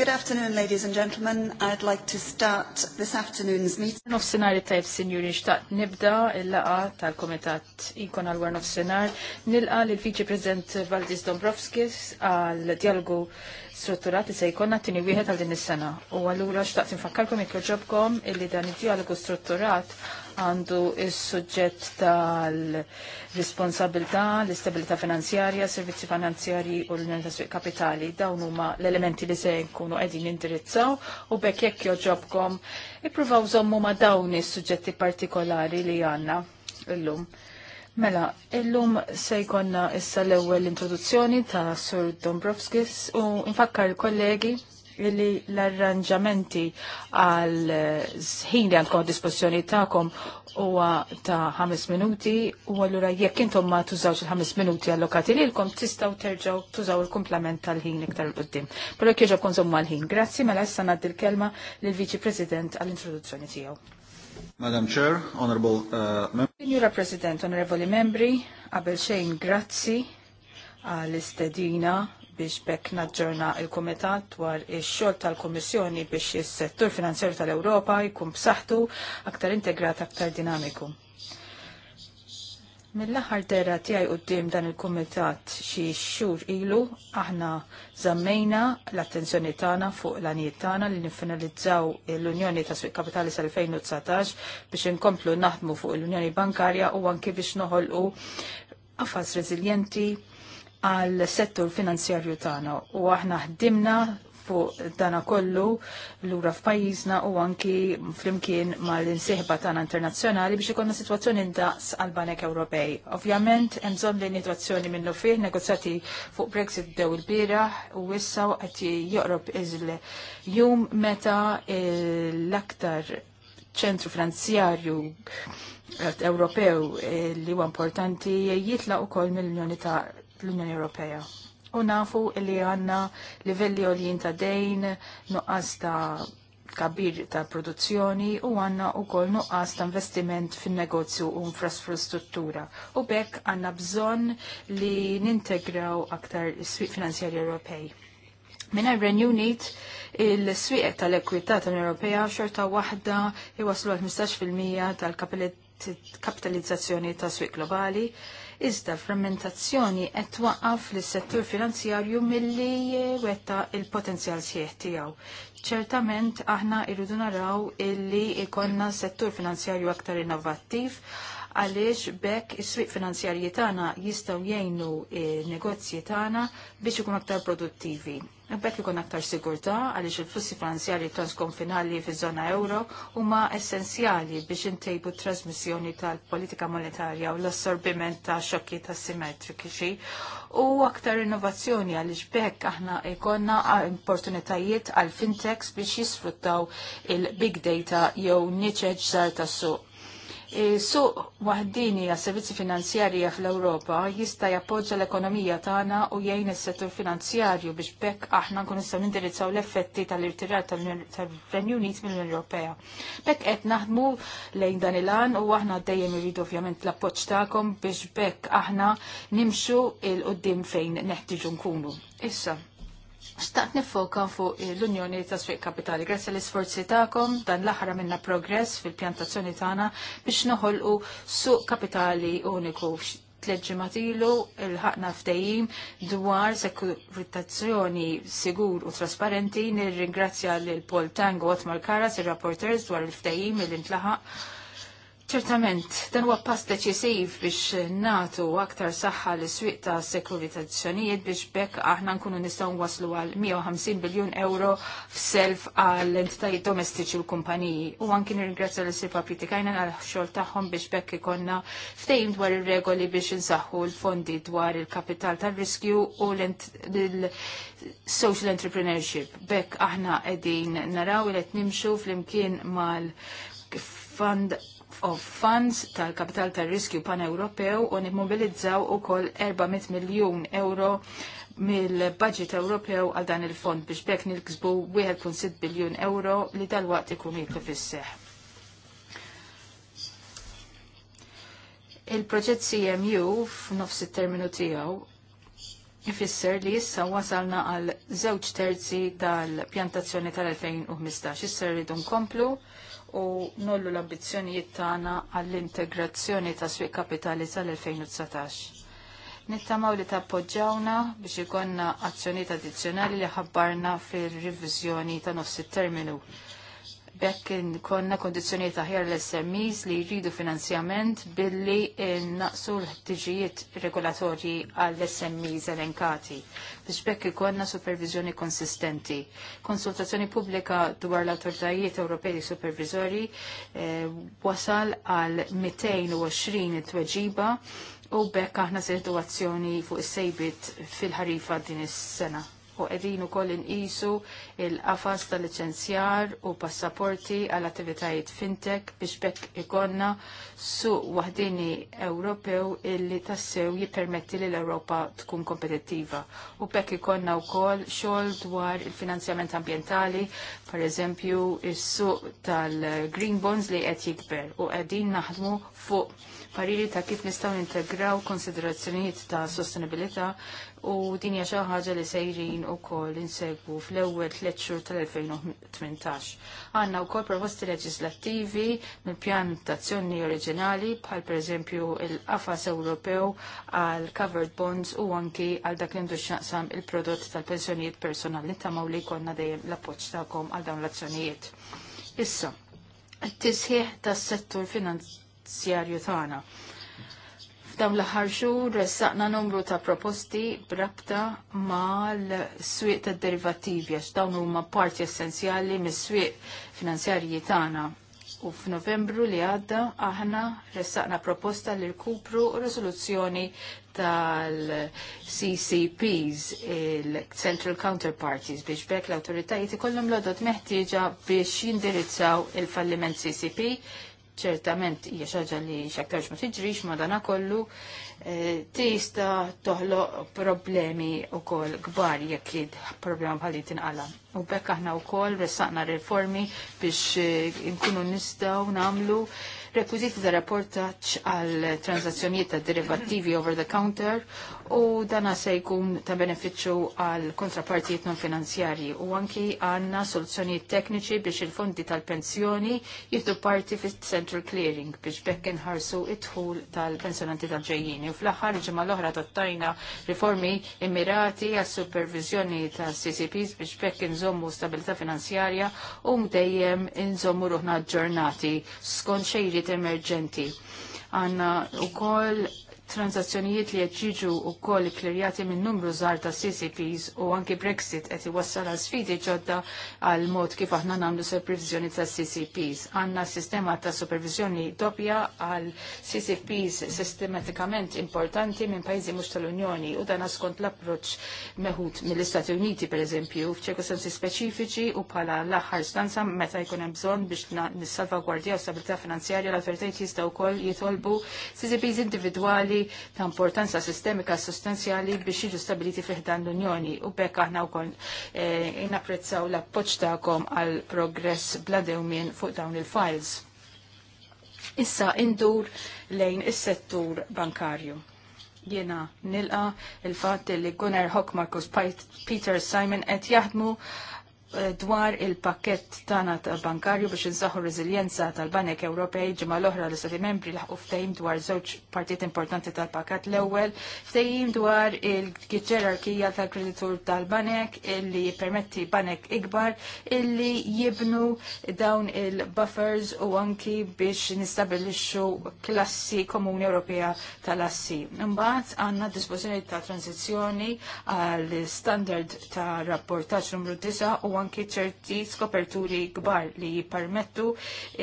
Good afternoon, ladies and gentlemen. I'd like to start this afternoon's meeting. Nofsinari Taib sinjuri, xtaqt nibda il-laqa tal-Komitat Ikon għal-War nil Nilqa l-Vice President Valdis Dombrovskis għal-dialogu strutturat li se jkonna tini wieħed għal din is-sena. U għallura xtaqt nfakkarkom jekk joġobkom illi dan id-dialogu strutturat għandu is-suġġett tal-responsabilità, l-istabilità finanzjarja, servizzi finanzjarji u l-Unjoni Suq Kapitali. Dawn huma l-elementi li se nkunu qegħdin indirizzaw u bekk jekk joġobkom ippruvaw zommu ma' dawn is-suġġetti partikolari li għandna lum Mela, illum se jkonna issa l-ewwel introduzzjoni ta' Sur Dombrovskis u infakkar il-kollegi li l-arranġamenti għal sħin li għandkom dispożizzjoni tagħkom huwa ta' 5 minuti u allura jekk intom ma tużawx il-5 minuti allokati lilkom tistgħu terġgħu tużaw il-kumplament tal-ħin iktar qudiem. Però jekk jiġu konżommu għal-ħin. Grazzi mela issa ngħaddi l-kelma lill-Viċi President għall-introduzzjoni tiegħu. Madam Chair, Honorable uh, Members. Signora President, Honorable Membri, qabel xejn grazzi għall-istedina biex bekk naġġorna il-Komitat dwar ix-xogħol tal-Kummissjoni biex is-settur finanzjarju tal-Ewropa jkun b'saħħtu aktar integrat aktar dinamiku. Mill-aħħar dera tiegħi quddiem dan il-Kumitat xi xhur ilu aħna żammejna l-attenzjoni tagħna fuq l-għanijiet tagħna li nifinalizzaw l-Unjoni ta' Swieq Kapitali sal-2019 biex inkomplu naħdmu fuq l-Unjoni Bankarja u anke biex noħolqu Affas rezilienti għal settur finanzjarju tagħna u aħna ħdimna fuq dana kollu lura f'pajjiżna u anki flimkien mal-insieħba tagħna internazzjonali biex ikollna sitwazzjoni ndaqs għal Banek Ewropej. Ovvjament hemm bżonn li nitwazzjoni minnu fih negozjati fuq Brexit dew il-bieraħ u issa qed joqrob iżle jum meta l-aktar ċentru finanzjarju eh, Ewropew eh, li huwa importanti jitlaq ukoll mill-Unjoni ta' l-Unjoni Ewropea. U nafu li għanna livelli għoljin ta' dejn, nuqqas ta' kabir ta' produzzjoni u għanna u kol nuqqas ta' investiment fin negozju u infrastruttura. U bekk għanna bżon li nintegraw aktar s-swiq finanzjari Ewropej. Minna Renew Need il-swieq tal-ekwità tal-Ewropea xorta waħda waslu għal 15% tal-kapitalizzazzjoni ta' swieq globali iżda frammentazzjoni qed twaqqaf lis settur finanzjarju milli wetta il-potenzjal sieħ tiegħu. Ċertament aħna jridu naraw illi ikonna settur finanzjarju aktar innovattiv għaliex bekk is-swieq finanzjarji tagħna jistgħu jgħinu negozji tagħna biex ikun aktar produttivi. Bekk ikun aktar sigurtà għaliex il-flussi finanzjarji transkonfinali fiż-żona euro huma essenzjali biex intejbu t trasmissjoni tal-politika monetarja u l-assorbiment ta' xokki ta' simmetriċi u aktar innovazzjoni għaliex bekk aħna ikonna opportunitajiet għal fintechs biex jisfruttaw il-big data jew niċeġ żar tas-suq Suq waħdini għas servizzi finanzjarja fl-Ewropa jista' jappoġġa l-ekonomija tagħna u jgħin is-settur finanzjarju biex bekk aħna nkun nistgħu nindirizzaw l-effetti tal irtirat tal-Renju Unit mill-Unjoni Ewropea. Bekk qed naħdmu lejn dan il-għan u aħna dejjem irridu ovvjament l-appoġġ tagħkom biex bekk aħna nimxu il qudiem fejn neħtieġu nkunu. Issa, Xtaqt nifoka fuq l-Unjoni ta' Sfiq Kapitali. Grazzi l-isforzi ta'kom dan l-aħra minna progress fil-pjantazzjoni tagħna biex noħolqu suq kapitali uniku tleġġimatilu il-ħakna ftejim dwar sekuritazzjoni sigur u trasparenti nirringrazzja l-Pol Tango Otmar Karas, il-rapporters dwar il-ftejim il-intlaħaq Ċertament, dan huwa pass deċisiv biex natu aktar saħħa l swieq ta' sekuritazzjonijiet biex bekk aħna nkunu nistgħu waslu għal 150 biljun euro f'self għal entitajiet domestiċi u kumpaniji. U anki nirringrazzja l sipa Pitikajna għal xogħol tagħhom biex bekk ikonna ftejim dwar ir-regoli biex insaħħu l-fondi dwar il-kapital tar-riskju u l-social entrepreneurship. Bekk aħna qegħdin naraw li qed nimxu fl-imkien mal fund of Funds tal-Kapital tal-Riskju Pan-Ewropew u nimmobilizzaw ukoll 400 miljun euro mill-budget Ewropew għal dan il-fond biex bekk nilksbu 1.6 biljun euro li dal-waqt ikun jitlu fis Il-proġett CMU f'nofs it-terminu tiegħu Ifisser li issa wasalna għal żewġ terzi tal-pjantazzjoni tal-2015. Issa rridu nkomplu u nollu l-ambizzjonijiet tagħna għall-integrazzjoni ta' swieq kapitali tal-2019. Nittamaw li tappoġġawna biex ikonna azzjonijiet addizzjonali li ħabbarna fir-riviżjoni ta' nofs terminu bekk konna kondizzjonijiet aħjar l-SMEs li jridu finanzjament billi naqsu l-ħtiġijiet regolatorji għall-SMEs elenkati biex bekk konna supervizjoni konsistenti. Konsultazzjoni pubblika dwar l-autoritajiet Ewropej supervizori eh, wasal għal 220 tweġiba u bekk aħna situazzjoni fuq is-sejbit fil-ħarifa din is-sena u qegħdin ukoll inqisu il-qafas tal liċenzjar u passaporti għal attivitajiet fintech biex bekk ikonna suq waħdini Ewropew illi tassew jippermetti li l-Ewropa tkun kompetittiva. U bekk ikonna wkoll xogħol dwar il-finanzjament ambjentali, per eżempju il suq tal-green bonds li qed jikber u qegħdin naħdmu fuq pariri ta' kif nistgħu integraw konsiderazzjonijiet ta' sostenibilità u din xi ħaġa li sejrin ukoll insegbu fl-ewwel tliet xhur tal-2018. Għandna wkoll proposti leġislattivi mill-pjan tazzjoni oriġinali bħal pereżempju il-qafas Ewropew għal covered bonds u anki għal dak li ndux xaqsam il-prodott tal-pensjonijiet personali tamaw li jkollna dejjem l-appoġġ tagħkom għal dawn l-azzjonijiet. Issa, t-tisħiħ tas settur finanz finanzjarju tagħna. F'dawn l-aħħar xhur ressaqna numru ta' proposti b'rabta mal-swieq tad-derivattivi għax dawn huma parti essenzjali mis-swieq finanzjarji tagħna. U f'Novembru li għadda aħna ressaqna proposta li rkupru risoluzzjoni tal-CCPs, il-Central Counterparties, biex bekk l-autoritajiet ikollhom l għodot meħtieġa biex jindirizzaw il-falliment CCP, ċertament hija xi ħaġa li x'aktarx ma tiġrix ma kollu eh, tista toħloq problemi wkoll kbar jekk problema bħalli tinqala. U bekk aħna wkoll ressaqna riformi biex eh, inkunu nistgħu nagħmlu rekwiżiti ta' rapportaġġ għal transazzjonijiet ta' derivattivi over the counter u dana se jkun ta' beneficju għal kontrapartijiet non finanzjarji u anki għanna soluzzjonijiet tekniċi biex il-fondi tal-pensjoni jihdu parti fit central clearing biex bekken ħarsu it-tħul tal-pensjonanti tal-ġejjini. U fl-aħħar ġimgħa l-oħra dottajna riformi immirati għas supervizjoni tal-CCPs biex bekken zommu stabilità finanzjarja u mdejjem inżommu ruħna ġurnati skont xejriet emerġenti għanna u koll transazzjonijiet li qed jiġu wkoll klirjati minn numru żgħar ta' CCPs u anki Brexit qed iwassal għal sfidi ġodda għal mod kif aħna nagħmlu supervizjoni ta' CCPs. Għandna sistema ta' supervizjoni doppja għal CCPs sistematikament importanti minn pajjiżi mhux tal-Unjoni u dan skont l-approċċ meħud mill-Istati Uniti pereżempju sensi speċifiċi u bħala l-aħħar stanza meta jkun hemm bżonn biex u stabilità finanzjarja l-awtoritajiet jistgħu wkoll jitolbu CCPs individwali ta' importanza sistemika sostanzjali biex jiġu stabiliti fiħdan l-Unjoni u bekk aħna wkoll inapprezzaw eh, l-appoġġ tagħkom għal progress bla dewmien fuq dawn il-files. Issa indur lejn is-settur bankarju. Jena nilqa il-fatt li Gunnar Hock Marcus Peter Simon qed jaħdmu Eh, dwar il-pakket tana ta' bankarju biex nsaħu reżiljenza tal-Banek Ewropej ġimgħa l-oħra l istati membri laħqu ftehim dwar żewġ partiet importanti tal-pakket. L-ewwel ftehim dwar il-ġerarkija tal-kreditur tal-Banek illi permetti banek ikbar illi jibnu dawn il-buffers u anki biex nistabilixxu klassi komuni Ewropea tal-assi. Imbagħad għandna dispożizzjoni ta' tranzizzjoni għal standard ta' rapportaġġ numru 9 u anki ċerti skoperturi kbar li jipparmettu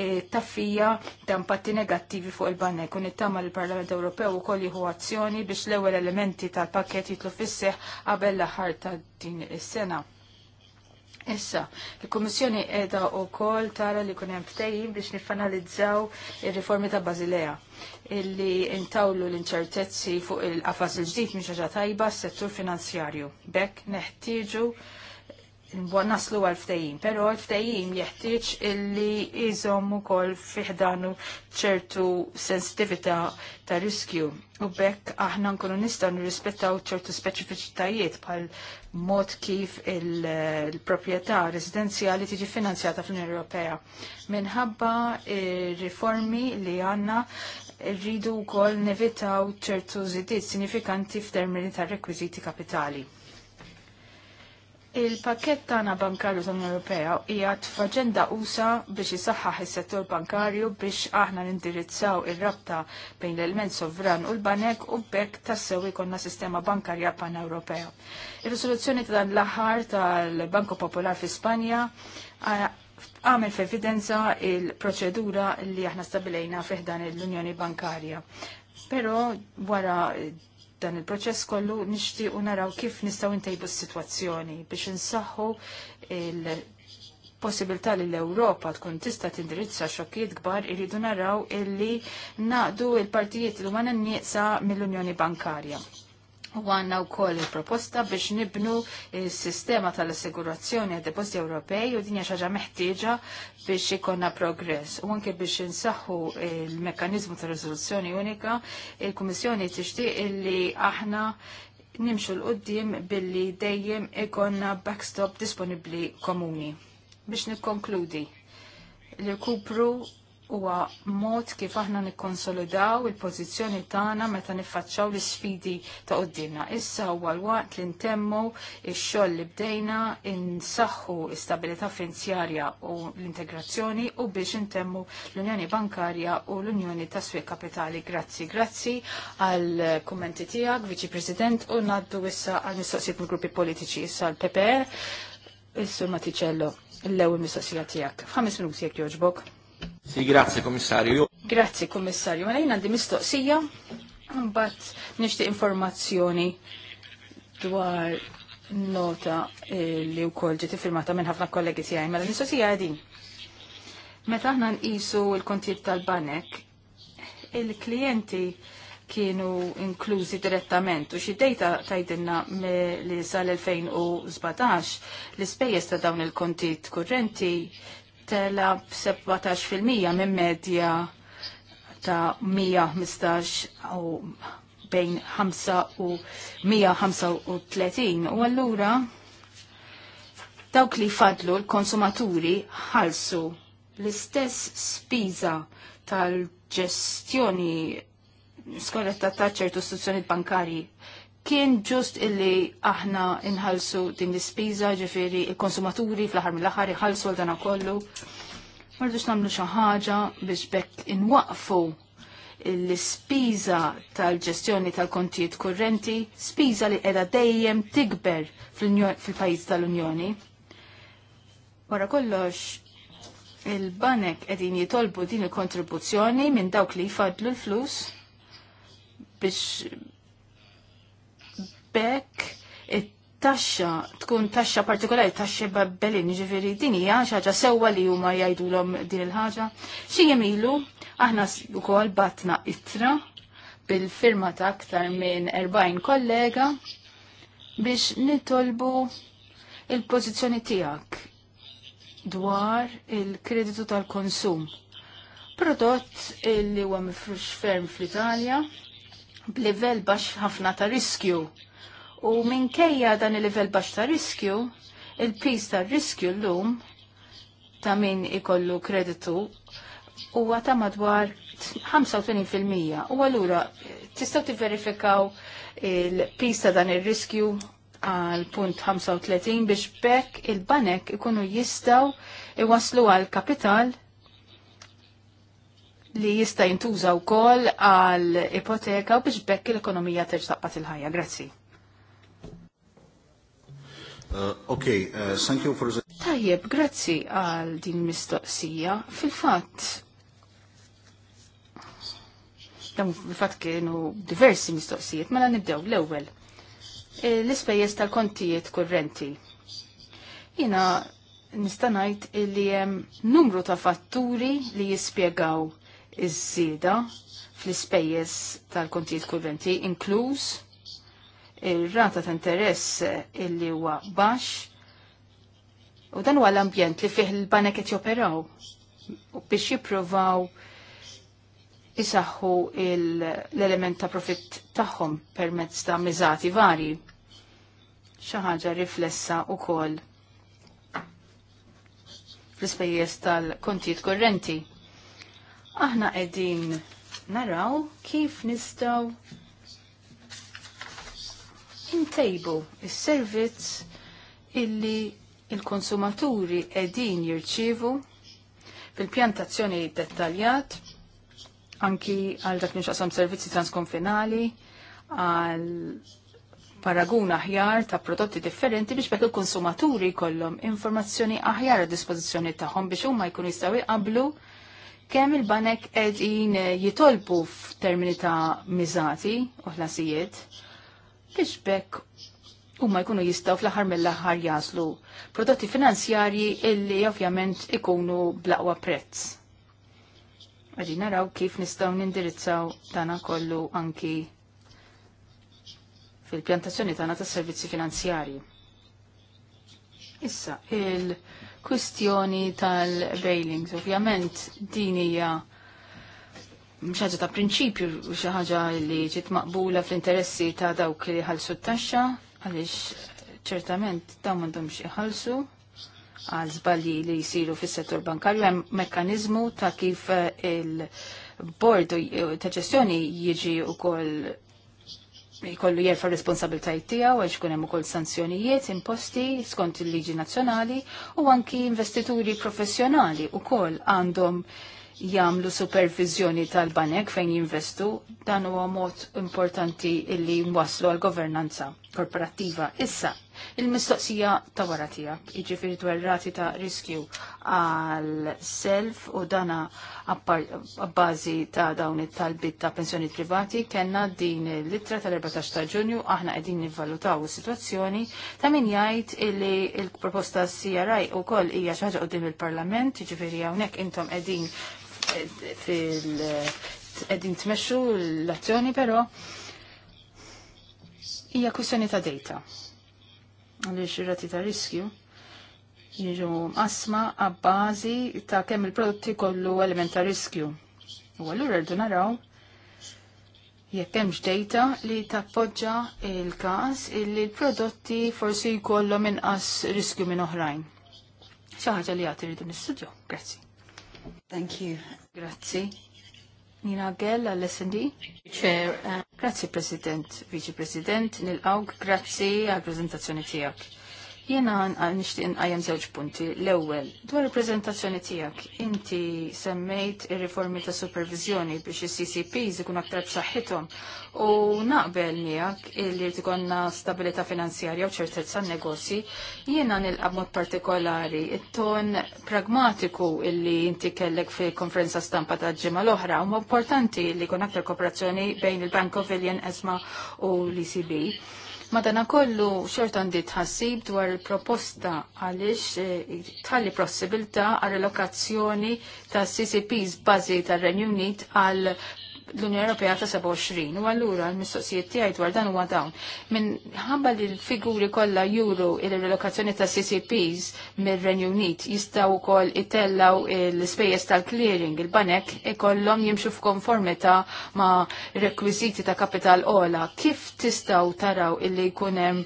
eh, taffija ta' impatti negattivi fuq il-banek. U nittama l-Parlament Ewropew ukoll jieħu azzjoni biex l-ewwel elementi tal-pakket jitlu fis qabel l-aħħar ta' din is-sena. Issa, il-Kommissjoni edha u kol tara li kunem ftejim biex nifanalizzaw il-riformi ta' Basilea illi intawlu l-inċertezzi fuq il-qafas il-ġdijt miex tajba s-settur finanzjarju. Bek neħtieġu naslu għal ftejim, pero l ftejim jeħtieġ illi jizom ukoll fiħdanu ċertu sensitivita ta' riskju. U bekk aħna nkunu nistgħu nirrispettaw ċertu speċifiċitajiet pal mod kif il-proprjetà residenzjali tiġi finanzjata fl-Unjoni Ewropea. Minħabba riformi li għandna rridu wkoll nevitaw ċertu żidiet sinifikanti f'termini ta' rekwiżiti kapitali. Il-pakket tagħna bankarju tal Ewropea hija f'aġenda usa biex jisaxħaħ is-settur bankarju biex aħna nindirizzaw ir-rabta bejn l-element sovran u l-banek u bekk tassew ikonna sistema bankarja pan-Ewropea. Ir-risoluzzjoni ta' dan l-aħħar tal-Banko Popolar fi Spanja għamel f'evidenza il-proċedura li aħna stabilejna fiħdan l-Unjoni Bankarja. Pero wara dan il-proċess kollu nixtieq u naraw kif nistgħu ntejbu s-sitwazzjoni biex insaħħu il-possibilità li l-Ewropa tkun tista' tindirizza xokkijiet kbar iridu naraw illi naqdu il-partijiet li ma nieqsa mill-Unjoni Bankarja. U għanna u koll proposta biex nibnu il-sistema tal-assigurazzjoni għad deposti Ewropej u dinja xaġa meħtieġa biex ikonna progress. U anke biex insaħħu il-mekanizmu ta' rizoluzzjoni unika, il-Kummissjoni tixtieq illi aħna nimxu l-qoddim billi dejjem ikonna backstop disponibli komuni. Biex nikkonkludi, li kupru huwa mod kif aħna nikkonsolidaw il-pożizzjoni tagħna meta niffaċċaw l-isfidi ta' qudiemna. Issa huwa l-waqt li ntemmu x-xogħol li bdejna insaħħu l-istabilità finanzjarja u l-integrazzjoni u biex ntemmu l-Unjoni Bankarja u l-Unjoni ta' Swieq Kapitali. Grazzi, grazzi għal kummenti tiegħek, Viċi President, u ngħaddu issa għal mistoqsijiet mill-gruppi politiċi issa l-PPE. Is-Sur Maticello, l-ewwel mistoqsija tiegħek. F'ħames minuti jekk jogħġbok. Sì, grazie Io... Grazie commissario, Ma jina għandi mistoqsija, mbagħad nixtieq informazzjoni dwar nota eh, li wkoll ġiet firmata minn ħafna kollegi tiegħi. Mela mistoqsija din. Meta aħna nqisu l-kontijiet tal-banek, il-klijenti kienu inklużi direttament u xi dejta tajdinna li sal-2017 l-ispejjeż ta' dawn il-kontijiet kurrenti tela b-17% minn medja ta' 115 u bejn 5 u 135 u allura dawk li fadlu l-konsumaturi ħalsu l-istess spiża tal-ġestjoni skorretta ta' ċertu istituzzjoni bankari kien ġust illi aħna inħalsu din l-ispiża ġifiri il-konsumaturi fl-aħħar mill-aħħar iħallsu għal dana kollu. Mardux nagħmlu xi ħaġa biex bekk inwaqfu l-ispiża tal-ġestjoni tal-kontijiet kurrenti, spiża li qiegħda dejjem tikber fil-pajjiż tal-Unjoni. Wara kollox, il-banek qegħdin jitolbu din il-kontribuzzjoni minn dawk li jfadlu l-flus biex bekk it-taxxa tkun taxxa partikolari taxxa babbelin ġifieri din hija xi ħaġa sewwa li huma jgħidulhom din il-ħaġa. Xi jemilu aħna wkoll batna ittra bil-firma ta' aktar minn 40 kollega biex nitolbu il-pożizzjoni tiegħek dwar il-kreditu tal-konsum. Prodott li huwa mifrux ferm fl-Italja b'livell baxx ħafna ta' riskju U minkejja dan il-livell baxx ta' riskju, il-pis ta' riskju l-lum ta' min ikollu kreditu huwa ta' madwar 85%. U allura tistgħu tivverifikaw il-pis ta' dan ir-riskju għal punt 35 biex bekk il-banek ikunu jistaw iwaslu għal kapital li jista jintuża wkoll għal ipoteka u biex bekk l-ekonomija terġtaqqa il-ħajja. Grazzi. Uh, ok, uh, thank you for the... Tajjeb, grazzi għal din mistoqsija. Fil-fat, fil-fat kienu diversi mistoqsijiet, mela nibdew l-ewel. Eh, l-ispejjeż tal-kontijiet kurrenti. Jina nistanajt li hemm numru ta' fatturi li jispjegaw iż-żieda fl-ispejjeż tal-kontijiet kurrenti, inkluż ir-rata ta' interess illi huwa baxx u dan huwa l-ambjent li fih il-banek qed joperaw u biex jippruvaw isaħħu l-element ta' profitt tagħhom permezz ta' miżati varji. Xi ħaġa riflessa wkoll fl-ispejjeż tal-kontijiet korrenti. Aħna qegħdin naraw kif nistgħu intejbu il servizz illi il-konsumaturi edin jirċivu fil-pjantazzjoni dettaljat anki għal dak nixqasam servizzi transkonfinali għal paragun aħjar ta' prodotti differenti biex bekk il-konsumaturi kollom informazzjoni aħjar a dispożizzjoni tagħhom biex huma jkunu jistgħu jqablu kemm il-banek qegħdin jitolbu f'termini ta' miżati u ħlasijiet biex bekk huma jkunu jistaw fl-aħħar mill-aħħar jaslu prodotti finanzjarji illi ovvjament ikunu blaqwa prezz. Għadi naraw kif nistaw nindirizzaw tana kollu anki fil-pjantazzjoni tagħna tas servizzi finanzjarji. Issa, il-kwistjoni tal-bailings, ovvjament din hija ħaġa ta' prinċipju xi ħaġa li ġiet maqbula fl-interessi ta' dawk li ħalsu t-taxxa għaliex ċertament dawn m'għandhomx iħallsu għal żbalji li jsiru fis-settur bankarju hemm mekkaniżmu ta' kif eh, il-bord ta' ġestjoni jiġi wkoll jkollu jerfa responsabiltajiet tiegħu għax kun hemm ukoll sanzjonijiet imposti skont il-liġi nazzjonali u għanki investituri professjonali wkoll għandhom jamlu supervizjoni tal-banek fejn jinvestu, dan huwa mod importanti illi mwaslu għal-governanza korporattiva. Issa, il-mistoqsija ta' wara tiegħek, jiġifieri dwar rati ta' riskju għal self u dana bażi ta' dawn it-talbit ta' pensjoni privati kellna din l-ittra tal-14 ta' Ġunju aħna qegħdin nivvalutaw is-sitwazzjoni ta' min jgħid illi l-proposta CRI wkoll hija xi ħaġa qudiem il-Parlament, jiġifieri hawnhekk intom qegħdin fil qegħdin tmexxu l-azzjoni però hija kussjoni ta' data. Għaliex ir-rati ta' riskju jiġu asma għabbazi ta' kemm il-prodotti kollu element ta' riskju. U allura rridu naraw jekk hemmx data li tappoġġa il-każ illi l-prodotti forsi jkollhom inqas riskju minn oħrajn. Xi ħaġa li jagħti rridu nistudju. Grazzi. Thank you. Grazie. Nina Gell għall-SND. Chair. Uh, grazie, President, Vice President, nil-awg, grazie għal-prezentazzjoni tijak. Jena nishtiq nqajem żewġ punti. L-ewwel, dwar il-preżentazzjoni tiegħek, inti semmejt ir-riformi ta' supervizjoni biex is ccp ikun aktar b'saħħithom u naqbel miegħek illi tkollna stabilità finanzjarja u ċertezza negozji, jiena nilqab mod partikolari il ton pragmatiku illi inti kellek fil-konferenza stampa ta' ġimgħa l-oħra u importanti li kun aktar kooperazzjoni bejn il-Bank of Villian Esma u l-ECB Madanakollu xort għandi tħassib dwar il-proposta għaliex eh, tħalli possibilità għal relokazzjoni ta' CCPs bażi tar-Renju Unit għal l-Unjoni Ewropea ta' 27 u allura l-mistoqsijiet tiegħi dwar dan huwa dawn. Minħabba li l-figuri kollha juru il-relokazzjoni ta' CCPs mir-Renju Unit jistgħu wkoll itellaw l-ispejjeż tal-clearing il-banek ikollhom jimxu f'konformità ma' rekwiżiti ta' kapital ola. Kif tistgħu taraw illi jkun hemm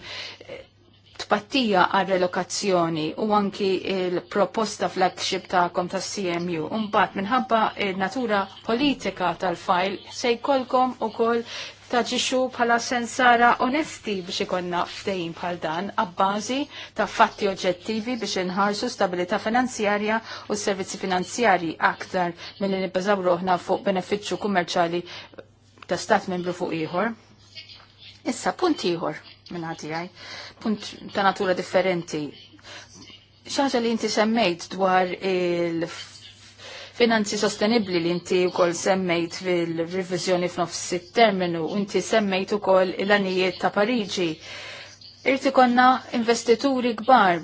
tpattija għal relokazzjoni u anki il-proposta flagship ta'kom ta' CMU. Umbat minħabba natura politika tal-fajl se jkollkom u koll taġiċu bħala sensara onesti biex ikonna ftejn bħal dan għabbażi ta' fatti oġġettivi biex inħarsu stabilita finanzjarja u servizzi finanzjarji aktar mill-li fuq beneficju kummerċali ta' stat membru fuq ieħor. Issa punt ieħor minn ħatijaj, punt ta' natura differenti. ċaġa li inti semmejt dwar il- finanzi sostenibli li inti u kol semmejt fil-revizjoni f'nofsit terminu, inti semmejt u kol il-anijiet ta' Pariġi. Irti konna investituri gbar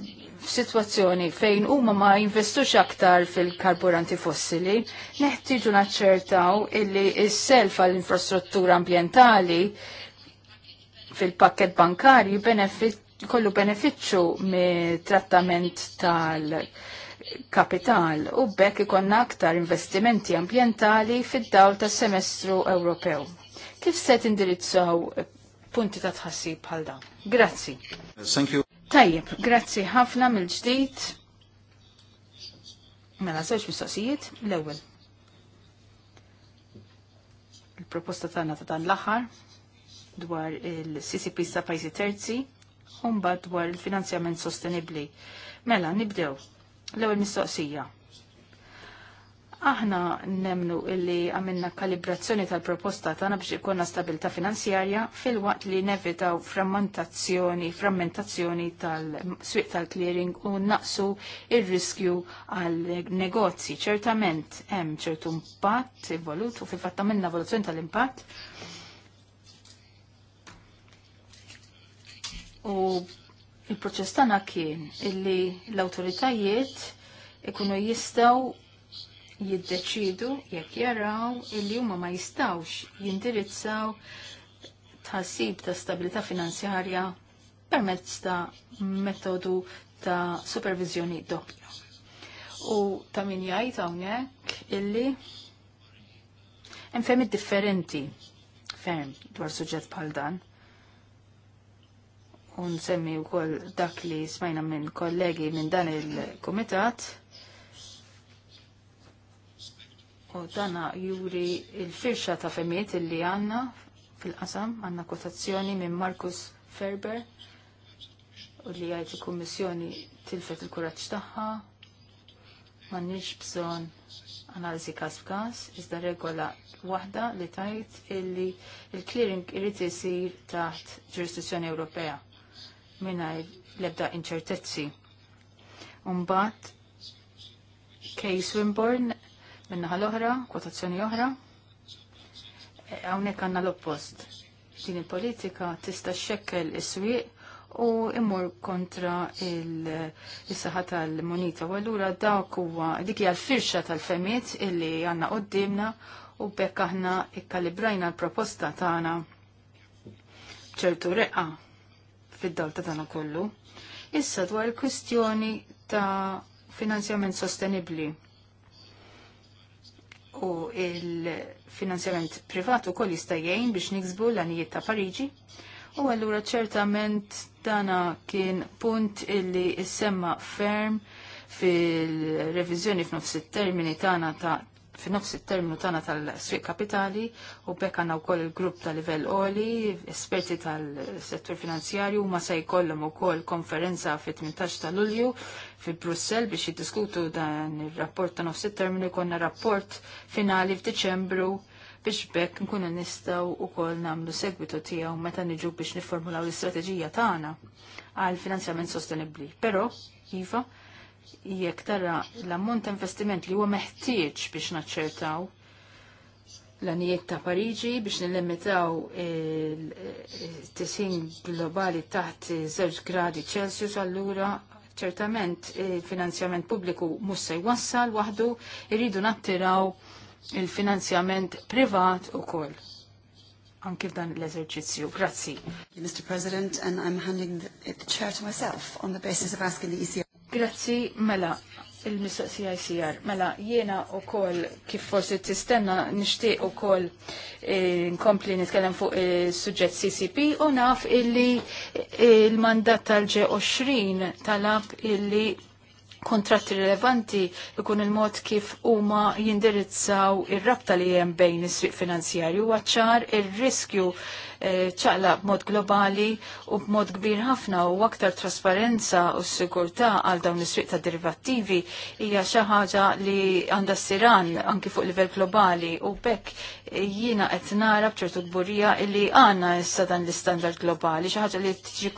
f'sitwazzjoni fejn huma ma jinvestux aktar fil-karburanti fossili, neħtiġu naċċertaw illi s-self għall infrastruttura ambjentali fil-pakket bankarju kollu beneficju me trattament tal-kapital u bekk ikonna aktar investimenti ambientali fid-dawl tas semestru Ewropew. Kif se tindirizzaw punti ta' tħassib bħal dan? Grazzi. Thank you. Tajjeb, grazzi ħafna mill-ġdid. Mela żewġ mistoqsijiet, l-ewwel. Il-proposta tagħna ta' dan l-aħħar dwar il-CCP sa' pajzi terzi, umba dwar il-finanzjament sostenibli. Mela, nibdew. L-ewel mistoqsija. Aħna nemnu illi għamilna kalibrazzjoni tal-proposta tagħna biex ikonna stabilta finanzjarja fil-waqt li nevitaw frammentazzjoni, frammentazzjoni tal-swiq tal-clearing u naqsu il-riskju għal negozji. Ċertament hemm ċertu impatt evolut u fil-fatt għamilna evoluzzjoni tal-impatt U il-proċess tagħna kien illi l-awtoritajiet ikunu jistgħu jiddeċidu jekk jaraw illi huma ma jistgħux jindirizzaw tħassib ta' stabilità finanzjarja permezz ta' metodu ta' supervizjoni doppja. U ta' min jgħid hawnhekk illi hemm differenti ferm dwar suġġett bħal dan unsemmi u koll dak li smajna minn kollegi minn dan il-komitat. U dana juri il-firxa ta' femiet li għanna fil-qasam, għanna kotazzjoni minn Markus Ferber u li għajt il-kommissjoni tilfet il-kuraċ taħħa. Ma nix bżon analizi kas b'kas, iżda regola wahda li tajt illi il-clearing irrid isir taħt ġurisdizzjoni Ewropea minna l-ebda inċertezzi. Umbat, Kay Swinburne minnaħa l-oħra, kwotazzjoni oħra, e, hawnhekk għandna l-oppost. Din il-politika tista' xekkel is-swieq u immur kontra il saħat tal-monita. U allura dawk huwa dik hija l-firxa tal-femiet illi għandna qoddimna u bekk aħna ikkalibrajna l-proposta tagħna ċertu reqqa fid-dawl ta' dan kollu. Issa dwar il-kwistjoni ta' finanzjament sostenibli u il-finanzjament privat u jista' jgħin biex niksbu l għanijiet ta' Pariġi. U allura ċertament dana kien punt illi semma ferm fil-reviżjoni f'nofs it-termini tagħna ta' fin-nofs it-terminu tagħna tal-Sriq Kapitali u bekk għandna wkoll il-grupp tal livell oli, esperti tal-settur finanzjarju ma se jkollhom ukoll konferenza fit-18 ta' Lulju fi Brussell biex jiddiskutu dan ir-rapport ta' nofs it-terminu jkollna rapport finali f'Diċembru biex bekk nkunu nistgħu wkoll nagħmlu segwitu tiegħu meta niġu biex nifformulaw l-istrateġija tagħna għal finanzjament sostenibbli. Però, iva, jekk tara l-ammont ta' investiment li huwa meħtieġ biex naċċertaw l-anijiet ta' Pariġi biex nillimitaw il-tisin globali taħt 0 gradi Celsius allura ċertament il-finanzjament pubbliku mhux se jwassal waħdu irridu nattiraw il-finanzjament privat ukoll. Anki f'dan l-eżerċizzju. Grazzi. Mr. President, and I'm handing the, the chair to myself on the basis of asking the ECR. Grazzi, mela, il-mistoqsija jisijar. Mela, jiena u kol, kif forsi tistenna, nishtiq u kol eh, nkompli nitkellem fuq il-sujġet eh, CCP u naf illi eh, il-mandat ġe 20 talab illi kontratti rilevanti ikun il-mod kif huma jindirizzaw ir-rabta li hemm bejn is-swieq finanzjarju għaċċar ir-riskju eh, ċaqla b'mod globali u b'mod kbir ħafna u aktar trasparenza u sigurtà għal dawn is-swieq ta' derivattivi hija xi ħaġa li għandha siran anki fuq livell globali u bekk jiena qed nara b'ċertu gburija li għandna issa dan l-istandard globali xi ħaġa li tiġi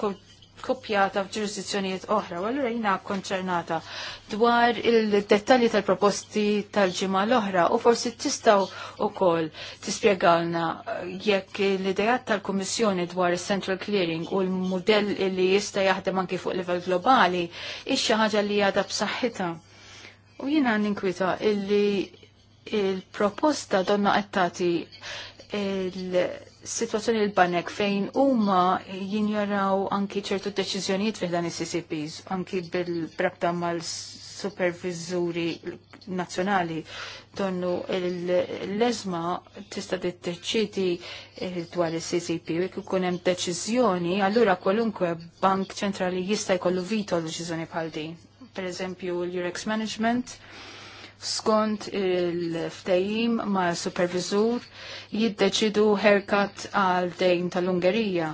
kopjata f'ġurisdizzjonijiet oħra, u allura jina konċernata dwar il-dettalji tal-proposti tal-ġimgħa l-oħra u forsi tistgħu ukoll tispjegalna jekk l-idejat tal-Kummissjoni dwar is-Central Clearing u l-mudell li jista' jaħdem anki fuq livell globali hix xi ħaġa li għadha b'saħħitha. U jiena ninkwita illi il-proposta donna qed tagħti situazzjoni l-banek fejn huma jinjaraw anki ċertu deċiżjonijiet fih dan is-CCPs, anki bil-brabta mal-supervizuri nazzjonali donnu l-lezma tista' tiddeċidi eh, dwar is-CCP u jekk ikun hemm deċiżjoni, allura kwalunkwe bank ċentrali jista' jkollu vito l-deċiżjoni bħal din. Per eżempju l urex Management, skont il-ftejim ma' supervizur jiddeċidu haircut għal dejn tal-Ungerija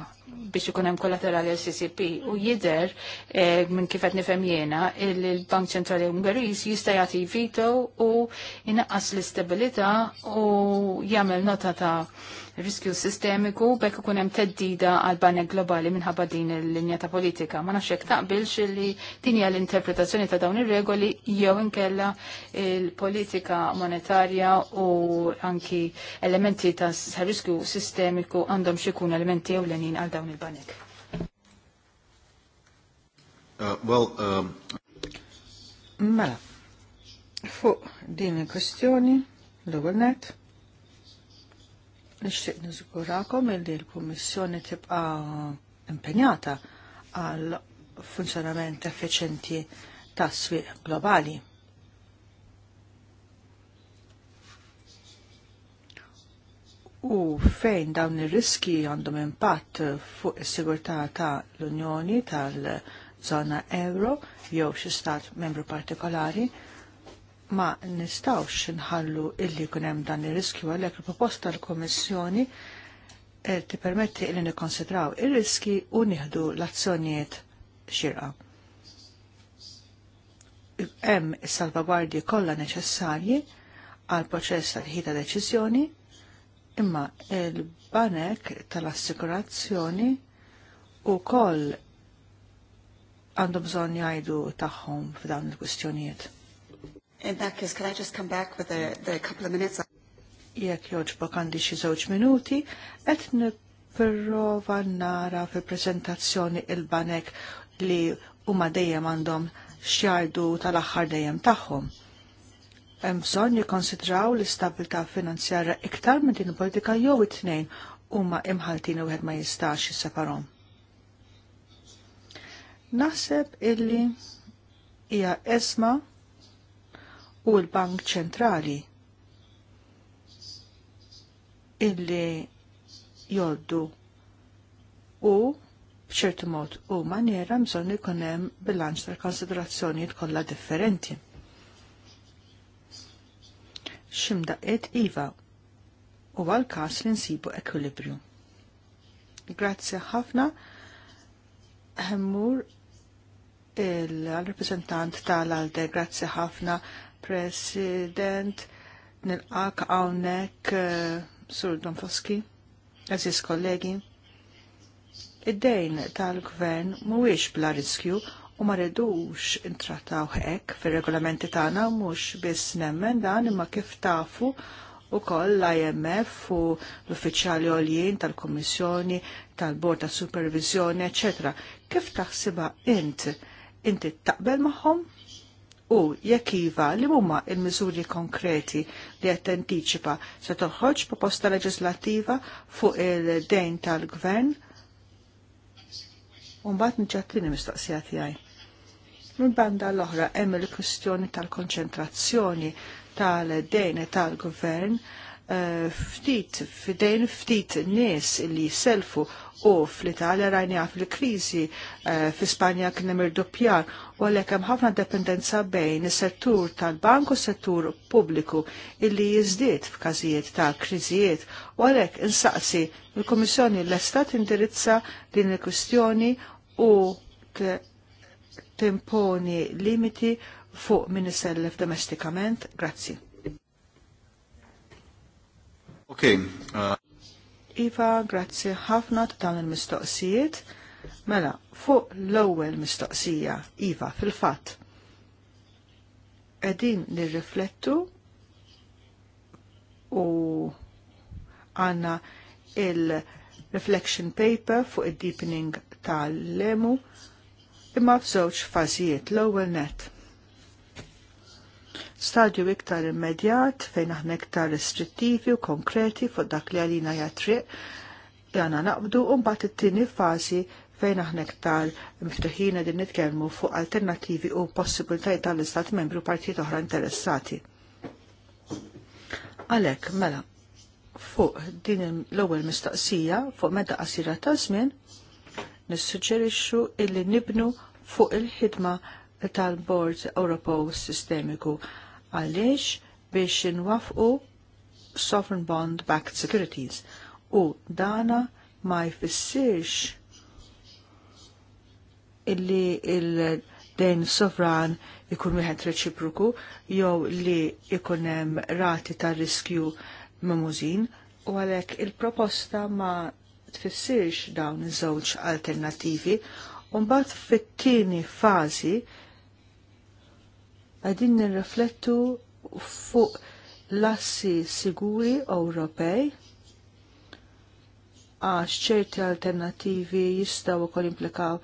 biex ikun hemm kollaterali għal CCP u jidher eh, minn kif qed nifhem jiena il-Bank Ċentrali Ungeriż jista' jagħti vito u inaqqas l-istabilità u jagħmel nota ta' riskju sistemiku bekk ikun hemm teddida għal banek globali minħabba din il-linja ta' politika. Ma nafx hekk taqbilx li din hija l-interpretazzjoni ta' dawn ir-regoli jew inkella il-politika monetarja u anki elementi ta' riskju sistemiku għandhom xi jkun elementi lenin għal dawn il-banek. Uh, well, um... Mela, fuq din il-kwestjoni, l-ewwel net, Nixtieq niżgurakom illi l-Kummissjoni tibqa impenjata għal funzjonament effiċenti tas-swieq globali. U fejn dawn ir-riski għandhom impatt fuq is-sigurtà ta' l-Unjoni tal-żona euro jew xi stat membru partikolari, ma nistawx nħallu illi kunem dan il-riskju għalek il-proposta l-Komissjoni eh, ti permetti illi nikonsidraw il-riski u nieħdu l-azzjonijiet xirqa. Hemm is-salvagwardji kollha neċessarji għal proċess tal-ħita deċiżjoni, imma il-banek tal-assikurazzjoni u koll għandu bżon jgħidu tagħhom f'dawn il-kwistjonijiet. In that case, can I just come back with a, the couple of minutes? Jek joġbok għandi xi żewġ minuti, qed nipprova nara fil-preżentazzjoni il-banek li huma dejjem għandhom xjardu tal-aħħar dejjem tagħhom. Hemm bżonn jikkonsidraw l-istabilità finanzjarja iktar minn din politika jew it-tnejn huma imħaltin wieħed ma jistax jisseparhom. Naħseb illi hija esma' u l-Bank Ċentrali illi joddu u b'ċertu mod u maniera bżonn ikun hemm bilanċ tal-konsiderazzjonijiet kollha differenti. X'imdaqqiet iva u għal-każ li nsibu ekwilibrju. Grazzi ħafna ħemmur il-rappresentant tal-Alde, grazzi ħafna President, nil-għak għawnek eh, Sur Don Foski, għaziz kollegi. Id-dejn tal-gvern mhuwiex bla riskju u ma redux intrataw hekk fir-regolamenti tagħna mhux biss nemmen dan imma kif tafu u koll l-IMF u l-uffiċjali oljien tal komissjoni tal-Bord ta' Supervizjoni, ecc. Kif taħsiba int? Inti taqbel magħhom u jekk iva li huma il-miżuri konkreti li qed tantiċipa se toħroġ proposta leġislattiva fuq il-dejn tal-gvern u mbagħad niġġattini mistoqsija tiegħi. Mill-banda l-oħra hemm il-kwistjoni tal-konċentrazzjoni tal-dejn tal-gvern eh, ftit f'dejn ftit nies li selfu u fl-Italja għaf fil-krizi eh, fl Spanja kien hemm irdoppjar u għalhekk hemm ħafna dependenza bejn is-settur tal-bank u s-settur pubbliku illi jiżdied f'każijiet ta' kriżijiet u għalhekk insaqsi l kummissjoni l-Estat indirizza din il-kwistjoni u timponi limiti fuq min domestikament. Grazzi. Okay. Uh... Iva, grazzi ħafna ta' dawn il-mistoqsijiet. Mela, fuq l-ewwel mistoqsija, Iva, fil-fatt. Qegħdin nirriflettu u għandna il-reflection paper fuq id-deepening tal-lemu imma f'żewġ fażijiet l-ewwel net stadju iktar immedjat fejn aħna iktar restrittivi u konkreti fuq dak li għalina jatri jana naqbdu u mbagħad it-tieni fażi fejn aħna iktar miftuħina din nitkellmu fuq alternattivi u possibilitajiet tal-istat membru partijiet oħra interessati. Għalhekk mela, fuq din l-ewwel mistaqsija fuq meta qasira ta' żmien nissuġġerixxu illi nibnu fuq il-ħidma tal-Bord Ewropew Sistemiku għaliex biex nwafqu sovereign bond backed securities u dana ma jfissirx illi il-dejn sovran ikun wieħed reċiproku jew li ikun hemm rati ta' riskju memużin u għalhekk il-proposta ma tfissirx dawn iż-żewġ alternattivi u mbagħad fit-tieni fażi għadin nirriflettu fuq l-assi siguri Ewropej għax ċerti alternativi jistaw u kol implikaw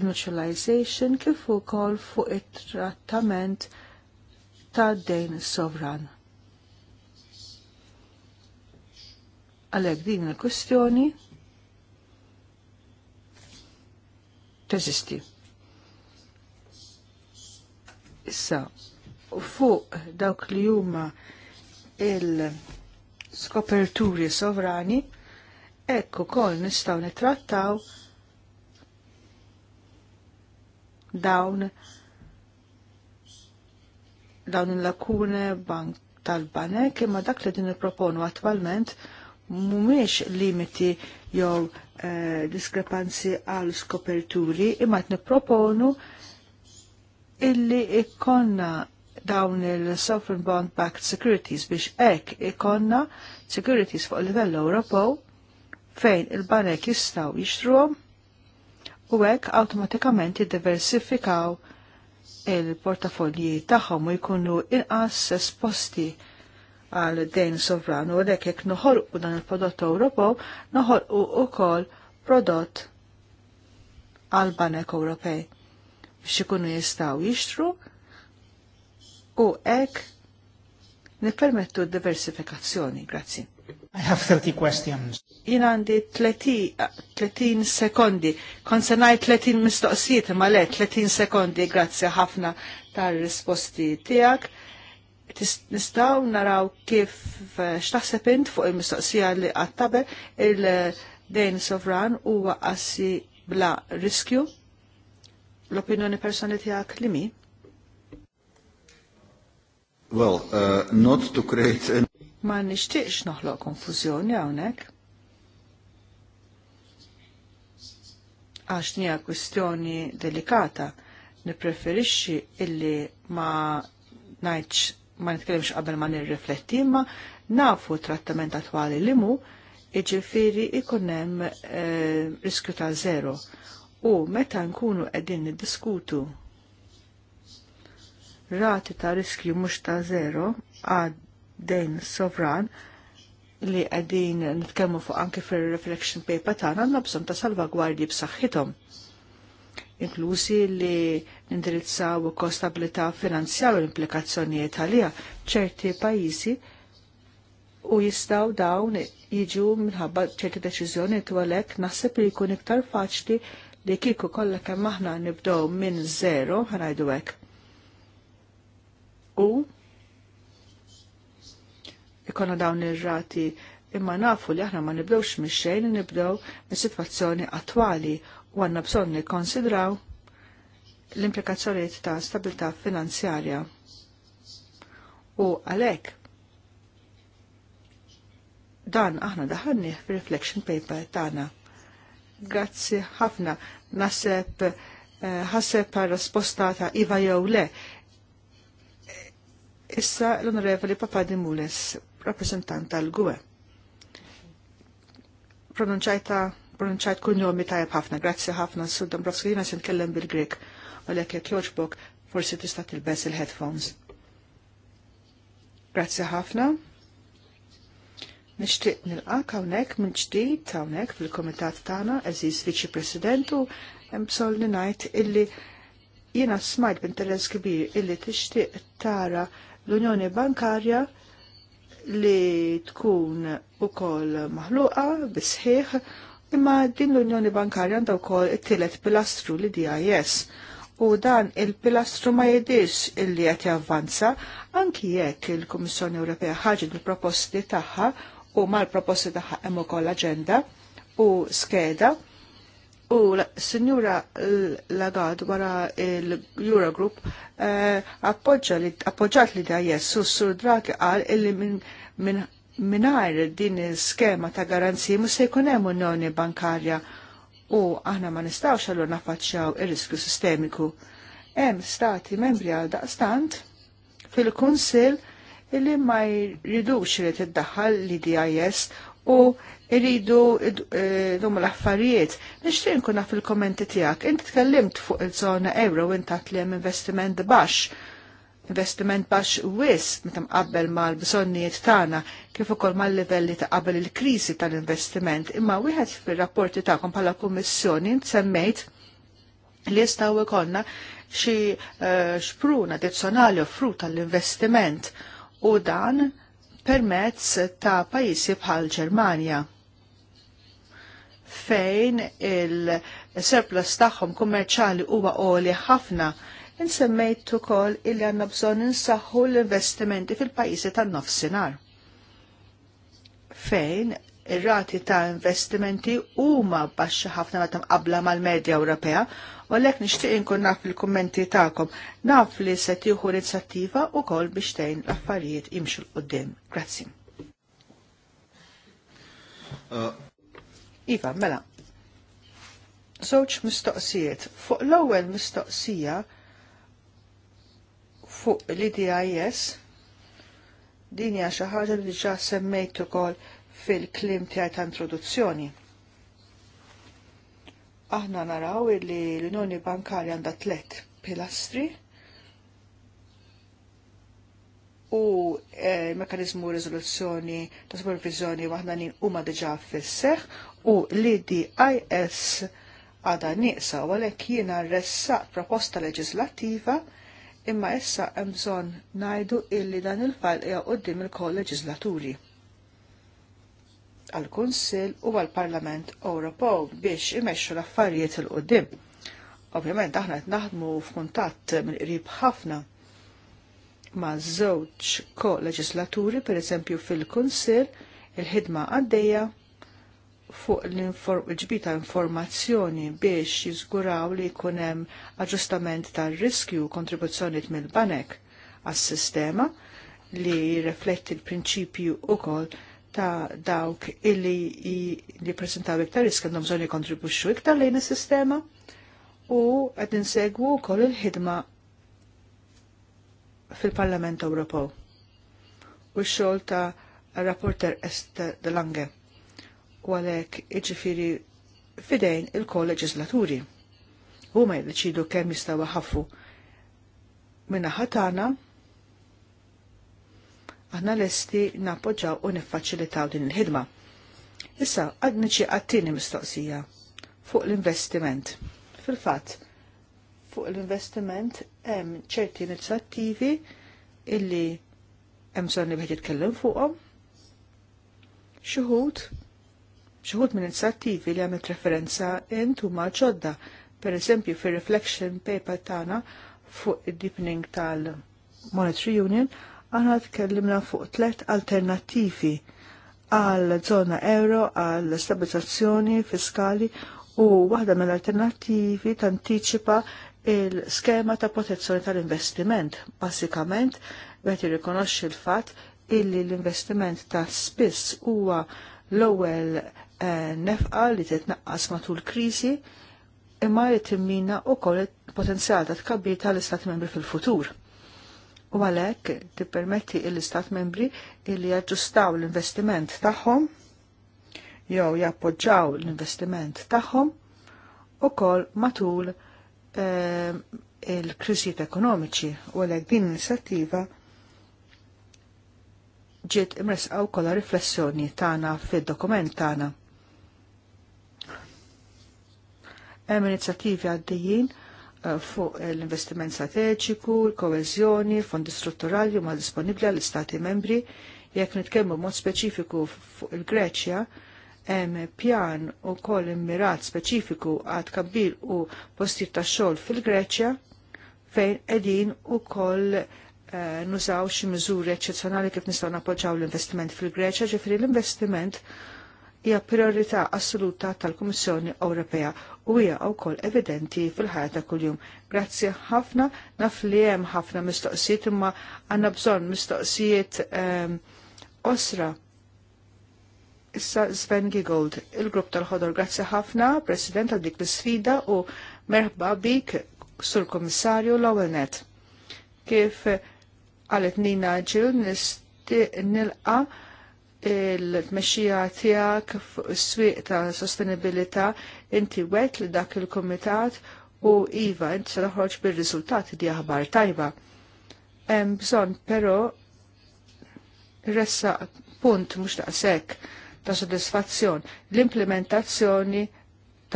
il-mutualization kif ukoll fuq it-trattament ta' dejn sovran. Għalhekk din il kustjoni teżisti. Issa, fuq dawk li huma il-skoperturi sovrani, ekku kol nistaw nitrattaw dawn dawn il-lakune bank tal-banek imma dak li din proponu attualment mumiex limiti jew eh, diskrepanzi għal skoperturi imma t-niproponu proponu illi ikkonna dawn il-Sovereign Bond Backed Securities biex ek ikkonna securities fuq livell Ewropew fejn il-banek jistaw jixtruhom u hekk awtomatikament jiddiversifikaw il-portafolji tagħhom u jkunu inqas esposti għal dejn sovran u għalhekk jekk noħolqu dan il-prodott Ewropew noħolqu kol prodott għal banek Ewropej biex ikunu jistaw jixtru u ek nipermettu diversifikazzjoni. Grazzi. I have 30 questions. Jien għandi 30 sekondi. Kon se ngħid 30 mistoqsijiet ma' le 30 sekondi grazzi ħafna tar-risposti tiegħek. Nistgħu naraw kif eh, x'taħseb int fuq il-mistoqsija li għattabe il-dejn eh, sovran huwa għassi bla riskju l-opinjoni personali tiegħek li mi? Well, uh, not to create an... Ma nixtieqx noħloq konfużjoni hawnhekk. Għax hija kwistjoni delikata, nippreferixxi illi ma ngħidx ma nitkellimx qabel ma nirrifletti imma nafu trattament attwali li mu, iġifiri ikun hemm eh, riskju ta' zero. U meta nkunu qegħdin niddiskutu rati ta' riskju mhux ta' zero għad sovran li qegħdin nitkellmu fuq anke fir-reflection paper tagħna għandna bżonn ta' salvagwardji b'saħħithom inklusi li nindirizzaw u kostabilità finanzjar u l-implikazzjonijiet għalija ċerti pajjiżi u jistaw dawn jiġu minħabba ċerti deċiżjoni u għalhekk naħseb li jkun iktar faċli li kieku kollha kemm aħna nibdew minn zero ħanajdu hekk. U ikonna dawn ir-rati imma nafu li aħna ma nibdewx mix xejn nibdew mis-sitwazzjoni attwali u għandna bżonn nikkonsidraw l-implikazzjonijiet ta' stabilità finanzjarja. U għalhekk dan aħna daħanni fir-reflection paper tagħna. Grazzi ħafna. Naseb eh, ħaseb eh, risposta ta' Iva jew le. Issa l-Onorevoli Papa Papadimules, rappresentant tal-GUE. Pronunċajta pronunċajt kunjomi tajab ħafna, grazzi ħafna, Sudan Dombrovski, jina sen kellem bil-Grek, u l kjoċbok, forsi tista' til-bess il-headphones. Grazzi ħafna. Nixtieq nilqak hawnhekk minn ġdid hawnhekk fil-Kumitat tagħna eżiz Viċi Presidentu msol ninajt ngħid illi jiena smajt b'interess kbir illi tixtieq tara l-Unjoni Bankarja li tkun ukoll maħluqa bisħiħ imma din l-Unjoni Bankarja għandha wkoll it-tielet pilastru li DIS u dan il-pilastru ma jidix illi qed javvanza anki jekk il-Kummissjoni Ewropea ħaġet il-proposti tagħha u mal-proposti tagħha hemm ukoll aġenda u skeda U Signora Lagarde wara l-Eurogroup eh, appoġġat li da jessu sur draki qal illi minnajr din skema ta' garanzi mu se jkun hemm unjoni bankarja u aħna ma nistgħux allura nafaċċjaw ir-riskju sistemiku. Hemm stati membri għal daqstant fil-Kunsill illi ma jridux li tiddaħħal l DIS u jridu dum e, l-affarijiet. Nixtieq nkuna naf il-kommenti tiegħek. Inti tkellimt fuq il-żona euro u intat li hemm investiment baxx investiment baxx wis meta mqabbel mal-bżonnijiet tagħna kif ukoll mal-livelli ta' qabel il-kriżi tal-investiment. Imma wieħed fir-rapporti tagħkom bħala kummissjoni semmejt li jistgħu ikollna xi uh, addizzjonali u offruta l-investiment u dan permezz ta' pajjiżi bħal Ġermanja fejn il-surplus tagħhom kummerċjali huwa għoli ħafna insemmejt ukoll illi għandna bżonn insaħħu l-investimenti fil-pajjiżi tan-nofsinhar. Fejn ir-rati ta' investimenti huma baxxi ħafna meta mqabbla mal-medja Ewropea u għalhekk nixtieq inkun naf il-kummenti ta'kom, Naf li se tieħu inizjattiva wkoll biex tgħin l-affarijiet imxu l qoddim Grazzi. Uh. Iva, mela. Żewġ mistoqsijiet. Fuq l-ewwel mistoqsija fuq l-IDIS din hija xi ħaġa li ġa semmejt ukoll fil-klim tiegħi ta' introduzzjoni aħna naraw li l-Unjoni Bankarja għandha tlet pilastri u il-mekanizmu eh, riżoluzzjoni ta' supervizjoni nin huma diġà fisseħ u l idis għada nieqsa u għalhekk jiena rressaq proposta leġislattiva imma issa hemm bżonn ngħidu illi dan il-fall hija qudiem il koll leġislaturi għal konsil u għal-Parlament Ewropew biex imexxu l-affarijiet il qoddim Ovvjament aħna qed naħdmu f'kuntatt mill-qrib ħafna ma' żewġ ko-leġislaturi, pereżempju fil-Kunsil, il-ħidma għaddejja fuq l-ġbita informazzjoni biex jiżguraw li jkun hemm aġġustament tar-riskju u mill-banek għas-sistema li jirrefletti l-prinċipju ukoll ta' dawk illi li presentaw iktar risk għandhom bżonn jikontribwixxu iktar lejn is-sistema u qed insegwu wkoll il-ħidma fil-Parlament Ewropew u x-xogħol ta' rapporter Esther de Lange u għalhekk iġifieri fidejn il-kolleġislaturi. Huma jiddeċidu kemm jistgħu ħaffu minna ħatana aħna lesti nappoġġaw u niffaċilitaw din il-ħidma. Issa, għadni ċi għattini mistoqsija fuq l-investiment. Fil-fat, fuq l-investiment hemm ċerti inizjattivi illi hemm bżonn li bħed jitkellem fuqhom. Xuhud, xuħud minn inizjattivi li għamilt referenza intuma ġodda, per eżempju fir reflection paper tagħna fuq id-deepening tal-Monetary Union, Aħna tkellimna fuq tlet alternattivi għal zona euro, għal stabilizzazzjoni fiskali u waħda mill-alternattivi tanticipa il-skema ta' protezzjoni tal-investiment. Basikament, għet jirrikonoxxi l-fat illi l-investiment ta' spiss huwa l-ewwel eh, nefqa li titnaqqas matul kriżi imma li timmina wkoll il-potenzjal ta' tkabbi tal-Istati Membri fil-futur u għalek tippermetti l-Istat membri li jaġġustaw l-investiment tagħhom jew jappoġġaw l-investiment tagħhom ukoll matul ehm, il-kriżijiet ekonomiċi u għalhekk din l-inizjattiva ġiet imresqa wkoll riflessjoni tagħna fid-dokument tagħna. Hemm inizjattivi għaddejjin Eh, fuq eh, l-investiment strateġiku, l-koezjoni, fondi strutturali huma disponibbli għall istati membri. Jekk nitkellmu mod speċifiku fuq il-Greċja, hemm pjan ukoll immirat speċifiku għad kabbir u postijiet ta' xogħol fil-Greċja fejn qegħdin ukoll eh, nużaw xi miżuri eċċezzjonali kif nistgħu nappoġġaw l-investiment fil-Greċja, ġifieri l-investiment hija priorità assoluta tal-Kummissjoni Ewropea u hija wkoll evidenti fil-ħajja ta' kuljum. Grazzi ħafna naf li hemm ħafna mistoqsijiet imma għandna bżonn mistoqsijiet ehm, osra. Issa Sven Gigold, il-grupp tal-ħodor, grazzi ħafna, President għal dik l-sfida u merħba bik sur komissarju l-ewwel net. Kif għalet Nina Ġil nilqa il-tmexxija tiegħek s swiq ta' sostenibilità Inti wet li dak il-komitat u Iva, inti se ħroġ bil-riżultati di aħbar tajba. Hemm bżonn però ressa punt mhux sekk ta' sodisfazzjon l-implementazzjoni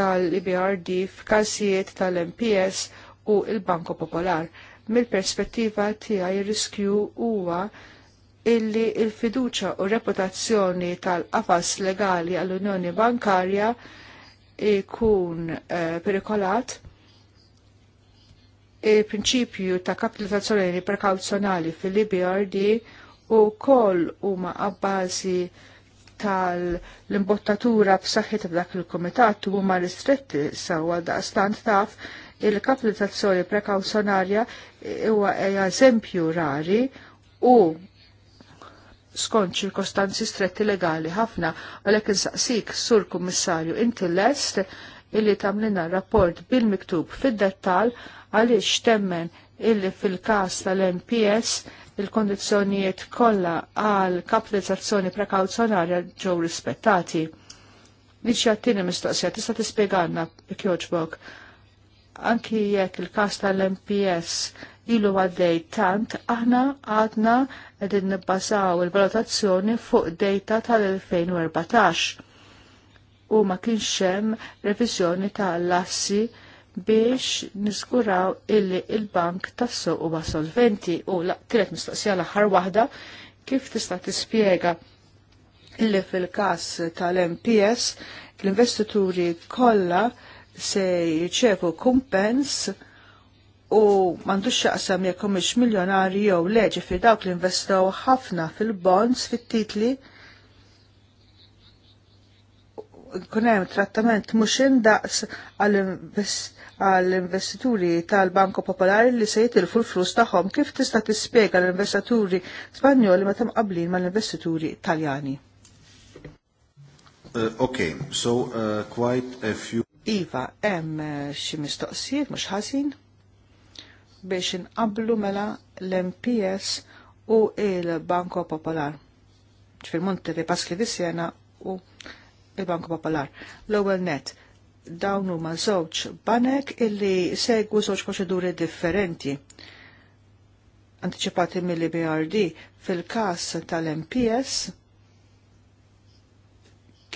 tal-IBRD f'każijiet tal-MPS u il-Banko Popolar. Mill-perspettiva tiegħi riskju huwa illi il-fiduċa u reputazzjoni tal-qafas legali għall-Unjoni Bankarja ikun eh, perikolat il-prinċipju ta' kapitalizzazzjoni prekawzjonali fil-IBRD u koll huma abbażi tal-imbottatura b'saħħit dak il-komitat huma ristretti sawa daqstant taf il-kapitalizzazzjoni prekawzjonarja huwa eżempju rari u skont ċirkostanzi stretti legali ħafna, għalek insaqsik sur kummissarju inti lest illi tamlina rapport bil-miktub fid-dettal għaliex temmen illi fil-kas tal-NPS il-kondizjonijiet kollha għal kapitalizzazzjoni prekawzjonarja ġew rispettati. għattini mistoqsija tista' tispiegħanna, jekk anki jekk il-kas tal-NPS ilu għaddej tant aħna għadna għedin nibbasaw il-valutazzjoni fuq data tal-2014 u ma kienxem revizjoni tal-lassi biex niskuraw illi il-bank tassu u solventi u la tiret mistoqsija l-aħħar waħda kif tista' tispjega illi fil-kas tal-MPS l-investituri kollha se jirċevu kumpens u mandux xaqsam jekk mhux miljonari jew leġi fi dawk li investaw ħafna fil-bonds fit-titli kun hemm trattament mhux indaqs għall-investituri tal-Banko Popolari li se jitilfu l-flus tagħhom kif tista' tispjega l-investituri Spanjoli meta ma mal-investituri Taljani. Uh, okay, so uh, quite a few Iva, hemm xi mistoqsijiet mhux ħażin? biex inqablu mela l-MPS u il-Banko Popolar. ċfil Monterri Pasli di Siena u il-Banko Popolar. L-ewwel net, dawn huma żewġ banek illi segwu żewġ proċeduri differenti anticipati mill-BRD fil-kas tal-MPS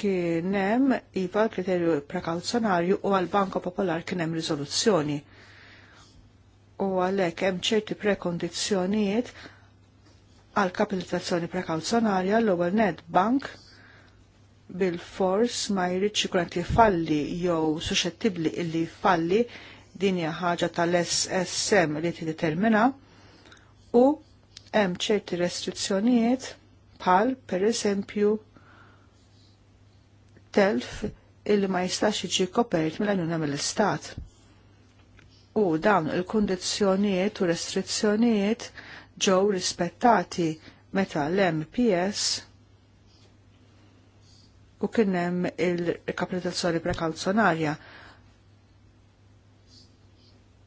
kien hemm iva kriterju prekawzjonarju u għal Banko Popolar kien hemm riżoluzzjoni u għalhekk hemm ċerti prekondizzjonijiet għal kapitalizzazzjoni prekawzjonarja l-ewwel net bank bil-fors ma jrid ikun qed jew suxettibbli illi jfalli din hija ħaġa tal-SSM li tiddetermina u hemm ċerti restrizzjonijiet bħal pereżempju telf illi ma jistax jiġi kopert mill-għajnuna mill-istat u dawn il-kondizjonijiet u restrizzjonijiet ġew rispettati meta l-MPS u kienem il-kapitazzjoni prekawzjonarja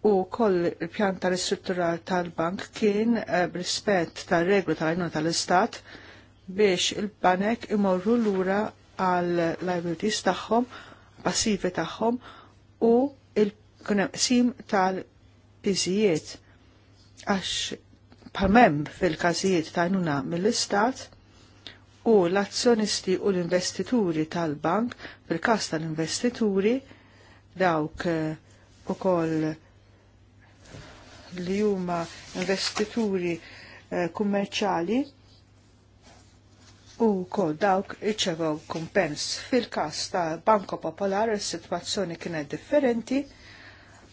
u koll il-pjan tal-istruttural tal-bank kien b'rispett eh, tal-reglu tal-għajnuna tal-istat biex il-banek imorru l-ura għal liabilities tagħhom, passivi tagħhom u kunem sim tal-biżijiet għax pal-mem fil-kazijiet tajnuna mill-istat u l-azzjonisti u l-investituri tal-bank fil-kas tal-investituri dawk eh, u koll li huma investituri eh, kummerċali u kol dawk iċevaw kumpens. Fil-kas tal Banko Popolare s-situazzjoni kienet differenti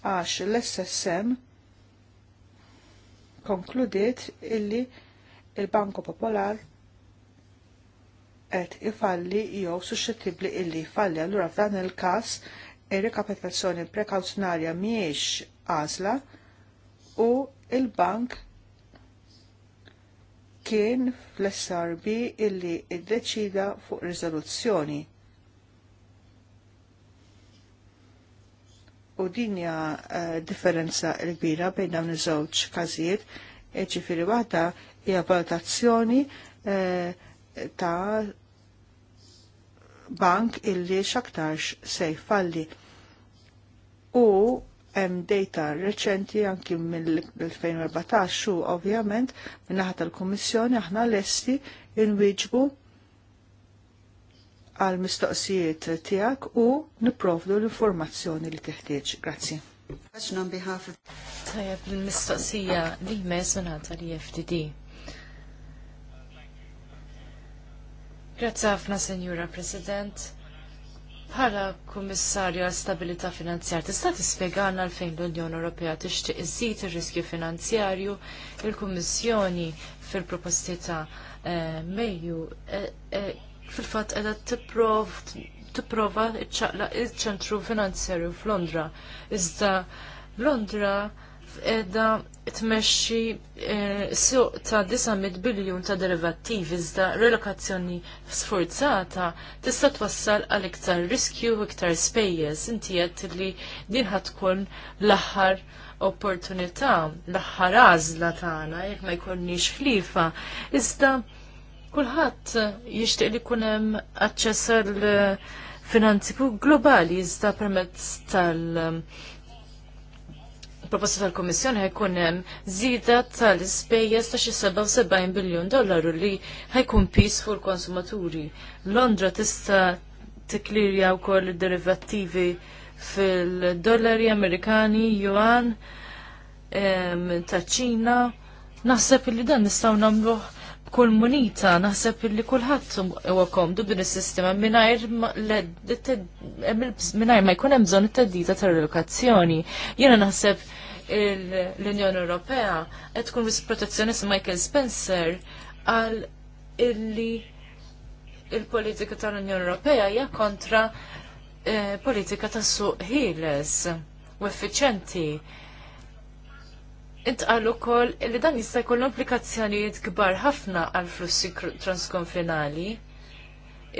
għax l-SSM konkludiet illi il-Banko Popolar qed ifalli jew suscettibbli illi jfalli allura f'dan il-każ ir rekapitazzjoni prekauzjonarja mhijiex għażla u il-bank kien fl-SRB illi id-deċida fuq riżoluzzjoni U dinja eh, differenza l-kbira bejn dawn iż-żewġ każijiet, e ġifieri waħda hija valutazzjoni eh, ta' bank illi xaktarx se jfalli. U hemm data reċenti anki mill-2014 u ovvjament minnaħa tal-Kummissjoni aħna lesti inwiġbu għal mistoqsijiet tiegħek u nipprovdu l-informazzjoni li teħtieġ. Grazzi. Tajab l-mistoqsija li mezzunata li FDD. Grazzi ħafna, Senjura President. Bħala kummissarju għal stabilità finanzjar, tista' tispjegana għalfejn l-Unjoni Ewropea tixtieq iżid ir-riskju finanzjarju il-Kummissjoni fil-proposti ta' eh, Mejju eh, eh, fil-fatt edha t tipprova ċċaqla ċentru finanzjarju f'Londra. Iżda Londra qiegħda tmexxi eh, suq ta' 900 biljun ta' derivativi iżda relokazzjoni sforzata tista' twassal għal iktar riskju u iktar spejjeż inti qed li din tkun l-aħħar opportunità, l-aħħar għażla tagħna jekk ma jkollniex ħlifa. Iżda Kulħadd jixtieq li jkun hemm aċċess għal eh, finanzi globali iżda permezz tal- eh, proposta tal-Komissjoni ħajkun hemm żieda tal-ispejjeż ta' xi 77 biljun dollaru li ħajkun pis fuq il-konsumaturi. Londra tista' tikklirja wkoll derivattivi fil-dollari Amerikani, Yuan, eh, ta' Ċina. Naħseb li dan nistgħu nagħmluh kull munita naħseb li kulħadd huwa komdu din is-sistema mingħajr mingħajr ma jkun hemm bżonn it-teddita tal relokazzjoni Jiena naħseb l-Unjoni Ewropea qed tkun protezzjonist Michael Spencer għal illi il-politika tal-Unjoni Ewropea hija kontra eh, politika tas suq ħieles u effiċenti intqal ukoll li dan jista' jkollu implikazzjonijiet kbar ħafna għal flussi transkonfinali.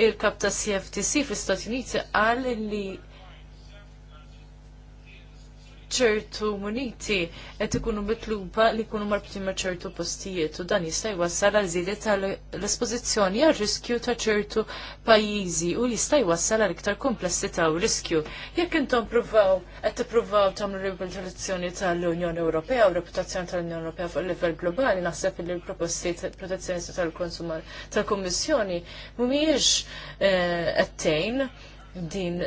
Il-kap ta' CFTC fl-Istati Uniti qal li ċertu muniti qed ikunu mitluba li jkunu marbtin ma' ċertu postijiet u dan jista' jwassal għal żiedet tal-espożizzjoni għal riskju ta' ċertu pajjiżi u jista' jwassal għal iktar komplessità u riskju. Jekk intom pruvaw qed tippruvaw tagħmlu rivoluzzjoni tal-Unjoni Ewropea u reputazzjoni tal-Unjoni Ewropea fuq livell globali naħseb li l-proposti protezzjonisti tal konsumar tal-Kummissjoni mhumiex qed eh, tgħin din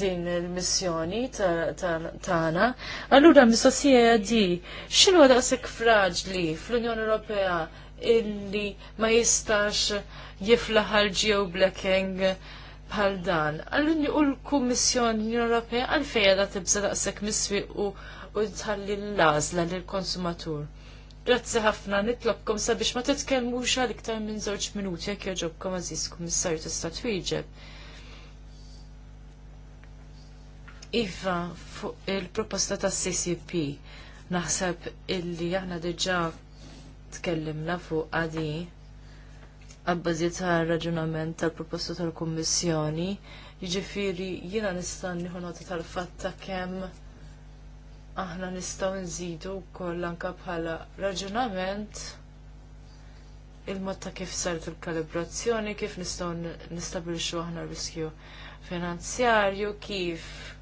din il-missjoni tagħna. Allura mistoqsija di x'inhu daqshekk fraġli fl-Unjoni Ewropea illi ma jistax jiflaħ għal blacking bħal dan. Allura u l-Kummissjoni Ewropea għalfejn qiegħda tibsa daqshekk misfiq u tħalli l għażla lill-konsumatur. Grazzi ħafna nitlobkom sabiex ma titkellmux għal iktar minn żewġ minuti jekk jogħġobkom għażiż kummissarju tista' twieġeb. Iva, fuq il-proposta ta' CCP, naħseb illi aħna diġa tkellimna fuq għadi għabbażi ta' raġunament tal-proposta tal-Kommissjoni, jiġifieri jiena nista' nieħu nota tal-fatt ta' kemm aħna nistgħu nżidu wkoll anke bħala raġunament il-mod ta' kif sart il-kalibrazzjoni, kif nistgħu nistabilixxu aħna riskju finanzjarju, kif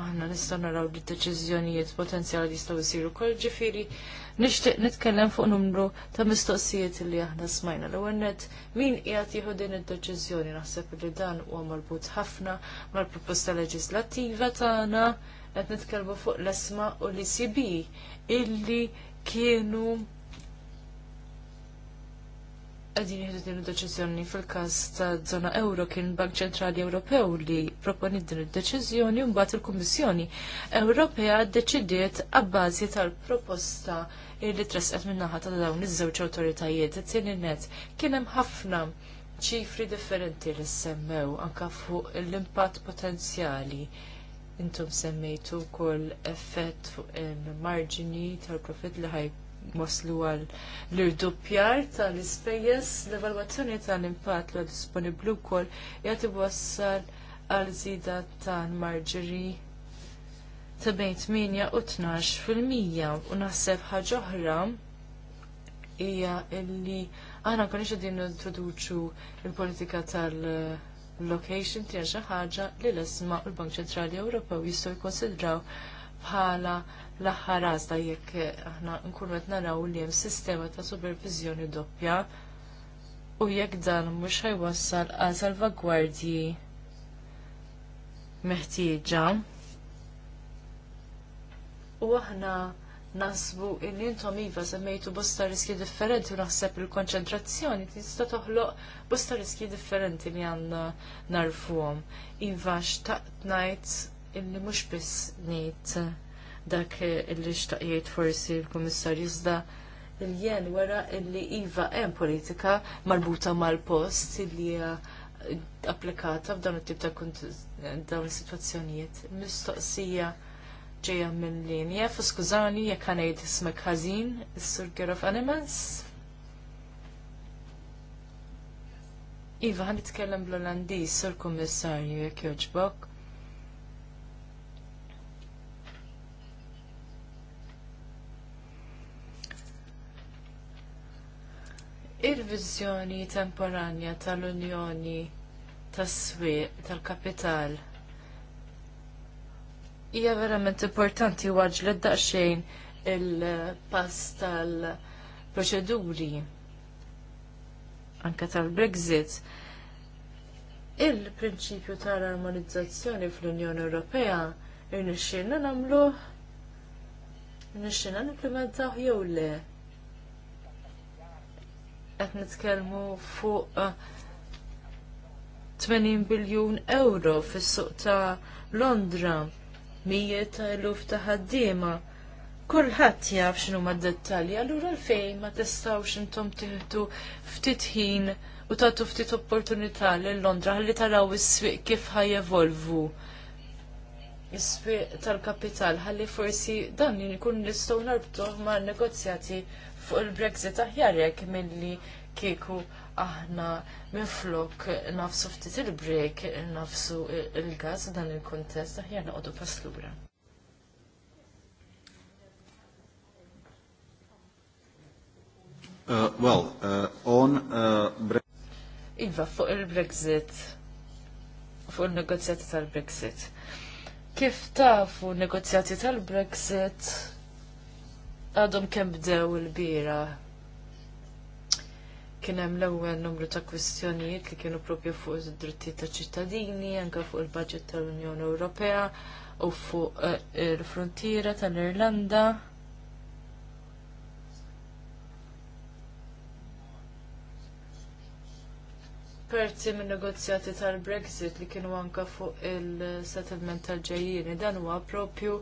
aħna nistgħu naraw li deċiżjonijiet potenzjali jistgħu jsiru kol ġifiri, nixtieq nitkellem fuq numru ta' mistoqsijiet li aħna smajna l għennet min qiegħed jieħu din id-deċiżjoni naħseb li dan huwa marbut ħafna mal-proposta leġislattiva tagħna qed nitkellmu fuq l-esma u l-ICB illi kienu għedin jihdu din id-deċizjoni fil-kas ta' zona euro kien Bank Ċentrali Ewropew li proponid din id-deċizjoni un il-Kommissjoni Ewropea deċidiet għabbażi tal-proposta li tresqet minnaħat ta' dawn iż-żewġ autoritajiet. Tieni net kien hemm ħafna ċifri differenti li semmew anka fuq l-impatt potenzjali intom semmejtu kol effett fuq il-marġini tal-profit li ħaj waslu għal l-irdupjar tal-ispejjeż l-evalwazzjoni tal-impatt l disponiblu wkoll jagħti wassal għal żieda tal-marġeri ta' bejn 8 u 12 fil-mija u naħseb ħaġa oħra hija illi aħna konniex qegħdin nintroduċu il-politika tal- location tija xi ħaġa li l-isma u l-Bank Ċentrali Ewropew jistgħu jkonsidraw bħala l-aħħar għażla jekk aħna nkunu qed naraw li hemm sistema ta' supervizjoni doppja u jekk dan mhux ħajwassal għal salvagwardji meħtieġa. U aħna nasbu in intom iva semmejtu bosta riski differenti u naħseb il-konċentrazzjoni tista' toħloq bosta riski differenti li għandna narfuhom. Iva xtaqt ngħid illi mhux biss ngħid dak illi xtaqjiet forsi l-Kummissarju iżda il-jen wara illi iva hemm politika marbuta mal-post illi hija applikata f'dan it-tip ta' dawn is-sitwazzjonijiet. Mistoqsija ġejja minn linja, skużani jekk ngħid ismek ħażin, is-Sur of Animals. Iva, għan nitkellem bl-Olandis, sur kommissarju, jek joġbok. Il-vizjoni temporanja tal-Unjoni tas-swieq tal-kapital hija verament importanti li daqsxejn il-pass tal-proċeduri anka tal-Brexit. Il-prinċipju tal-armonizzazzjoni fl-Unjoni Ewropea irnexxilna nagħmluh nixxilna nimplementaw jew le qed nitkellmu fuq 80 eh, biljun euro fis-suq ta' Londra, mijiet ta' eluf ta' ħaddiema. Kulħadd jaf x'inhu mad-dettalji, allura fejn ma tistgħux intom tieħdu ftit ħin u tagħtu ftit opportunità lil Londra ħalli taraw is-swieq kif ħajevolvu is-swieq tal-kapital ħalli forsi dan jkun nistgħu narbtuh ma' negozjati fuq il-Brexit aħjar jekk milli kieku aħna minflok nafsu ftit il-break nafsu il-gas dan il-kontest aħjar naqogħdu pass lura. Uh, well, uh, on uh, Brexit. Iva, fuq il-Brexit, fuq il-negozjati tal-Brexit. Kif tafu negozjati tal-Brexit għadhom kemm bdew il-bira kien hemm l-ewwel numru ta' kwistjonijiet li kienu propju fuq id-drittijiet ta' ċittadini, anke fuq il-budget tal-Unjoni Ewropea u fuq eh, il-frontiera tal-Irlanda. Perzi minn negozjati tal-Brexit li kienu anke fuq il-settlement tal-ġejjieni dan huwa propju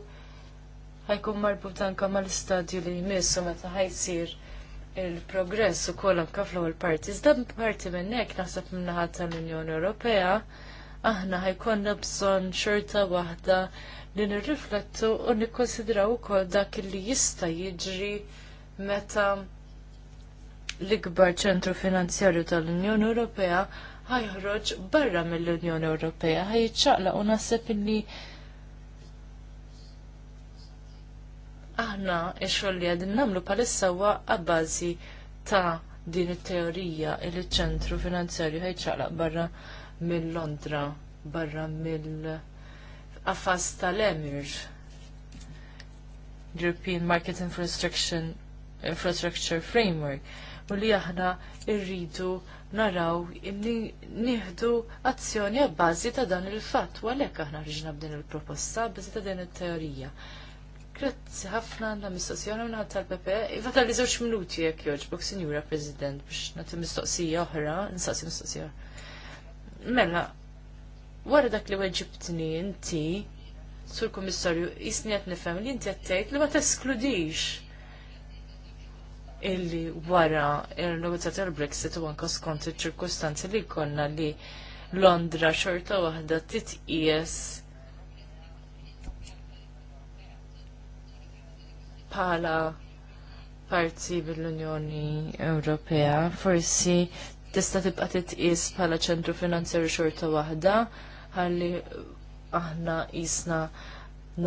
ħajkun marbut anka mal-istadju li jmissu meta ħajsir il-progress u kol anka fl-ewwel parti. Iżda parti minnek naħseb minnaħat tal-Unjoni Ewropea aħna ħajkonna bżonn xorta waħda li nirriflettu u nikkonsidraw ukoll dak li jista' jiġri meta l-ikbar ċentru finanzjarju tal-Unjoni Ewropea ħajħroġ barra mill-Unjoni Ewropea ħajċaqla u naħseb illi aħna ix-xogħol li għadin nagħmlu palissa huwa abbażi ta' din it-teorija li ċ-ċentru finanzjarju ħajċaqlaq barra mill-Londra, barra mill affas tal-Emir. European Market Infrastructure, Framework u li aħna irridu naraw illi nieħdu azzjoni għabbażi ta' dan il-fatt u għalhekk aħna rġina b'din il-proposta bażi ta' din it-teorija. Grazzi ħafna għandna mistoqsija għana tal-Pepe. Iva tal-li zewċ minuti jek bok sinjura President, biex nagħti mistoqsija oħra, nsaqsi mistoqsija. Mela, wara dak li weġibtni inti, sur komissarju, jisni qed nifhem li inti għattajt tgħid li ma teskludix illi wara il-negozjat tal-Brexit u għanka skont iċ-ċirkustanzi li jkollna li Londra xorta waħda titqies pala parti bil unjoni Ewropea, forsi tista' tibqa' titqies bħala ċentru finanzjarju xorta waħda ħalli aħna isna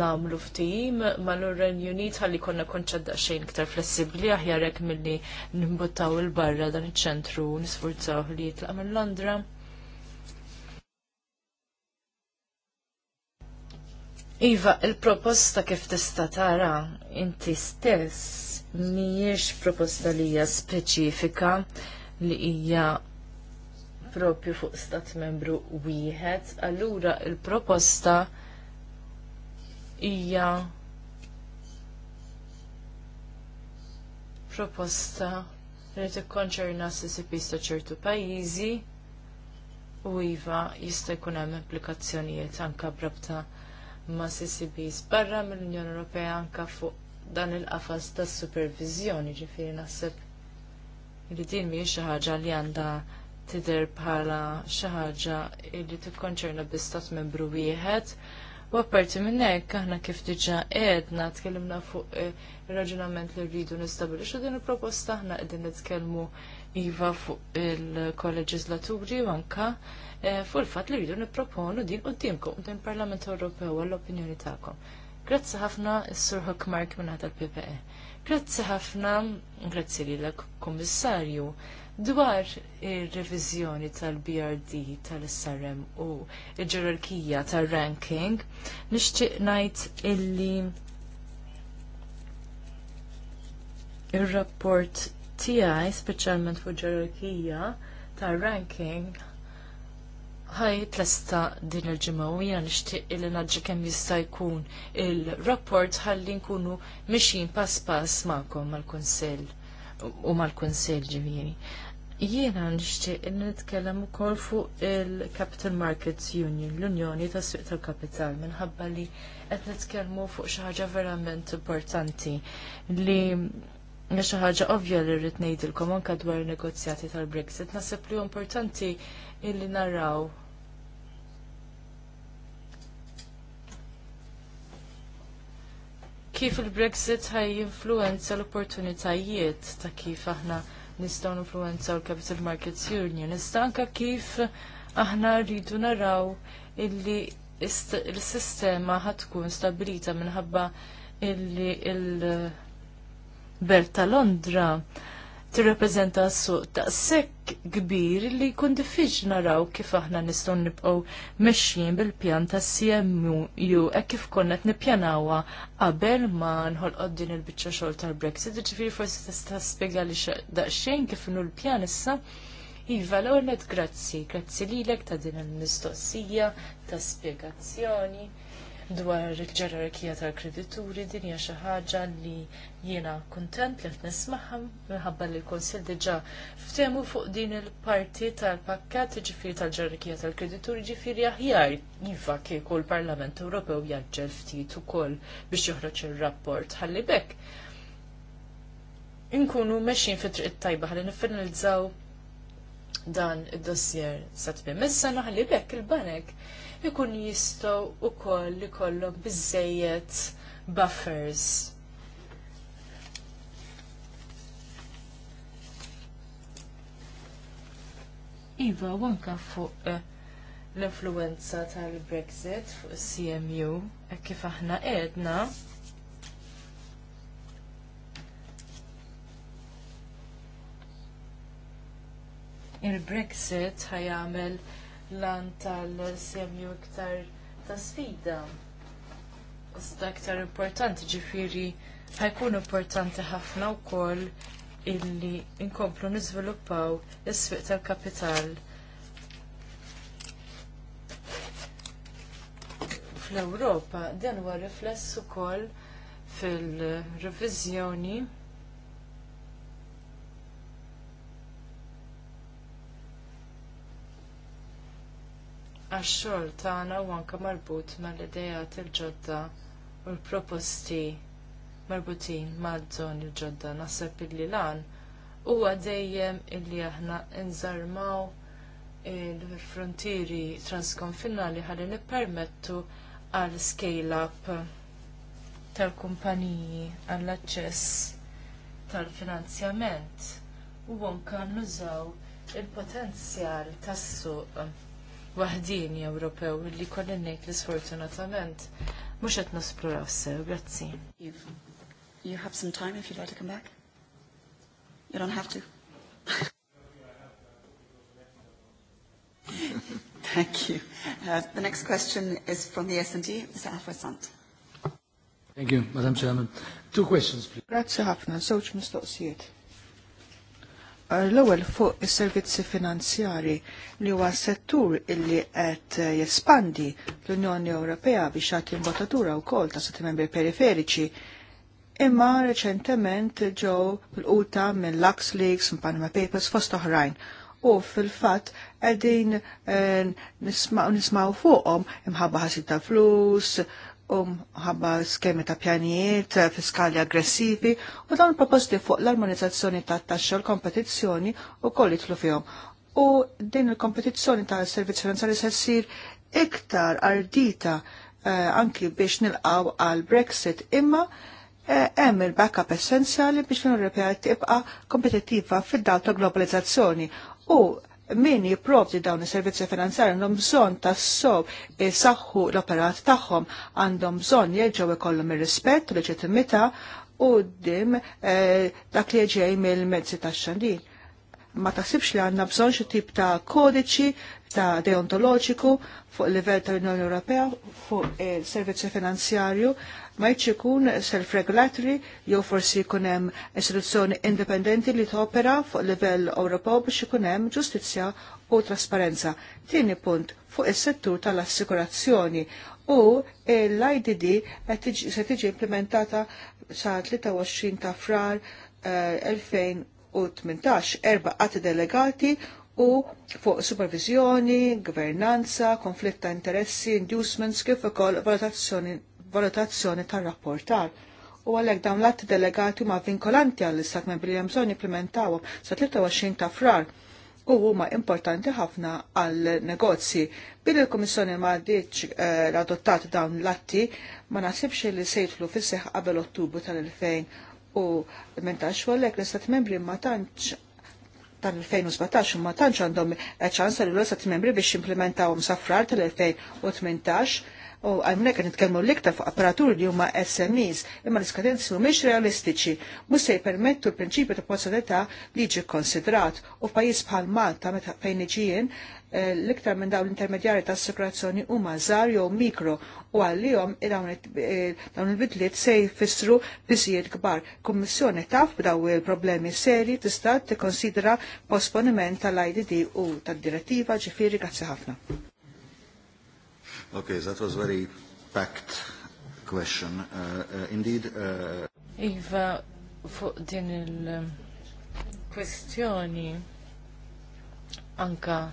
namlu ftim ma l-Renju Unit ħalli konna konċedda xejn iktar flessibbli aħjar hekk milli nimbuttaw il-barra dan iċ-ċentru nisfurzaw li jitlaq mill Londra. Iva, il-proposta kif tista' tara inti stess mhijiex proposta li hija speċifika li hija propju fuq stat membru wieħed, allura il-proposta hija proposta li tikkonċerna s ta' ċertu pajjiżi u iva jista' jkun hemm implikazzjonijiet anke brabta' ma' CCBs barra mill-Unjoni Ewropea anka fuq dan il-qafas tas supervizjoni ġifiri naħseb li din mhijiex xi ħaġa li għandha tidher bħala xi ħaġa li tikkonċerna bl stat membru wieħed. U apparti minn hekk aħna kif diġà qedna tkellimna fuq eh, ir-raġunament li rridu nistabilixxu din il-proposta aħna qegħdin nitkellmu iva fuq il-kolleġislaturi u anka eh, fuq il-fat li rridu nipproponu din qudiemkom din Parlament Ewropew għall-opinjoni tagħkom. Grazzi ħafna s-Sur Mark minn tal-PPE. Grazzi ħafna, grazzi li l-Kommissarju dwar ir-reviżjoni tal-BRD tal-SRM u il-ġerarkija tal-ranking, nixtieq ngħid illi il rapport tiegħi speċjalment fuq ġerarkija tar-ranking ħaj tlesta din il-ġimgħa u jiena nixtieq illi naġġi kemm jista' jkun il-rapport ħalli nkunu mixin pass pass magħkom mal-Kunsill u mal-Kunsill ġifieri. Jiena nixtieq li nitkellem ukoll fuq il-Capital Markets Union, l-Unjoni tas Suq tal-Kapital, minħabba li qed nitkellmu fuq xi ħaġa verament importanti li Għax xi ħaġa ovvja li rrid ngħidilkom anke dwar negozjati tal-Brexit naħseb li importanti illi narraw kif il-Brexit ħaj jinfluenza l-opportunitajiet ta' kif aħna nistgħu influenza l-Capital Markets Union, iżda anke kif aħna rridu naraw illi il sistema ħatkun stabilita minħabba illi il-, il belt ta' Londra tirrepreżenta suq sekk kbir li jkun diffiċli naraw kif aħna nistgħu nibqgħu mexjin bil-pjan tas CMU hekk kif konna qed nippjanawha qabel ma nħolqod din il-biċċa xogħol tal-Brexit, ġifieri forsi tista' spjega li daqsxejn kif inhu l-pjan issa. Iva, l grazzi, grazzi lilek ta' din il-mistoqsija, ta' spjegazzjoni dwar il-ġerarkija tal-kredituri din hija xi ħaġa li jiena kuntent li qed nismaħħa minħabba li l-Kunsill diġà ftehmu fuq din il-parti tal pakkett ġifieri tal-ġerarkija tal-kredituri ġifieri aħjar iva kieku l-Parlament Ewropew jaġġel ftit ukoll biex joħroġ ir-rapport ħalli bekk. Inkunu mexjin fi triq it-tajba ħalli niffinalizzaw dan id-dossier sa tmiem. Issa naħli bekk il-banek ikun jistgħu wkoll ikollhom bizzejiet buffers. Iva, wanka fuq eh, l-influenza tal-Brexit fuq CMU, eh, kif aħna edna, il-Brexit ħajamel lan tal-semju iktar ta' sfida. Iżda iktar importanti ġifiri ħajkun importanti ħafna wkoll illi inkomplu niżviluppaw is-swieq tal-kapital fl-Ewropa dan huwa rifless ukoll fil revizjoni għax-xogħol tagħna u anke marbut mal-idejat il-ġodda u l-proposti marbutin mal żoni il-ġodda naħseb illi lan huwa dejjem illi aħna nżarmaw il-frontieri transkonfinali ħalli nippermettu għal scale-up tal-kumpaniji għall aċċess tal-finanzjament u anke nużaw il-potenzjal tas-suq waħdini Ewropew li kolli nejt li sfortunatament mux għet nisploraw sew. Grazzi. You have some time if you'd like to come back. You don't have to. Thank you. Uh, the next question is from the S&D, Mr. Alfred Thank you, Madam Chairman. Two questions, please. Grazie ħafna, żewġ mistoqsijiet l-ewwel fuq is-servizzi finanzjari li huwa settur illi qed jespandi l-Unjoni Ewropea biex jagħti mbotatura wkoll ta' sati membri periferiċi imma reċentement ġew l-quta minn Lux Leaks, Panama Papers fost oħrajn u fil-fatt qegħdin eh, nismaw fuqhom imħabba ħasib ta' flus, um ħabba skemi ta' pjanijiet eh, fiskali aggressivi u dawn proposti fuq l-armonizzazzjoni ta' taxxa u l-kompetizzjoni u koll jitlu fihom. U din il-kompetizzjoni ta' servizzi finanzjari se ssir iktar ardita eh, anki biex nilqaw għal Brexit imma eh, hemm eh, il-backup essenzjali biex l-Ewropea tibqa' kompetittiva fid-dal ta' globalizzazzjoni u min jipprovdi dawn is-servizzi finanzjari għandhom bżonn tas-sob isaħħu l-operat tagħhom għandhom bżonn jerġgħu ikollhom ir-rispett u leġittimità u ddim eh, dak li ġej mill-mezzi tax-xandin. Ma taħsibx li għandna bżonn xi tip ta' kodiċi ta' deontoloġiku fuq il livell tal-Unjoni Ewropea fuq il-servizzi finanzjarju ma jċikun ikun self-regulatory jew forsi jkun hemm istituzzjoni indipendenti li topera fuq livell Ewropew biex ikun hemm ġustizzja u trasparenza. Tieni punt fuq is-settur tal-assikurazzjoni u l-IDD se tiġi implementata sa 23 ta' frar 2018 eh, erba' qatt delegati u fuq supervizjoni, governanza, konflitt ta' interessi, inducements kif ukoll valutazzjoni valutazzjoni tar-rapportar u għalek dawn l-atti delegati ma vinkolanti għall-istat membri li jemżon implementawhom sa 23 ta' frar u huma importanti ħafna għal negozji. Bil il-Komissjoni ma diċ eh, radottat dawn l-atti ma nasibx li sejtlu fis-seħ qabel Ottubru tal-2000 u mentax u għalek l-istat membri ma tanċ tal-2017 ma tantx għandhom eh, ċans l-istat membri biex implementawhom sa frar tal-2018 U għamnek nitkellmu l-iktar fuq apparatur li huma SMEs, imma l-iskadenzi mhumiex realistiċi, mhux se jpermettu l-prinċipju ta' pozzjonalità li jiġi konsidrat u pajis bħal Malta meta fejniġijin eh, l-iktar minn dawn l-intermedjari ta' assikurazzjoni huma żgħar jew mikro u għalihom eh, dawn il-bidliet se jfissru biżijiet kbar. Kummissjoni taf b'daw il-problemi seri tista' tikkonsidra posponiment tal-IDD u tad-direttiva ġifieri grazzi ħafna. Okay, that was very packed question. Uh, uh, indeed. Uh... Iva, fuq din il-kwestjoni anka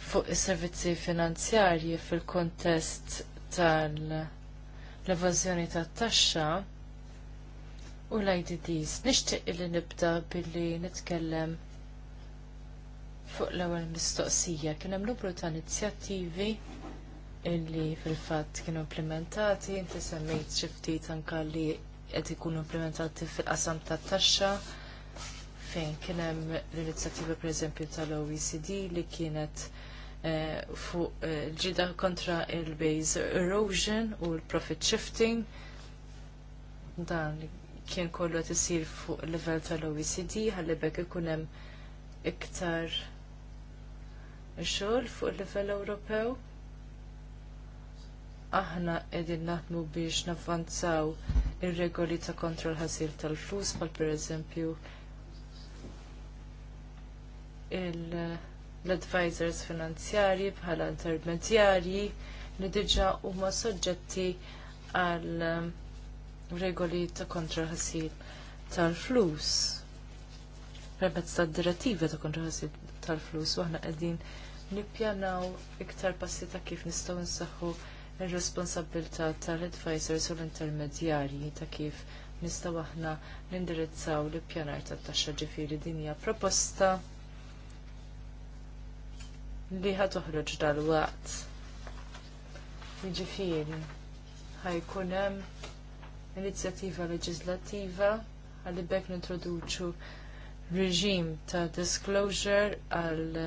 fuq is-servizzi finanzjarji fil-kontest tal-evażjoni tat-taxxa u l-IDDs. Nixtieq li nibda billi nitkellem fuq l-ewwel mistoqsija kien hemm numru ta' inizjattivi illi fil-fatt kienu implementati, inti semmejt xi ftit anke li qed ikunu implementati fil-qasam tat-taxxa fejn kien hemm l-inizjattiva pereżempju tal-OECD li kienet eh, fuq eh, ġida kontra il-base erosion u l-profit shifting dan kien kollu qed isir fuq level tal-OECD ħalli bekk ikun hemm iktar xogħol fuq il-livell Ewropew aħna qegħdin naħdmu biex navvanzaw ir-regoli ta' kontra l-ħasil tal-flus bħal pereżempju l-advisors finanzjarji bħala intermedjarji li diġà huma soġġetti għal um, regoli ta' kontra ħasil tal-flus. Permezz tad-direttiva ta' kontra ħasil tal-flus u aħna qegħdin nippjanaw iktar passi ta' kif nistgħu nsaħħu ir-responsabilità tal-advisors u l-intermedjarji ta' kif nistgħu aħna nindirizzaw l-ippjanar tat-taxxa ġifieri din hija proposta li ħad toħroġ dal-waqt. Jiġifieri ħajkun hemm inizjattiva leġislattiva għalli bekk nintroduċu reġim ta' disclosure għal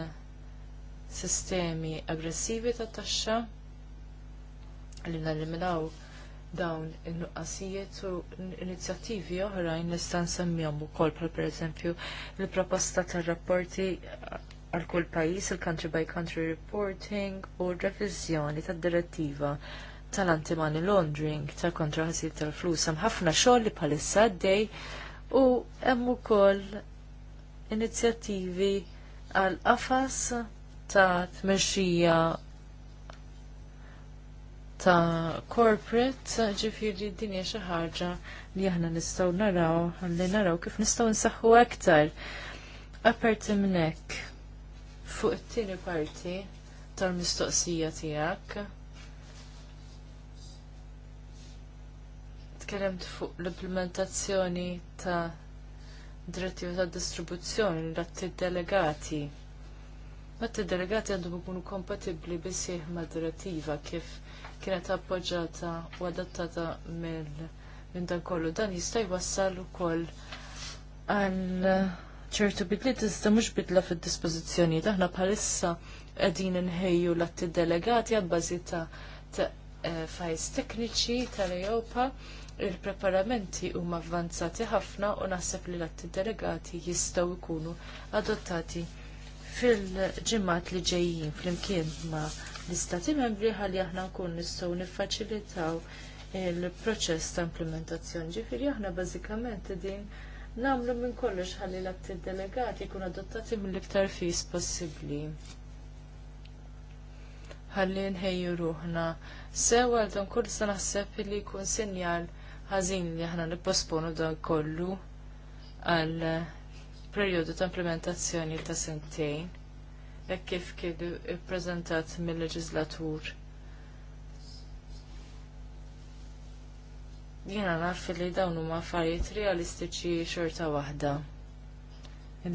sistemi aggressivi ta' taxxa li nalliminaw dawn in-nuqqasijiet u inizjattivi oħrajn nista' nsemmihom ukoll bħal pereżempju il-proposta tar-rapporti għal kull pajjiż il-country by country reporting u r revizjoni tad-direttiva tal-antimani laundering tal kontra tal-flus hemm ħafna xogħol li bħalissa għaddej u hemm ukoll inizjattivi għal qafas ta' tmexxija ta' corporate, ġifiri din hija xi ħaġa li aħna nistgħu naraw li naraw kif nistgħu nsaħħu aktar. Aperti minn hekk fuq it-tieni parti tal-mistoqsija tiegħek. tkellemt fuq l-implementazzjoni ta' direttiva ta' distribuzzjoni l delegati Ma t delegati għandhom ikunu kompatibbli bisih ma' direttiva kif kienet appoġġata u adattata mill minn dan kollu. Dan jista' jwassal ukoll għal ċertu bidli iżda mhux bidla fid dispożizzjoni aħna bħalissa qegħdin inħejju l-atti delegati bażi ta' eh, fajs tekniċi tal-Ejopa il-preparamenti huma avvanzati ħafna u naħseb li l-atti delegati jistgħu jkunu adottati fil-ġimgħat li ġejjin flimkien ma' l-istati membri ħalli aħna nkun nistgħu niffaċilitaw il-proċess ta' implementazzjoni. Ġifieri aħna bażikament din nagħmlu minn kollox ħalli l-atti delegati jkun adottati mill-iktar fis possibbli. Ħalli nħejju ruħna. Sewa dan kull se naħseb li jkun sinjal ħażin li aħna nipposponu dan kollu għal perjodu ta' implementazzjoni ta' sentejn jekk kif kien ippreżentat mill-leġislatur. Jiena naf li dawn huma affarijiet realistiċi xorta waħda.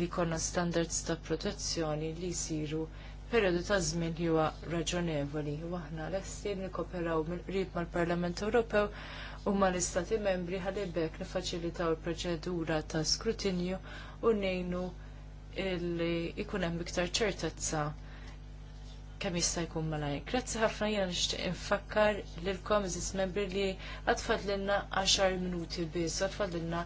Li konna standards ta' protezzjoni li jsiru perjodu ta' żmien li huwa raġonevoli. aħna lesti nikkoperaw mill-qrib mal-Parlament Ewropew u mal-Istati Membri ħalibek nifaċilitaw il-proċedura ta' skrutinju u ngħinu illi ikun hemm iktar ċertezza kemm jista' jkun malajr. Grazzi ħafna jiena nixtieq infakkar lilkom iżis membri li għatfadlilna 10 minuti biss, għatfadlilna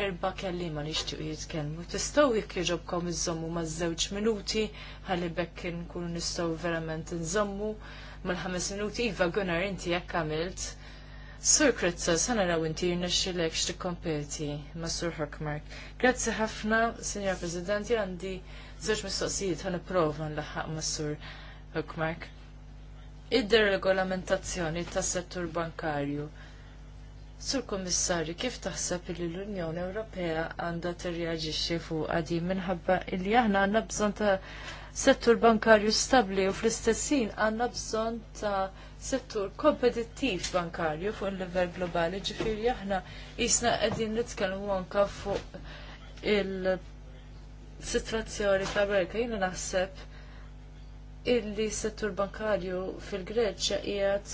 erba kellima li xtiqu jitkellmu. Tistgħu jekk jogħġobkom iżommu ma' żewġ minuti ħalli bekk nkunu nistgħu verament nżommu mal-ħames minuti iva Gunnar inti jekk għamilt Sur Kretza, sana raw inti jirnexxilek x'tikkompeti ma' Sir Hockmark. Grazzi ħafna, Sinjor Presidenti, għandi żewġ mistoqsijiet ħan nipprova nlaħħaq ma' Sur Hockmark. id regolamentazzjoni tas-settur bankarju. Sur Kommissarju, kif taħseb li l-Unjoni Ewropea għandha tirreaġixxi fuq għadi minħabba li aħna għandna bżonn ta' settur bankarju stabbli u fl-istessin għandna bżonn ta' settur kompetittiv bankarju fuq il-livell globali ġifiri aħna jisna qegħdin nitkellmu anka fuq il sitrazzjoni fl-Amerika jina naħseb illi settur bankarju fil-Greċja jgħat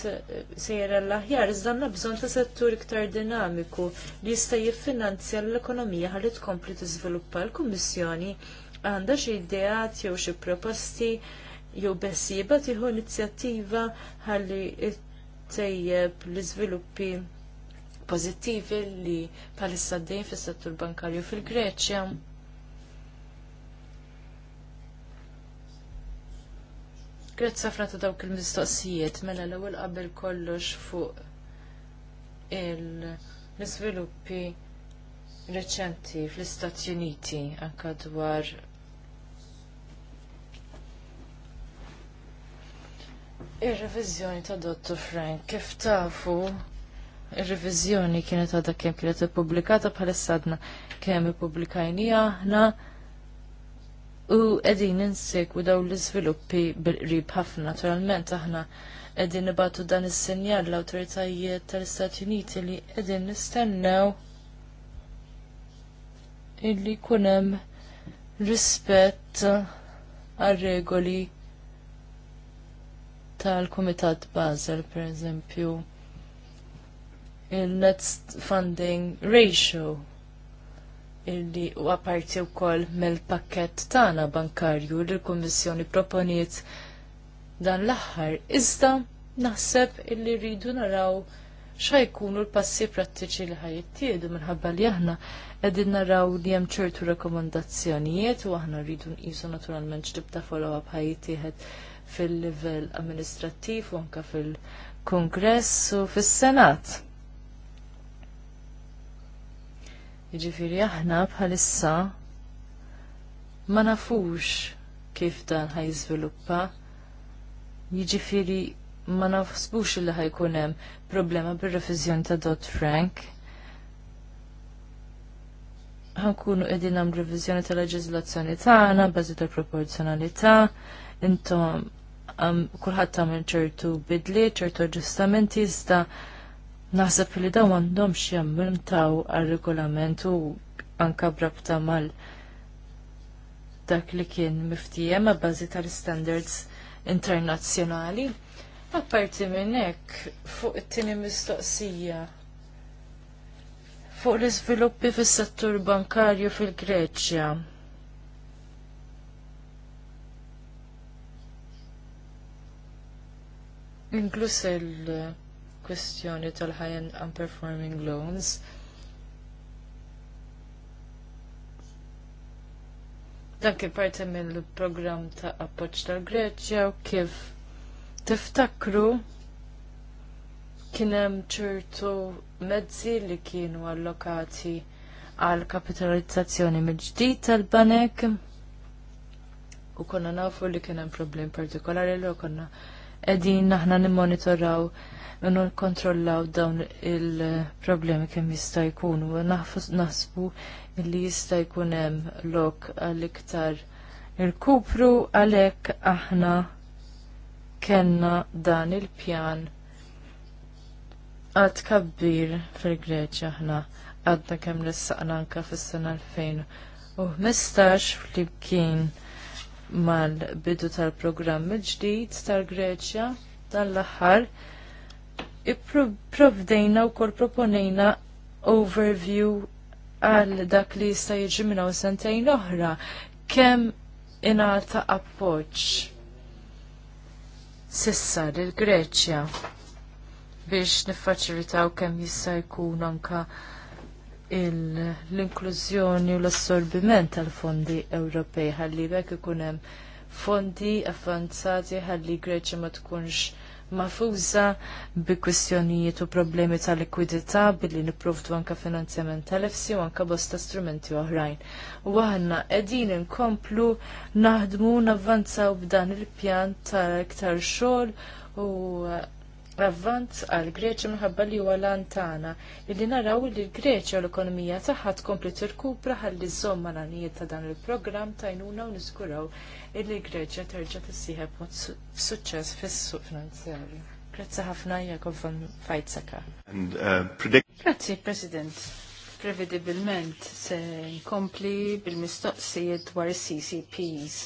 sejjer l-aħjar iżda għandna bżonn ta' settur iktar dinamiku li jista' jiffinanzja l-ekonomija ħalli tkompli tiżviluppa l-Kummissjoni għandha xi ideat jew xi proposti jew bessiba tieħu inizjattiva ħalli tejjeb l-iżviluppi pożittivi li bħalissa dejjem fis-settur bankarju fil-Greċja. Grazzi ħafna dawk il-mistoqsijiet mela l-ewwel qabel kollox fuq l-iżviluppi reċenti fl-Istati Uniti anka dwar Ir-reviżjoni ta' Dottor Frank, kif tafu, ir-reviżjoni kienet għadha kemm kienet ippubblikata bħal sadna kemm ippubblikajni aħna u qegħdin insegwu dawn l-iżviluppi bil-qrib ħafna naturalment aħna qegħdin nibatu dan is-sinjal l-awtoritajiet tal-Istati Uniti li qegħdin nistennew illi jkun hemm rispett għar-regoli tal-Kumitat Basel, per eżempju, il-net funding ratio illi u għaparti u koll mel-pakket tana bankarju li l-Kommissjoni proponiet dan l-axħar. Iżda naħseb illi rridu naraw xajkunu l-passi prattiċi li ħajittiedu minħabba li aħna edin naraw li hemm ċertu rekomandazzjonijiet u aħna rridu nqisu naturalment ġdib ta' follow-up ħajittieħed fil-livell amministrattiv u anke fil-Kongress u fis-Senat. Jiġifieri aħna bħalissa ma nafux kif dan ħajżviluppa. Jiġifieri ma nafsbux li ħajkun hemm problema bir refizjon ta' Dodd Frank. Ħankunu qegħdin hemm reviżjoni tal-leġiżlazzjoni tagħna bażi tal-proporzjonalità, intom kulħadd tagħmel ċertu bidli, ċertu aġġustamenti iżda naħseb li dawn għandhomx taw għal-regolament u anka brabta mal dak li kien miftijem ma' bazi tal-standards internazzjonali. Apparti minn hekk, fuq it-tieni mistoqsija fuq l-iżviluppi fis-settur bankarju fil-Greċja. Inklus il-kwestjoni tal-high-end unperforming loans, dan kien parti mill-programm ta' appoġġ tal-Greċja u kif tiftakru kien hemm ċertu mezzi li kienu allokati għal kapitalizzazzjoni mill-ġdid tal-banek u konna nafu li kien hemm problemi partikolari li konna edin naħna nimmonitoraw u kontrollaw dawn il-problemi kemm jista' jkunu u naħsbu li jista' jkun hemm lok għal-iktar il-kupru għalhekk aħna kenna dan il-pjan għad kabbir fil-Greċja aħna għadna kemm l anka fis-sena 2015 fl-imkien mal-bidu tal-programm ġdid tal-Greċja tal-aħħar ipprovdejna wkoll proponejna overview għal dak li jista' jiġi minna hawn sentejn oħra kemm ingħata appoċ sissa lill Greċja biex niffaċilitaw kemm jista' jkun anka l-inklużjoni u l-assorbiment tal-fondi Ewropej ħalli bekk ikun hemm fondi avvanzati ħalli Greċja ma tkunx mafuża bi kwistjonijiet u problemi tal likwidità billi nipprovdu anka finanzjament tal-efsi u anka bosta strumenti oħrajn. U aħna qegħdin inkomplu naħdmu navvanzaw b'dan il-pjan ta' iktar xogħol u Ravvant għal Greċi minħabba li huwa lantana illi naraw li l-Greċi u l-ekonomija tagħha tkompli tirkupra ħalli żomm malanijiet ta' dan il-programm tajnuna u niskuraw illi l-Greċja terġa' tissieħeb suċċess fis-suq finanzjarju. Grazzi ħafna Jakob van Fajtsaka. Uh, Grazzi, President prevedibilment se nkompli bil-mistoqsijiet dwar CCPs.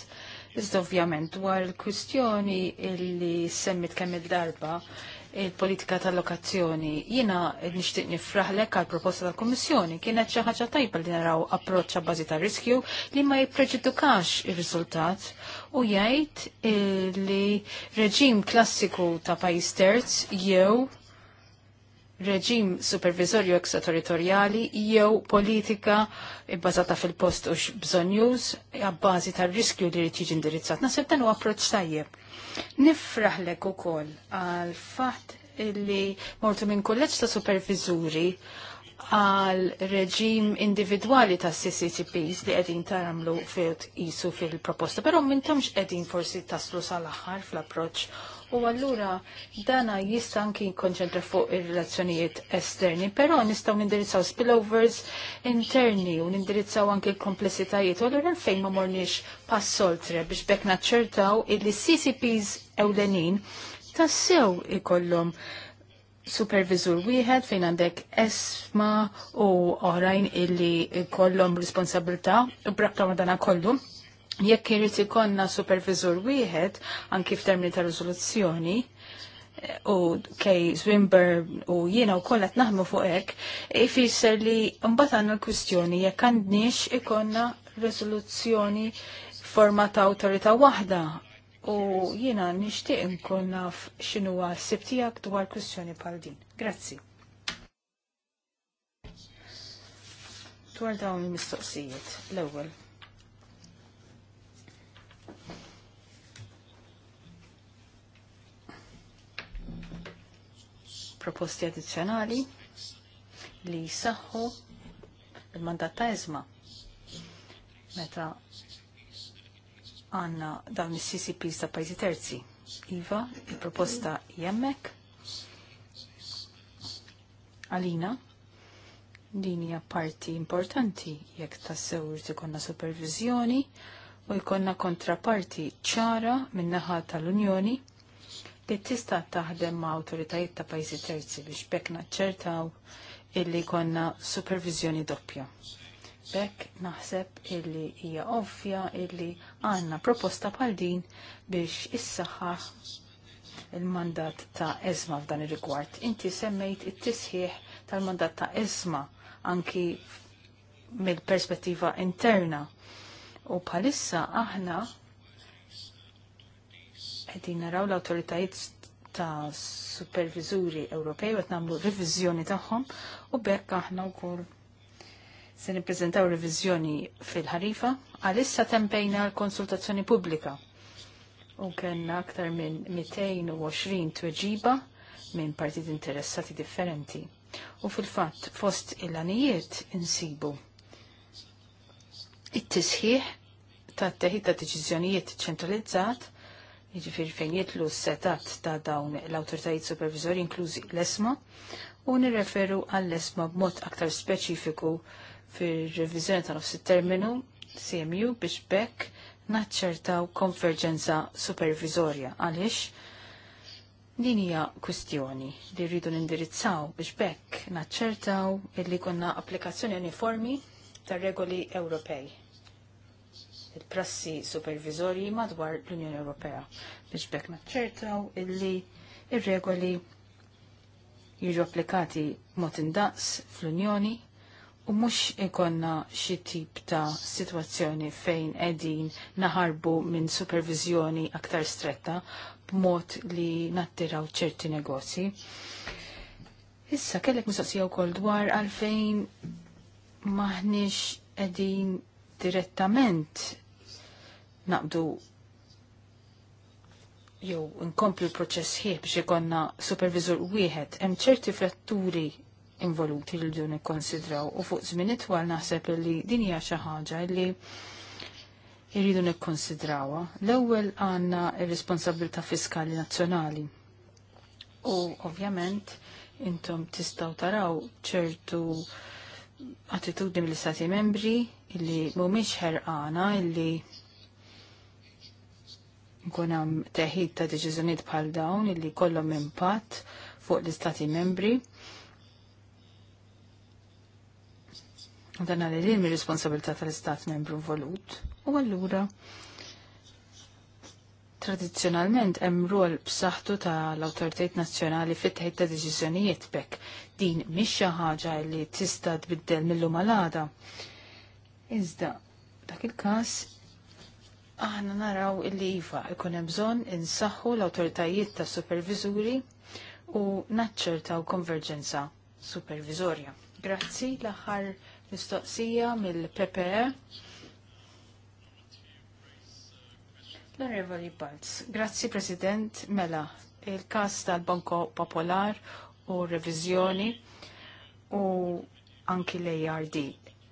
Iżda ovvjament dwar il-kwistjoni illi semmit kemm il-darba il-politika tal-lokazzjoni. Jina nishtiq nifraħlek għal proposta tal komissjoni kienet xi ħaġa tajba li naraw approċċa bażi ta' riskju li ma jippreġudukax ir-riżultat u jgħid eh, li reġim klassiku ta' pajjiż terz jew reġim supervizorju ekstraterritorjali jew politika bbażata fil-post u bżonn już għabbażi tar-riskju li rid jiġi indirizzat. Nasib dan u approċċ tajjeb. Nifraħlek ukoll għal fatt illi mortu minn kolleġġ ta' supervizuri għal reġim individwali ta' CCTPs li qegħdin taramlu filt isu fil-proposta, però tamx qegħdin forsi taslu sal-aħħar fl-approċċ u allura dana jista' anki jikkonċentra fuq ir-relazzjonijiet esterni, però nistgħu nindirizzaw spillovers interni u nindirizzaw anki l-komplessitajiet u għallura fejn ma morniex pass soltre biex bekk naċċertaw il-CCPs ewlenin tassew ikollhom supervisur wieħed fejn għandek esma u oħrajn illi kollom responsabilità u brakta ma dana kollu. Jekk irrid ikonna supervisor wieħed anki f'termini ta' riżoluzzjoni, eh, u kej Zwimber u jiena u kollet naħmu fuq hekk, ifisser li mbagħad għandna l-kwistjoni jekk għandniex ikonna riżoluzzjoni forma ta' awtorità waħda u jiena nixtieq nkun naf x'inhu s-sib tiegħek dwar kwistjoni bħal din. Grazzi. Dwar dawn il-mistoqsijiet l-ewwel. proposti addizzjonali li jisaħħu il-mandat ta' izma. Meta għanna dawn is-CCPs ta' pajzi terzi. Iva, il-proposta jemmek Alina, din hija parti importanti jekk tassewr ikonna supervizjoni u jkollna kontraparti ċara min-naħa tal-Unjoni li tista' taħdem ma' awtoritajiet ta' pajjiżi terzi biex bekk naċċertaw illi konna supervizjoni doppja. Bekk naħseb illi hija ovvja illi għandna proposta bħal din biex issaħħa il-mandat ta' ezma f'dan ir-rigward. Inti semmejt it-tisħiħ tal-mandat ta' ezma anki mill-perspettiva interna. U bħalissa aħna Qegħdin naraw l-awtoritajiet ta' supervizuri Ewropej qed nagħmlu riviżjoni tagħhom u bekk aħna wkoll se nippreżentaw riviżjoni fil-ħarifa għalissa tempejna l-konsultazzjoni pubblika u kellna aktar minn 220 tweġiba minn partit interessati differenti. U fil-fatt fost il-għanijiet insibu it-tisħiħ ta' teħid ta' deċiżjonijiet ċentralizzat jiġifieri fejn jitlu s-setat ta' dawn l autoritajiet supervizori inklużi l-esma u nirreferu għall-esma b'mod aktar speċifiku fir revizjoni ta' nofs terminu CMU biex bekk naċċertaw konverġenza supervizorja għaliex Din hija kwistjoni li rridu nindirizzaw biex bekk naċċertaw illi konna applikazzjoni uniformi tar regoli Ewropej il-prassi supervizori madwar l-Unjoni Ewropea biex bekk naċċertaw illi ir-regoli jiġu applikati mod indaqs fl-Unjoni u mhux ikonna xi tip ta' sitwazzjoni fejn qegħdin naħarbu minn supervizjoni aktar stretta b'mod li nattiraw ċerti negozji. Issa kellek mistoqsija wkoll dwar għalfejn maħniex qegħdin direttament naqdu jew nkomplu l-proċess ħieħ biex ikonna supervisor wieħed, hemm ċerti fratturi involuti li dun ikkonsidraw u fuq żmien itwal naħseb li din hija xi ħaġa li jridu nikkonsidrawha. L-ewwel għandna r-responsabilità fiskali nazzjonali. U ovvjament intom tistgħu taraw ċertu attitudni mill-Istati membri illi mhumiex ħerqana illi nkun hemm teħid ta' deċiżjonijiet bħal dawn illi kollhom impatt fuq l-istati membri. Dan għal ilmi responsabilità tal-istat membru involut. U allura tradizzjonalment hemm rol b'saħħtu tal-awtoritajiet nazzjonali fit-teħid ta' deċiżjonijiet bekk. Din mhix xi ħaġa li tista' tbiddel mill-lum għal Iżda dak il-każ Aħna naraw illi iva ikun hemm bżonn insaħħu l-awtoritajiet ta' superviżuri u naċċertaw konverġenza supervizorja. Grazzi l-aħħar mistoqsija mill-PPE. L-Onorevoli Balz, grazzi President Mela, il-kas tal-Banko Popolar u Revizjoni u anki l-ARD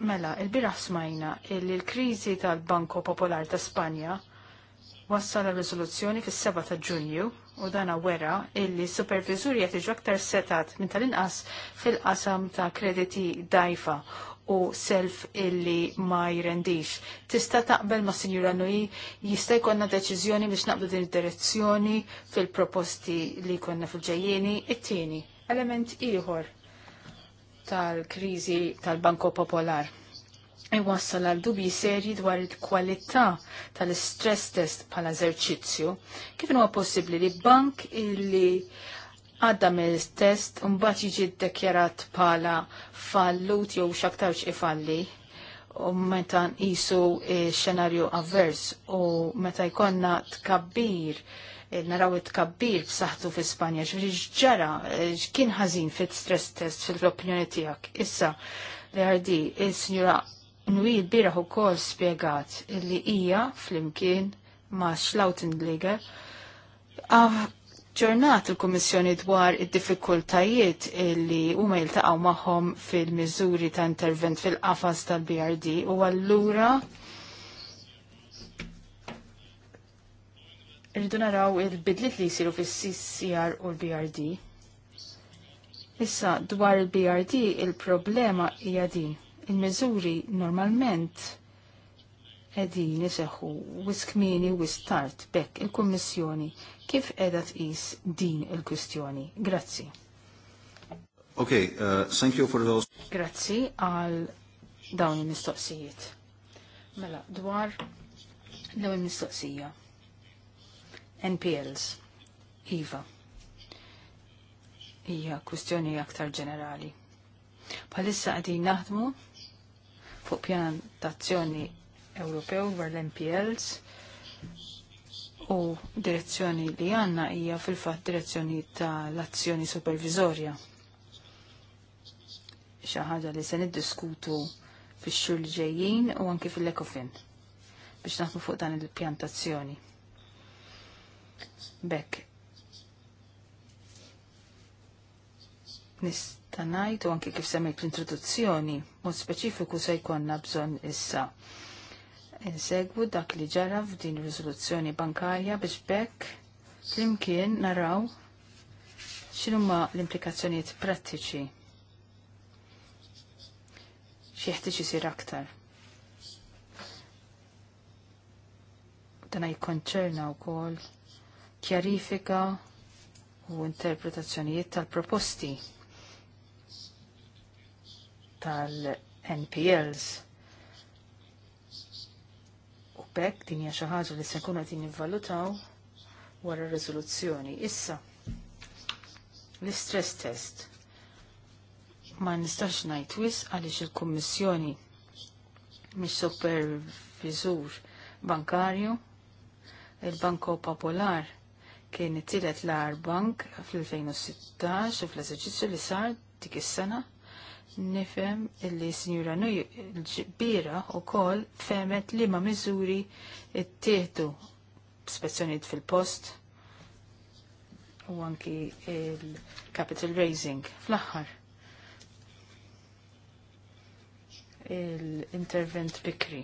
Mela, il-biraħ smajna li l-krizi tal-Banko Popolar ta' Spanja wassal riżoluzzjoni fis-7 ta' Ġunju u dana wera illi supervizuri qed aktar setat minn tal-inqas fil-qasam ta' krediti dajfa u self illi ma jirendix. Tista taqbel ma' Sinjura Nui jista' jkollna deċiżjoni biex naqbdu din id-direzzjoni fil-proposti li jkollna fil ġajjeni it-tieni. Element ieħor tal-kriżi tal-Banko Popolar. Iwassal e għal dubji serji dwar il-kwalità tal-stress test bħala eżerċizzju. Kif huwa possibbli li bank illi għadda mill-test mbagħad jiġi ddekjarat bħala fallut jew x'aktarx ifalli u meta nqisu eh, xenarju avvers u meta jkollna tkabbir Eh, naraw it-kabbir b'saħħtu fi Spanja, ġviri ġara, eh, kien ħażin fit-stress test fil-opinjoni tiegħek. Issa, l-RD, il-Sinjura Nwi l-biraħ u kol spiegat flimkien ija fl-imkien ma' ġurnat il-Komissjoni dwar id-diffikultajiet li huma jiltaqgħu magħhom fil-miżuri ta' intervent fil-qafas tal-BRD u allura Rridu naraw il-bidlit li jisiru fis-CCR u l-BRD. Issa dwar il-BRD il-problema hija din. Il-miżuri normalment qegħdin iseħħu wisk mini u start bekk il-Kummissjoni kif qiegħda tqis din il-kwistjoni. Grazzi. Ok, uh, thank you for those. Grazzi għal dawn il-mistoqsijiet. Mela, dwar l-ewwel mistoqsija NPLs, IVA. Hija kwistjoni aktar ġenerali. Palissa għadin naħdmu fuq pjan tazzjoni Ewropew għar l-NPLs u direzzjoni li għanna hija fil-fatt direzzjoni tal-azzjoni supervizorja. Xi ħaġa li se niddiskutu fix-xhur ġejjin u anke fil-ekofin biex naħdmu fuq dan il-pjantazzjoni. Bekk. Nista' ngħid u anke kif semmejt l-introduzzjoni, mod speċifiku se jkollna bżonn issa insegwu dak li ġara f'din riżoluzzjoni bankarja biex bekk flimkien naraw x'inhuma l-implikazzjonijiet prattiċi xieħtiċ isir aktar. Dana jikonċerna u kol kjarifika u interpretazzjonijiet tal-proposti tal-NPLs. U pek din hija xi ħaġa li se nkunu qed nivvalutaw wara r-riżoluzzjoni. Issa, l-istress test ma nistax ngħid wis għaliex il-Kummissjoni mis supervisur bankarju, il-Banko Popolar kien it-tielet l-Ar Bank fl-2016 fl-eżerċizzju li sar dik is-sena nifhem illi Sinjura Nuj l-ġbira wkoll femet li ma miżuri ttieħdu spezzjonijiet fil-post u anki il-capital raising fl-aħħar. il intervent bikri.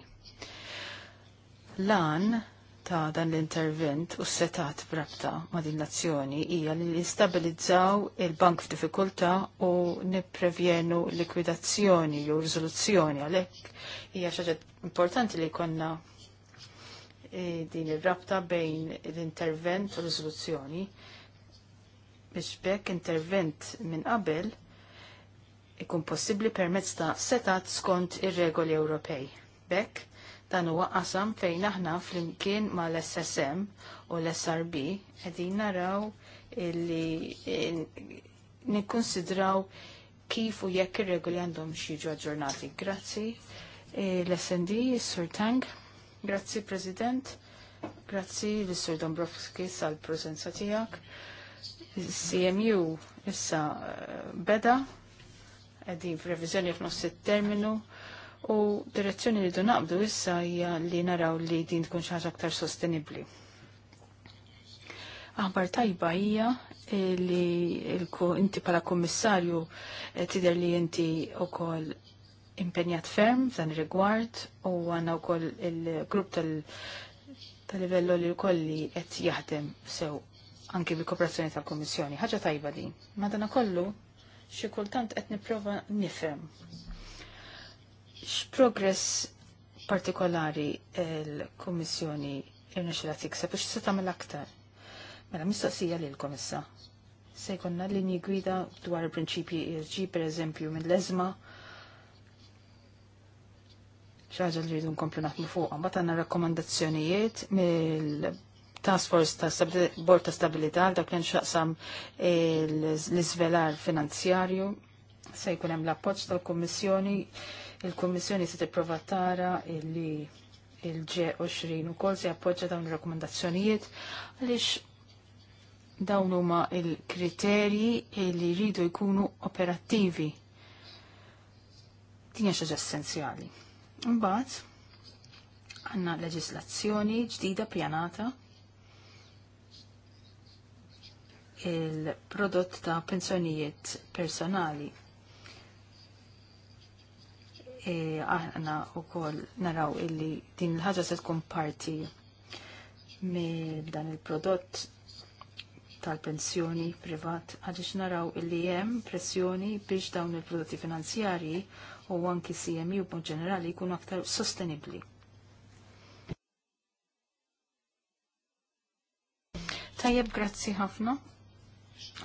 Lan ta' dan l-intervent u s-setat brabta ma' din nazzjoni hija li nistabilizzaw il-bank f'diffikultà u nipprevjenu likwidazzjoni u riżoluzzjoni għalhekk hija xi importanti li jkollna eh, din ir-rabta bejn l-intervent u riżoluzzjoni biex bekk intervent minn qabel ikun possibbli permezz ta' setat skont ir-regoli Ewropej. Bekk Dan huwa qasam fejn aħna flimkien mal-SSM u l-SRB qegħdin naraw illi e, nikkonsidraw kif u jekk ir-regoli għandhom jiġu aġġornati. Grazzi e, l-SND, Sur Tang. Grazzi President. Grazzi l-Sur Dombrovski sal-prezenza tijak. CMU issa e, beda, għedin f-revizjoni f'nofs terminu u direzzjoni li naqbdu issa hija li naraw li din tkun xi ħaġa aktar sostenibbli. Aħbar tajba hija li inti bħala kommissarju eh, tidher li inti ukoll impenjat ferm f'dan rigward u għandna wkoll il-grupp tal-livello li li qed jaħdem sew anki bil-kooperazzjoni tal kummissjoni Ħaġa tajba din. Madana kollu xi kultant qed nipprova nifhem X'progress partikolari l-Kummissjoni irnexxila tikseb biex se tagħmel aktar? Mela mistoqsija lilkom komissa? Se jkollna linji gwida dwar il-prinċipji ESG pereżempju minn l-eżma ċaġa li rridu nkomplu naħdmu fuq. Mbagħad għandna rakkomandazzjonijiet mill Task Force ta' Bord ta' Stabilità dak li nxaqsam l-iżvelar finanzjarju se jkun hemm l-appoġġ tal-Kummissjoni Il-Kommissjoni se tipprova tara illi il-G20 ukoll se jappoġġa dawn il rakkomandazzjonijiet għaliex dawn huma il-kriterji li jridu jkunu operattivi. Din hija essenzjali. Imbagħad għanna leġislazzjoni ġdida pjanata il-prodott ta' pensjonijiet personali E, aħna u koll naraw illi din il-ħagġa se tkun parti minn dan il-prodott tal-pensjoni privat għadix naraw illi jem pressjoni biex dawn il-prodotti finanzjari u anki CMU b'mod ġenerali jkunu aktar sostenibli. Tajjeb, grazzi ħafna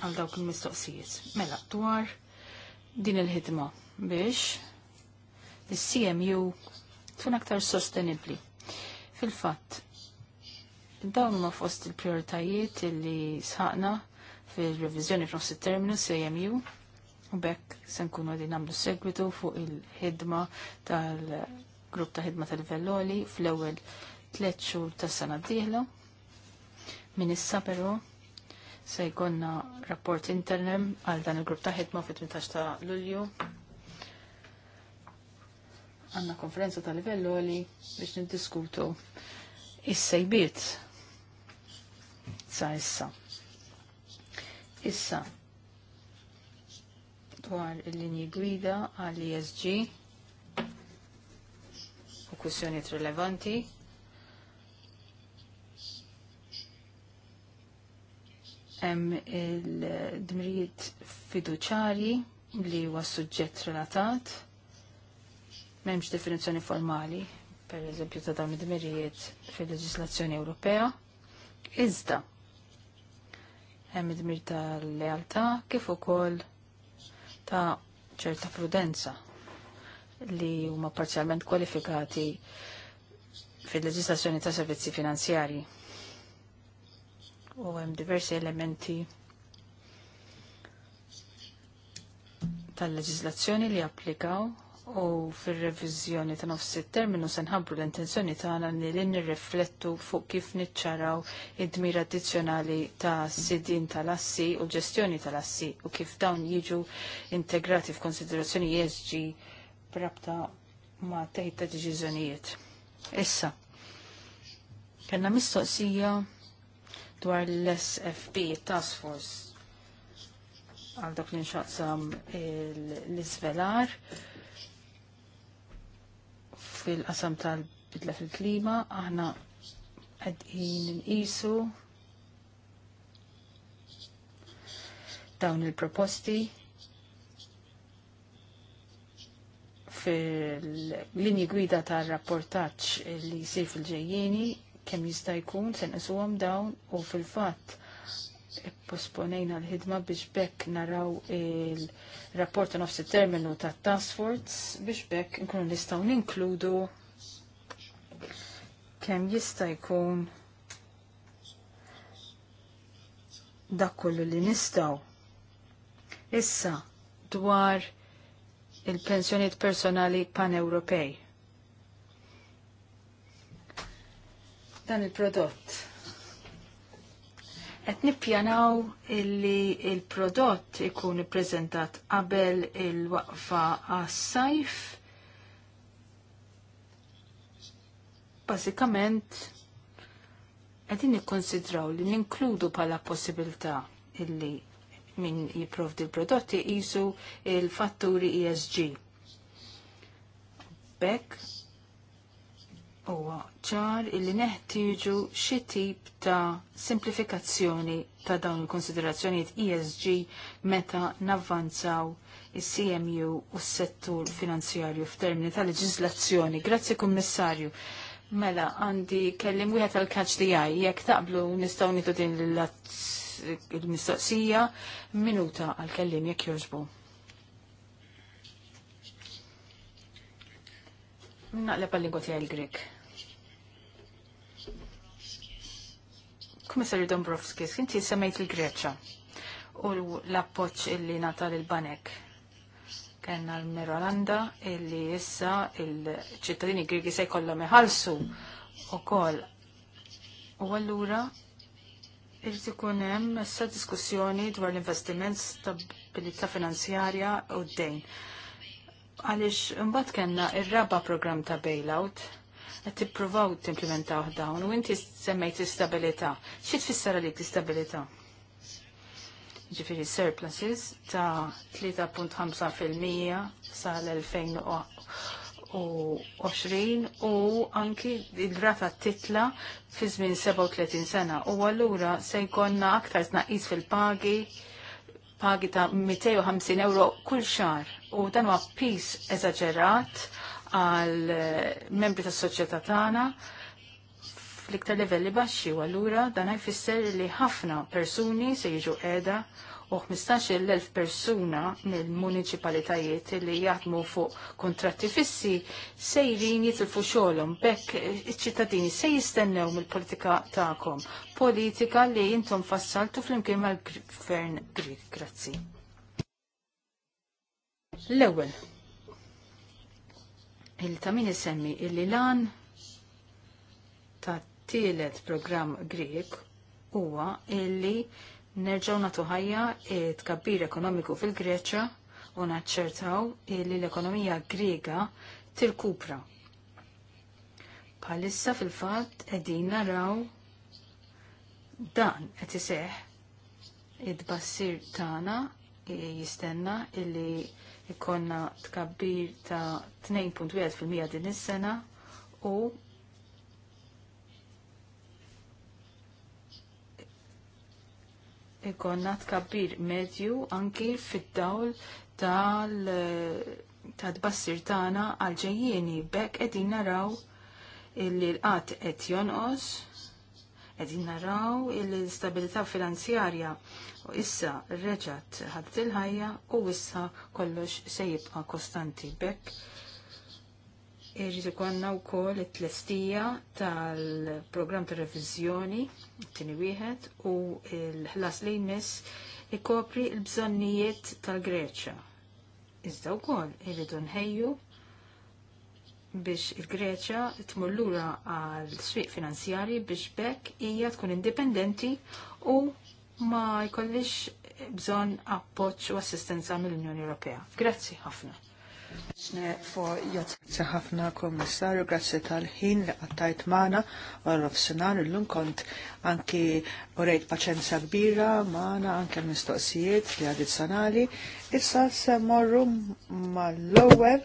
għal dawk il-mistoqsijiet. Mela, dwar din il-ħidma biex il-CMU tkun aktar sostenibli. Fil-fatt, dawn ma fost il-prioritajiet li sħaqna fil-revizjoni f'nofs il-terminu CMU u bekk se nkunu għadin għamlu segwitu fuq il-ħidma tal-grupp ta' ħidma tal-velloli fl-ewwel tliet xhur tas-sena d-dieħla. Min issa però se jkollna rapport internem għal dan il-grupp ta' ħidma fit-18 ta' Lulju għanna konferenza tal livello għali biex nindiskutu is-sejbiet sa issa. Issa dwar il-linji gwida għal ESG u kwistjonijiet rilevanti hemm il-dmirijiet fiduċari li huwa suġġett relatat Memx definizjoni formali, per eżempju, ta' dawn id-dmirijiet fil-leġislazzjoni Ewropea. Iżda, hemm id-dmir ta' lealtà kif ukoll ta' ċerta prudenza li huma parzjalment kwalifikati fil-leġislazzjoni ta' servizzi finanzjari. U hemm diversi elementi tal-leġislazzjoni li applikaw u fil-revizjoni ta' nofs terminu se nħabbru l-intenzjoni tagħna li nirriflettu fuq kif niċċaraw id-dmir addizzjonali ta' sidin tal-assi u ġestjoni tal-assi u kif dawn jiġu integrati f'konsiderazzjoni ESG brabta ma' teħid ta' deċiżjonijiet. Issa, kena mistoqsija dwar l-SFP, Task Force, għal dak li inxaqsam l-izvelar fil-qasam tal-bidla fil-klima, aħna n-isu dawn il-proposti fil-linji gwida tal-rapportaċ li jisir fil-ġejjeni kemm jista' jkun se dawn u fil-fatt posponejna l-ħidma biex bekk naraw il-rapport nofs terminu ta' task force biex bekk nkunu nistaw ninkludu kemm jista' jkun dak kollu li nistaw. Issa dwar il-pensjoniet personali pan-Ewropej. Dan il-prodott qed nippjanaw illi il-prodott ikun ippreżentat qabel il-waqfa għas-sajf. Bażikament qegħdin nikkonsidraw li ninkludu bħala possibilità illi min jipprovdi l-prodotti qisu il-fatturi ESG. Bekk huwa ċar illi neħtieġu xi tip ta' simplifikazzjoni ta' dawn il-konsiderazzjonijiet ESG meta navvanzaw is-CMU u s-settur finanzjarju f'termini ta' leġiżlazzjoni. Grazzi Kummissarju. Mela, għandi kellim wieħed tal-catch di għaj, jekk taqblu nistgħu nitu din il-mistoqsija minuta għal-kellim jekk jogħġbu. naqleb għal lingu tijaj l-Grek. Kummissarju Dombrovskis, inti semmejt il-Greċa u l-appoċ illi natal il banek Kenna l-Mirolanda illi issa il-ċittadini Greki se jkollhom u kol. U allura irid ikun hemm issa diskussjoni dwar l-investiment stabilità finanzjarja u d-dejn. Għalix, mbatt kena il-raba program ta' bailout, għat t-provaw t-implementaw dawn, u inti semmejt istabilita. ċi tfissara li istabilita? Ġifiri surpluses ta' 3.5% sal-2020 u anki il-rata titla fi żmien 37 sena u għallura se jkonna aktar tnaqis fil-pagi pagi ta' 250 euro kull xar u dan huwa pis eżaġerat għal eh, membri tas soċjetà tagħna fl-iktar livelli baxxi u allura dan jfisser li ħafna persuni se jiġu qiegħda u 15.000 persuna mill-municipalitajiet li jaħdmu fuq kontratti fissi sejrin jitilfu xogħolhom bekk iċ-ċittadini se jistennew mill-politika ta'kom. politika li intom fassaltu flimkien mal-gvern Grik. Grazzi. L-ewwel il-ta' min isemmi illi lan ta' tielet programm Grek huwa illi nerġaw natu ħajja tkabbir ekonomiku fil greċa u naċċertaw li l-ekonomija grega tirkupra. Bħalissa fil-fatt qegħdin naraw dan qed iseħħ id-bassir tagħna jistenna illi ikonna tkabbir ta' 2.1% din is-sena u ikonna tkabbir medju anki fid-dawl tal ta' tbassir tagħna għal ġejjieni bekk qegħdin naraw illi l-qatt qed jonqos, qegħdin naraw illi l-istabilità finanzjarja u issa reġat ħadd il-ħajja u issa kollox se jibqa' kostanti bekk. Irrid ikollna wkoll it-tlestija tal-programm ta' reviżjoni tini wieħed u l-ħlas li jmiss ikopri l-bżonnijiet tal-Greċa. Iżda wkoll irridu nħejju biex il-Greċa tmullura għal swieq finanzjari biex bekk hija tkun indipendenti u ma jkollix bżonn appoġġ u assistenza mill-Unjoni Ewropea. Grazzi ħafna. Grazie ħafna kommissarju, grazie tal-ħin li għattajt maħna u l-ofsenar l-lum kont anki urejt paċenza kbira maħna anki l-mistoqsijiet li għadit sanali. Issa se morru mal-lower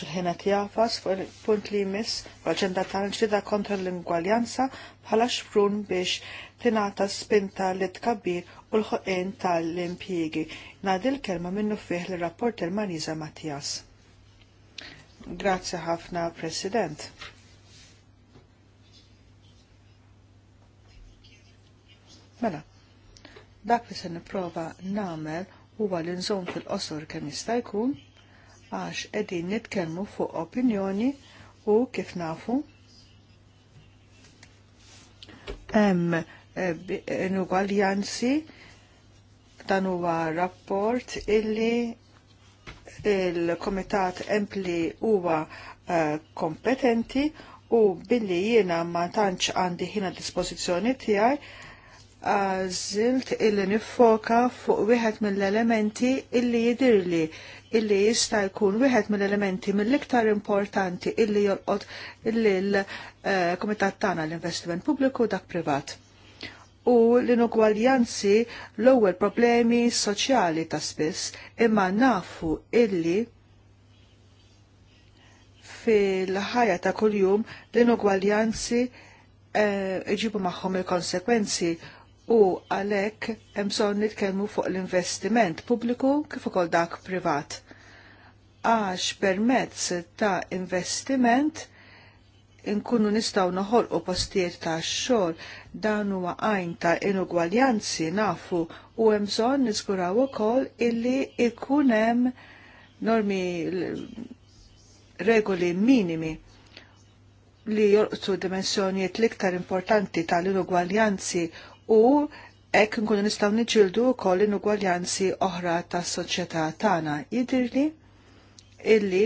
xilħinet jafas fuq il-punt li jmiss fl tal-ġdida kontra l-ingwaljanza bħala xprun biex tinata spinta li tkabbir u l-ħoqin tal-impjiegi. Nadil kelma minnu fih l-rapport il-Maniza Mattias. Grazie ħafna, President. Mela, dak li se nipprova nagħmel huwa l nżomm fil-qosor kemm jista' jkun għax qegħdin nitkellmu fuq opinjoni u kif nafu hemm eh, inugwaljanzi dan huwa rapport illi il-Komitat Empli huwa eh, kompetenti u billi jiena ma tantx għandi ħina dispożizzjoni tiegħi għażilt illi nifoka fuq wieħed mill-elementi illi jidirli illi jista' jkun wieħed mill-elementi mill-iktar importanti illi jolqot lill eh, kumitat tagħna l-Investiment Pubbliku dak privat u l-inugwaljanzi l-ewwel problemi soċjali ta' spiss imma nafu illi fil-ħajja ta' kuljum l-inugwaljanzi eh, iġibu e, magħhom il-konsekwenzi u għalhekk hemm bżonn nitkellmu fuq l-investiment pubbliku kif ukoll dak privat. Għax permezz ta' investiment nkunu nistaw noħolqu postijiet ta' xogħol dan huwa għajn ta' inugwaljanzi nafu u hemm bżonn niżguraw ukoll illi ikun hemm normi regoli minimi li jorqtu dimensjonijiet l-iktar importanti tal-inugwaljanzi u hekk nkunu nistgħu niġildu wkoll inugwaljanzi oħra tas-soċjetà tagħna. Jidirli illi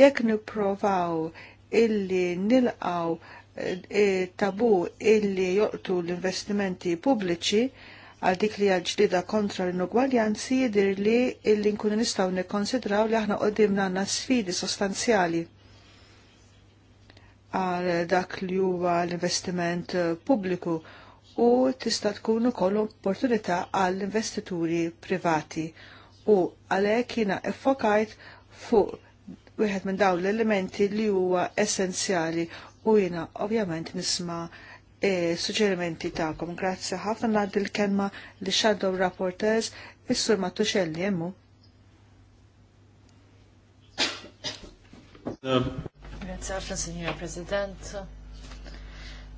jekk nipprovaw illi nilqaw eh, eh, tabu illi joqtu l-investimenti pubbliċi għal dik li ġdida kontra l-inugwaljanzi jidir li illi nkunu nistaw nikkonsidraw li aħna qoddimna għanna sfidi sostanzjali għal dak li huwa l-investiment eh, pubbliku u tista' tkun ukoll opportunità għall investituri privati u għalhekk jiena effokajt fuq wieħed minn dawn l-elementi li huwa essenzjali u jiena ovvjament nisma' E, suġġerimenti ta'kom. Grazzi ħafna għad il-kelma li Shadow Rapporteurs Is-Sur Mattuxelli jemmu. Grazzi ħafna, Signora President.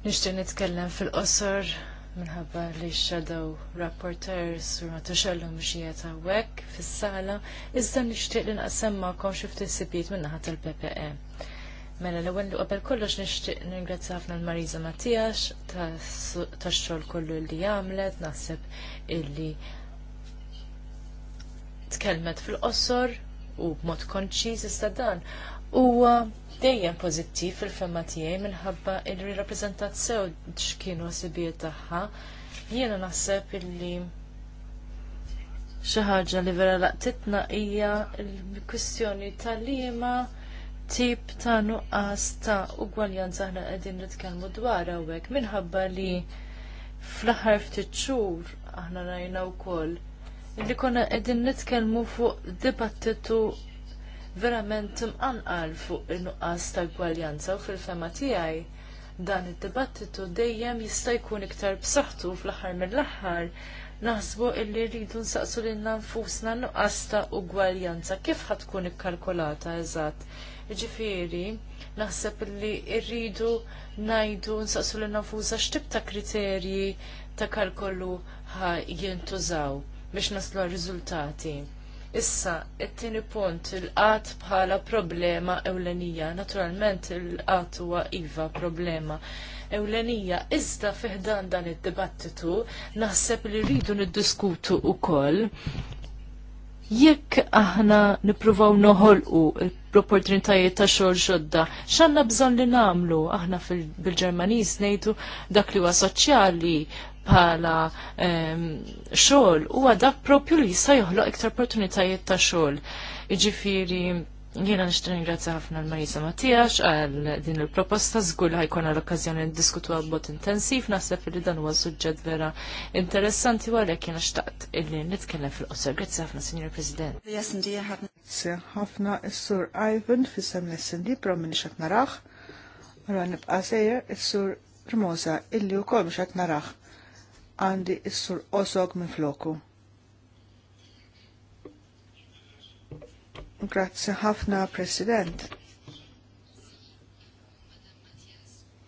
Nixtieq nitkellem fil-qosor minħabba li x-shadow rapporteurs sur ma tuxellu mxijiet għawek fis-sala, iżda nixtieq li ma kom xi ftit sibiet minn naħa tal-PPE. Mela l-ewwel li qabel kollox nixtieq ningrazzja ħafna l mariza Mattijax tax-xogħol kollu li għamlet, naħseb illi tkellmet fil qossor u b'mod konċiż iżda dan huwa dejjem pozittiv fil-femma tiegħi minħabba li rappreżentat sew x'kienu sibijiet tagħha. Jiena naħseb illi xi ħaġa li vera laqtitna hija l-kwistjoni tal-liema tip ta' nuqqas ta' ugwaljanza aħna qegħdin nitkellmu dwar hawnhekk minħabba li fl-aħħar ftit xhur aħna rajna wkoll li konna qegħdin nitkellmu fuq dibattitu verament imqanqal fuq in-nuqqas ta' gwaljanza u fil-fema tiegħi dan id-dibattitu dejjem jista' jkun iktar b'saħħtu fl-aħħar mill-aħħar naħsbu illi rridu nsaqsu lil nfusna nuqqas ta' ugwaljanza kif ħatkun tkun ikkalkolata eżatt. Ġifieri, naħseb illi rridu ngħidu nsaqsu lil nfusna x'tib ta' kriterji ta' kalkolu ħa jintużaw biex naslu r-riżultati. Issa, it-tieni punt, il-qat bħala problema ewlenija. Naturalment il-qat huwa iva problema ewlenija. Iżda fiħdan dan id-dibattitu naħseb li rridu niddiskutu koll. jekk aħna nipruvaw noħolqu l-opportunitajiet ta' xogħol ġodda, x'għandna bżonn li nagħmlu aħna fil-Ġermaniż ngħidu dak li huwa soċjali, bħala xogħol huwa dak propju li jista' joħloq iktar opportunitajiet ta' xogħol. Jiġifieri Jiena nishtu ringrazzja ħafna l-Marisa Mattijax għal din il-proposta żgur ħajkun għal okkażjoni diskutu għabbot intensiv, naħseb li dan huwa suġġett vera interessanti għalhekk jiena xtaqt illi nitkellem fil-qosor. Grazzi ħafna, Signor President. Grazzi ħafna sur Ivan fissam l-SND, però minn xed narax. Ra nibqa' sejjer is-Sur Rmosa illi wkoll mhux qed narax għandi issur osog minn floku. Grazzi ħafna, President.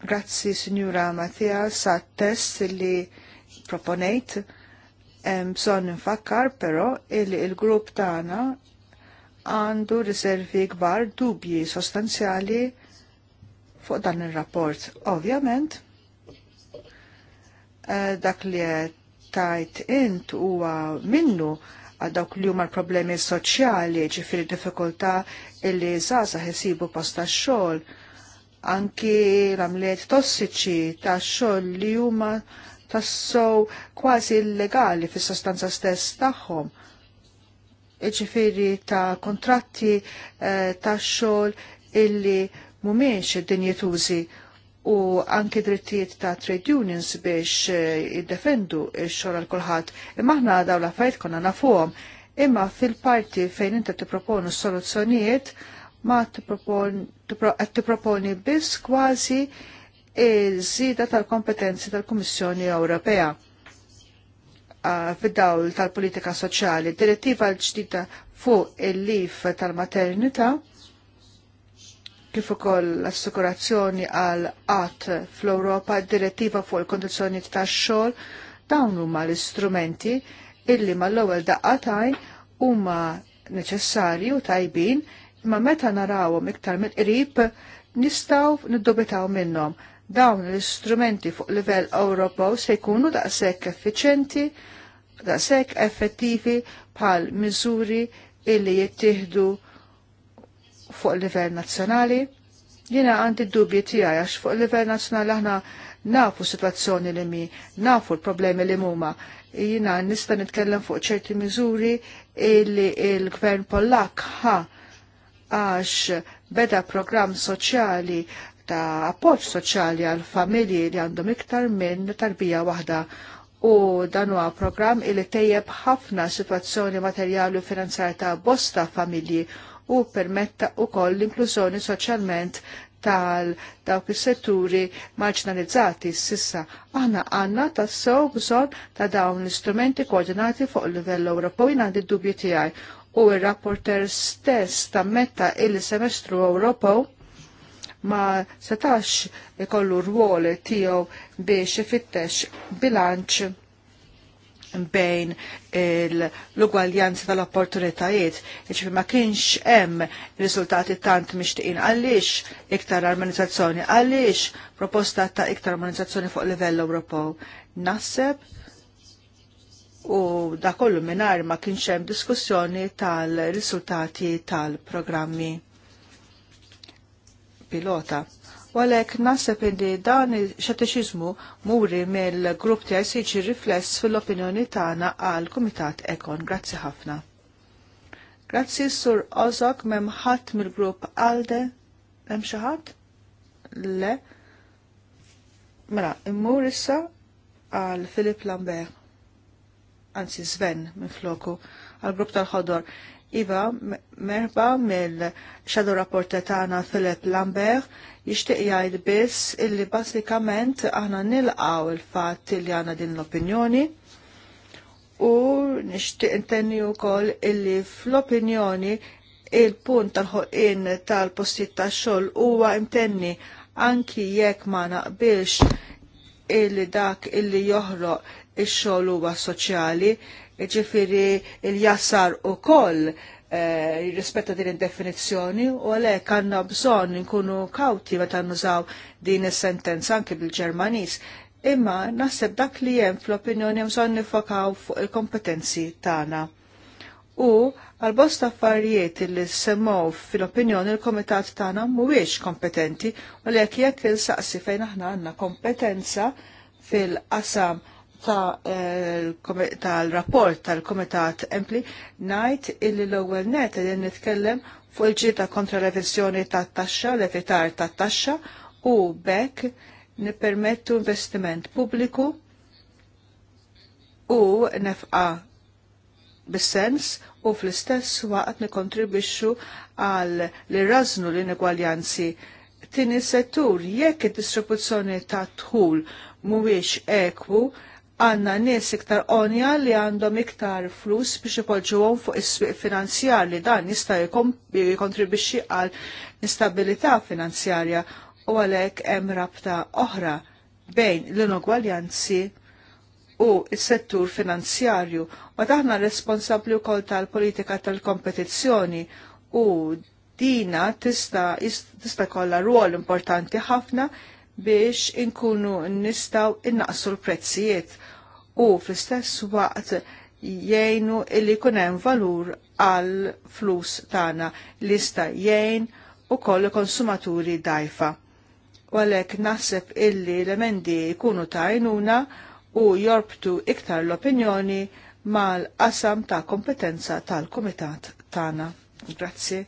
Grazzi, Signora Mattia, sa' test li proponejt. Bżon nfakkar, però, illi il-grupp tagħna għandu riservi kbar dubji sostanzjali fuq dan il-rapport. Ovvjament, Eh, dak li tajt int huwa minnu għad dawk li huma l-problemi soċjali, ġifiri diffikultà illi zaza isibu posta xogħol, anki l-għamliet tossiċi tax xogħol li huma tassow kważi illegali fis-sostanza stess tagħhom. Iġifieri ta' kontratti eh, ta' xogħol illi mhumiex dinjetużi u anki drittijiet ta' trade unions biex eh, jiddefendu x-xogħol għal kulħadd. Imma aħna dawn l-affarijiet konna nafuhom. Imma fil-parti fejn inta tipproponu soluzzjonijiet ma qed tipproponi biss kważi iż żida tal-kompetenzi tal-Kummissjoni Ewropea ah, fid-dawl tal-politika soċjali, direttiva l-ġdida fuq il-lif tal-maternita, kif ukoll l-assikurazzjoni għal qatt fl-Ewropa, direttiva fuq il-kondizzjonijiet tax-xogħol, dawn huma l-istrumenti illi mal-ewwel daqqatajn huma neċessarji u tajbin imma meta narawhom iktar mill qrib nistgħu niddubitaw minnhom. Dawn l-istrumenti fuq livell Ewropew se jkunu daqshekk effiċenti, daqshekk effettivi bħal miżuri illi jittieħdu fuq livell nazzjonali. Jina għandi dubji tiegħi għax fuq livell nazzjonali aħna nafu situazzjoni li mi, nafu l-problemi li muma. Jina nista nitkellem fuq ċerti miżuri illi il-gvern Pollak ħa għax beda program soċjali ta' appoġġ soċjali għal familji li għandhom iktar minn tarbija waħda u dan huwa programm li tejjeb ħafna situazzjoni materjali u finanzjar ta' bosta familji u permetta wkoll l-inklużjoni soċjalment tal dawk is-setturi marginalizzati sissa. Aħna għandna tassew bżonn ta' dawn l-istrumenti koordinati fuq il-livell Ewropew jien għandi wti dubju tiegħi u r-rapporter stess ta' metta il-semestru Ewropew ma setax ikollu rwoli tiegħu biex ifittex bilanċ bejn l-ugwaljanza tal-opportunitajiet, ċifi ma kienx hemm riżultati tant mixtieqin għaliex iktar armonizzazzjoni, għaliex proposta ta' iktar armonizzazzjoni fuq livell Ewropew. Nasseb u da kollu minar ma kienx hemm diskussjoni tal-riżultati tal-programmi pilota Walek għalhekk naħseb li dan il-xateċizmu muri mill-grupp tiegħi se rifless fil-opinjoni tagħna għal Kumitat Ekon. Grazzi ħafna. Grazzi Sur Ozok m'hemm ħadd mill-grupp Alde. Hemm xi ħadd? Le. Mela, immur issa għal Filip Lambert, anzi Sven minn floku, għal grupp tal-ħodor. Iva, merba mill-xadu rapporta tagħna Philip Lambert jixtieq jgħid biss illi basikament aħna nilqaw il-fatt li għana din l-opinjoni u nixtieq intenni wkoll illi fl-opinjoni il-punt tal-ħolqien tal-postijiet tax-xogħol huwa intenni anki jekk ma naqbilx illi dak illi joħroq ix-xogħol huwa soċjali, ġifiri il-jassar u koll jirrispetta eh, din id-definizzjoni u għalhekk għandna bżonn nkunu kawti meta nużaw din is-sentenza anke bil-Ġermaniż. Imma naħseb dak li hemm fl-opinjoni bżonn nifokaw fuq il-kompetenzi tagħna. U għal bosta affarijiet li semmow fil-opinjoni il-komitat tagħna mhuwiex kompetenti u lek jekk il-saqsi fejn aħna għandna kompetenza fil-qasam Eh, tal-rapport tal-Komitat Empli najt illi l-ewwel net li nitkellem fuq il-ġita kontra l-evizjoni tat-taxxa, l-evitar tat-taxxa u bekk nipermettu investiment pubbliku u nefqa bis-sens u fl-istess waqt nikontribwixxu għal li raznu l-inegwaljanzi tini settur jekk id-distribuzzjoni ta' tħul mhuwiex ekwu għanna nies iktar onja li għandhom iktar flus biex ipoġġuhom fuq is-swieq finanzjarji dan jista' jikontribixxi għal instabilità finanzjarja u għalhekk hemm rabta oħra bejn l-inugwaljanzi u s-settur finanzjarju u taħna responsabbli wkoll tal-politika tal-kompetizzjoni u dina tista' tista' kolla rwol importanti ħafna biex inkunu nistaw innaqsu l-prezzijiet u fl-istess waqt jgħinu illi kunem valur għal flus tana li sta jgħin u koll konsumaturi dajfa. U għalek naħseb illi l-emendi jkunu tajnuna u jorbtu iktar l-opinjoni mal-qasam ta' kompetenza tal-komitat tana. Grazzi.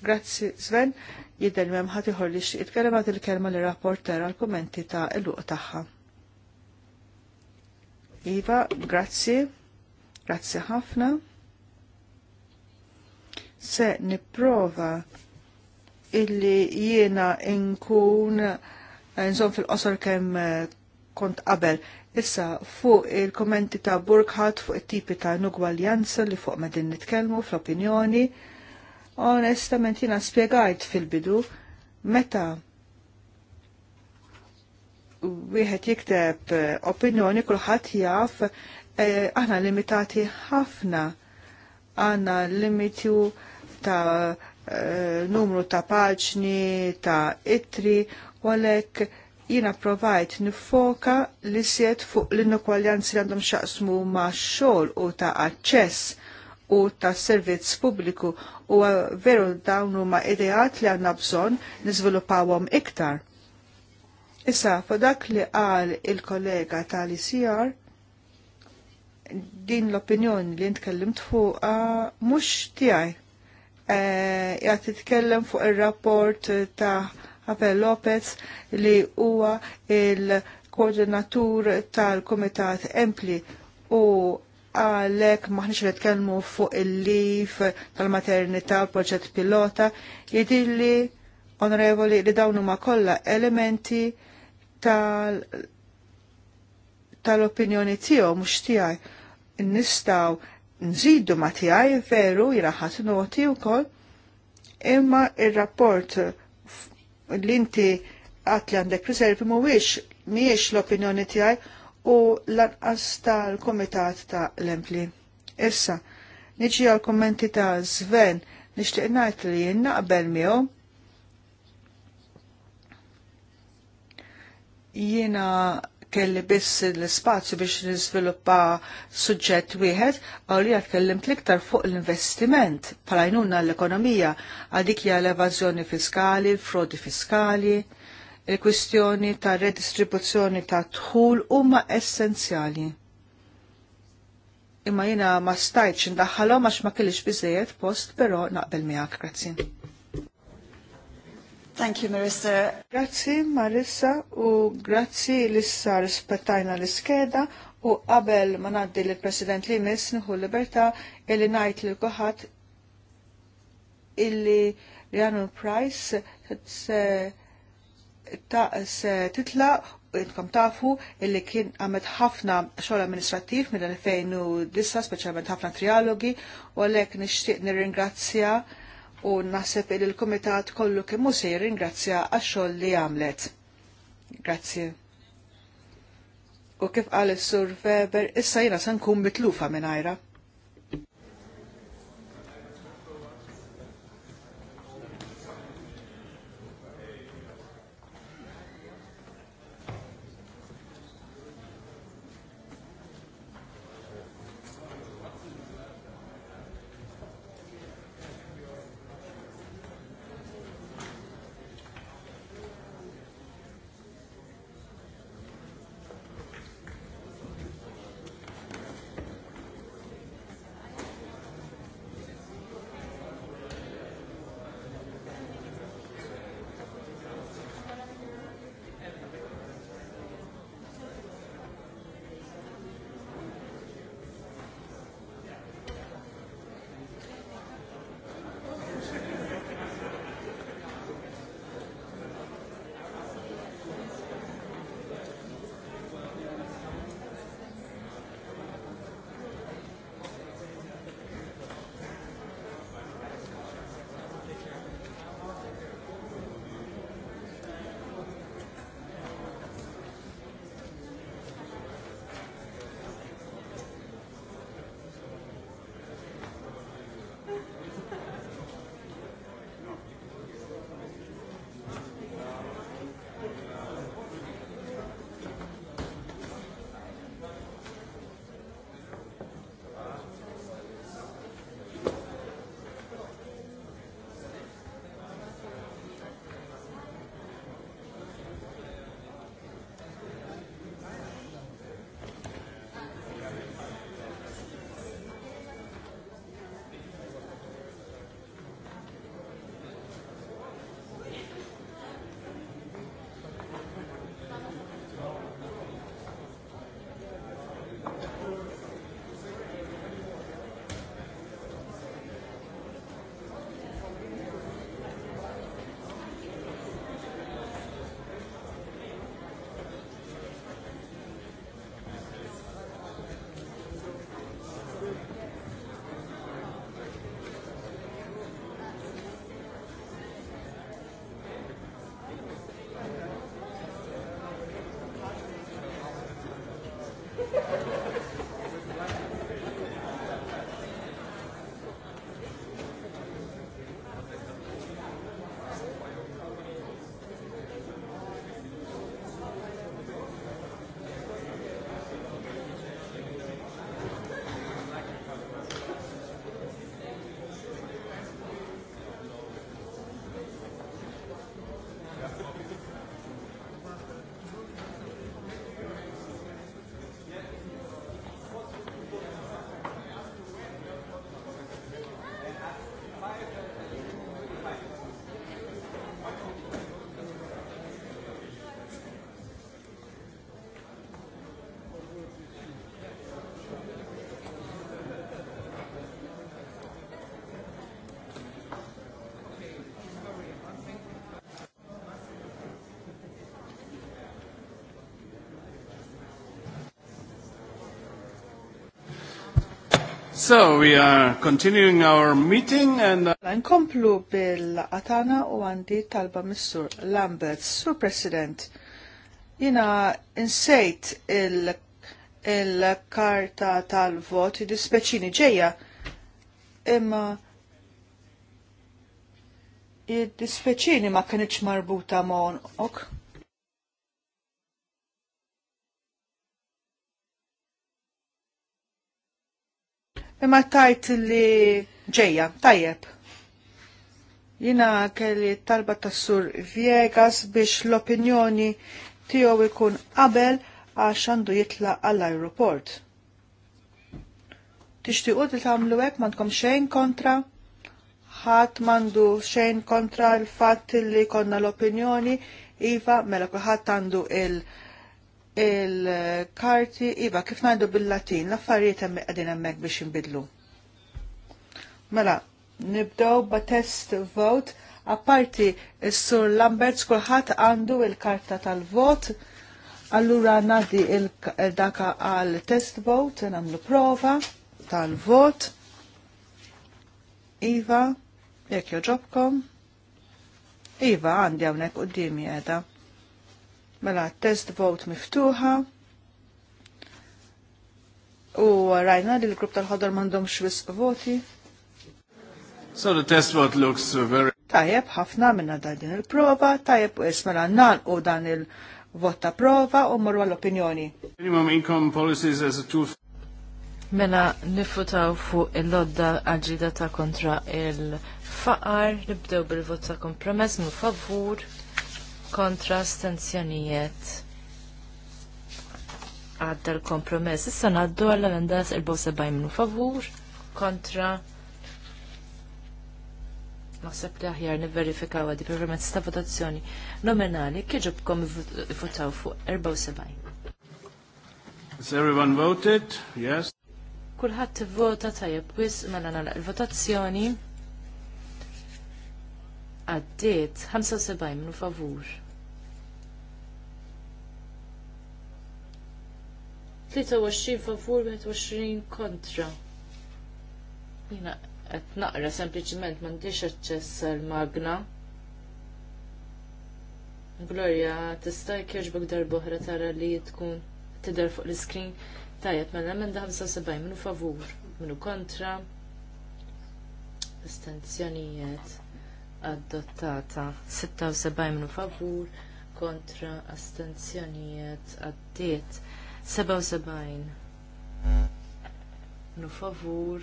Grazzi, Sven. Jidden memħat iħor li xie il-kelma l-kelma l-rapporter għal-kommenti ta' il-luq taħħa. Iva, grazzi, grazzi ħafna. Se niprova illi jiena nkun eh, nżom fil-qosor kemm eh, kont qabel. Issa fuq il-kommenti ta' Burkhardt fuq it-tipi ta' nugwaljanza li fuq ma' din nitkellmu fl-opinjoni. Onestament jiena spjegajt fil-bidu meta wieħed jikteb eh, opinjoni kulħadd jaf eh, aħna limitati ħafna għanna limitju ta' eh, numru ta' paġni, ta' itri, u għalek jina provajt nifoka li siet fuq l inokwaljanzi li għandhom xaqsmu ma' xol u ta' access u ta' servizz pubbliku u veru dawnu ma' ideat li għanna bżon nizvilupawom iktar Issa, po dak li qal il-kollega tal-ICR, din l-opinjoni li nitkellimt fuqa mux tijaj. E, titkellem fuq il-rapport ta' Abel Lopez li huwa il-koordinatur tal-Komitat Empli u għalek maħniċ li tkellmu fuq il-lif tal-maternità, tal proġett pilota, jidilli onorevoli li dawnu ma kolla elementi tal-opinjoni tal tiegħu mhux tiegħi nistgħu nżidu ma tiegħi veru jiraħat noti wkoll imma ir-rapport li inti qatt li għandek riservi mhuwiex mhijiex l-opinjoni tiegħi u lanqas tal kumitat ta' l-Empli. Issa, niġi għal kommenti ta' Sven, nixtieq ngħid li naqbel miegħu Jiena kelli biss l-spazju biex nizviluppa suġġett wieħed, għalli għatkellimt liktar fuq l-investiment palajnuna l-ekonomija għadik hija l-evazjoni fiskali, l-frodi fiskali, il-kwistjoni ta' redistribuzzjoni ta' tħul huma essenzjali. Imma jina ma stajċ indaħħalhom għax ma kellix biżejjed post, però naqbel miegħek, grazzi. Thank you, Marissa. Grazzi, Marissa, u grazzi l-issa rispettajna l-iskeda u qabel ma naddi l-President li mis nħu libertà illi najt li kuħat illi Rihanna Price se titla u intkom tafu illi kien għamet ħafna xogħol amministrattiv mill-2009, speċjalment ħafna trialogi, u għalek nishtiq nir nirringrazzja u naħseb il l-Komitat kollu kemm se jirringrazzja għax-xogħol li għamlet. Grazzi. U kif qal is-Sur Weber, issa jiena se nkun mitlufa minn ajra. So we are continuing our meeting and uh, Nkomplu bil Atana u għandi talba Mr. Lambert, Sur President. Jina insejt il-karta il tal-vot id-speċini ġeja imma id dispeċini ma kienieċ marbuta ma' ok. Imma tajt li ġeja, tajjeb. Jina kelli talba tas-sur Viegas biex l-opinjoni tiegħu ikun qabel għax għandu jitla għall-aeroport. Tixtiqu li tagħmlu hekk m'għandkom xejn kontra? Ħadd m'għandu xejn kontra l-fatt li konna l-opinjoni iva mela kulħadd għandu il- il-karti, iva, kif najdu bil-Latin, laffariet affarijiet hemm qegħdin hemmhekk biex imbidlu. Mela, ba' test vote, apparti s-sur Lambert kulħadd għandu il-karta tal-vot, allura nadi il-daka eh, għal test vote, nagħmlu prova tal-vot. Iva, jekk joġobkom. Iva, għandi hawnhekk dimi qiegħda. Mela test vote miftuħa. U rajna li l-grupp tal-ħodor m'għandhomx wisq voti. So the test vote looks very Tajjeb ħafna minna da din il-prova, tajjeb u nan u dan il-vot ta' prova u morru l-opinjoni. Minimum income policies as a tool Mela nifutaw fuq il-lodda għalġida ta' kontra il-faqar, nibdew bil-vot ta' kompromess, mu favur, kontra stanzjonijiet. għadda l-kompromess. Issa ngħaddu għall emendas 74 minu favur kontra Naħseb li aħjar niverifikaw għadi permezz ta' votazzjoni nominali kieġobkom votaw fuq 74. Has everyone voted? Yes. Kulħadd vota tajjeb wis mela nagħlaq votazzjoni għaddiet 75 minu favur. 23 favur 21 kontra. Jina qed naqra sempliciment m'għandix aċċess magna Gloria, tista' jkieġbok darboħra tara li tkun tidher fuq l-iskrin. Tajjeb, mela emenda 75 minu favur, minu kontra. Estenzjonijiet adottata 76 minu favur kontra astenzjonijiet għaddiet 77 minu favur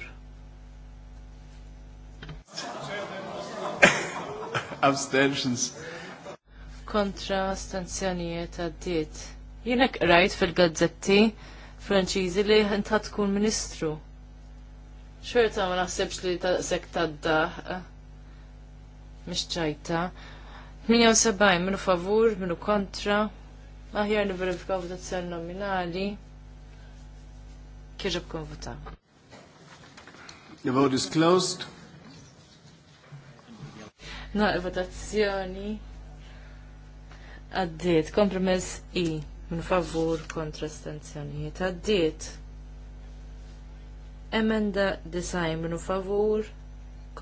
abstentions kontra astenzjonijiet għaddiet jienek rajt fil-gazzetti franċiżi li ħenta tkun ministru xorta ma naħsebx li ta' sekta d-daħ misċajta. 78 minu favur, minu kontra. Aħjar li verifikaw votazzjoni nominali. Kieġab kun votaw. The vote is closed. Naqra votazzjoni. Għaddiet, kompromess I. Min favur kontra stanzjonijiet. Għaddiet. Emenda design minu favur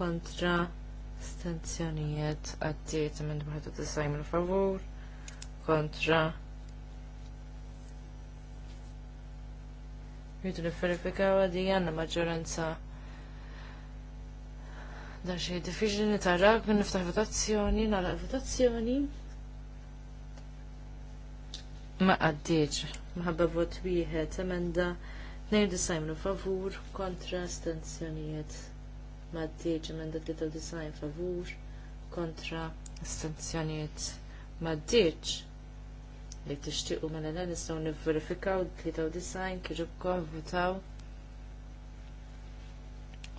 kontra intenzjonijiet għaddiet minn 91 minn favur kontra Jidu li verifikaw għaddi għanna maġġoranza dan xej diffiċli nitarrak minn niftaħ votazzjoni, nara votazzjoni. Ma għaddiġ, maħabba vot wieħed, emenda 92 favur kontra astenzjonijiet maddiċ emenda design favur kontra astenzjonijiet maddiċ li tixtiequ mela dan nistgħu nivverifikaw design kħiġu ukoll votaw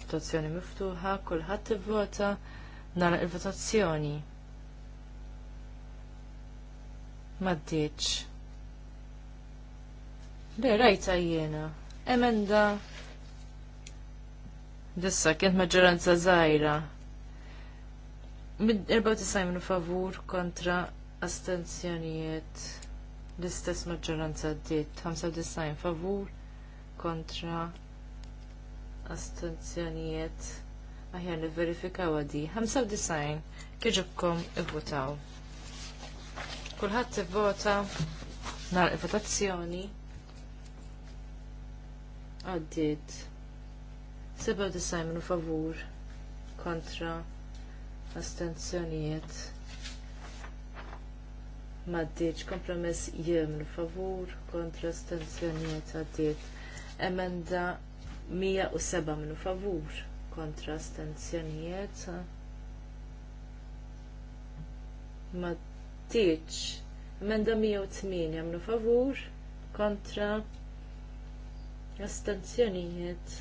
votazzjoni miftuħa, kulħadd ivvota nagħlaq il-votazzjoni. Maddiċ. Le rajta jiena. Emenda Dissa kent maġġoranza żgħira. Mid-94 minu favur kontra astenzjonijiet l-istess maġġoranza d-diet. 95 favur kontra astenzjonijiet aħjar li verifikaw għadi. 95 kieġibkom i-votaw. Kulħadd ivvota nar votazzjoni għaddiet 97 minu favur kontra astenzjonijiet maddiċ kompromess jem favur kontra astenzjonijiet għaddiet emenda 107 minu favur kontra astenzjonijiet maddiċ emenda 108 minu favur kontra astenzjonijiet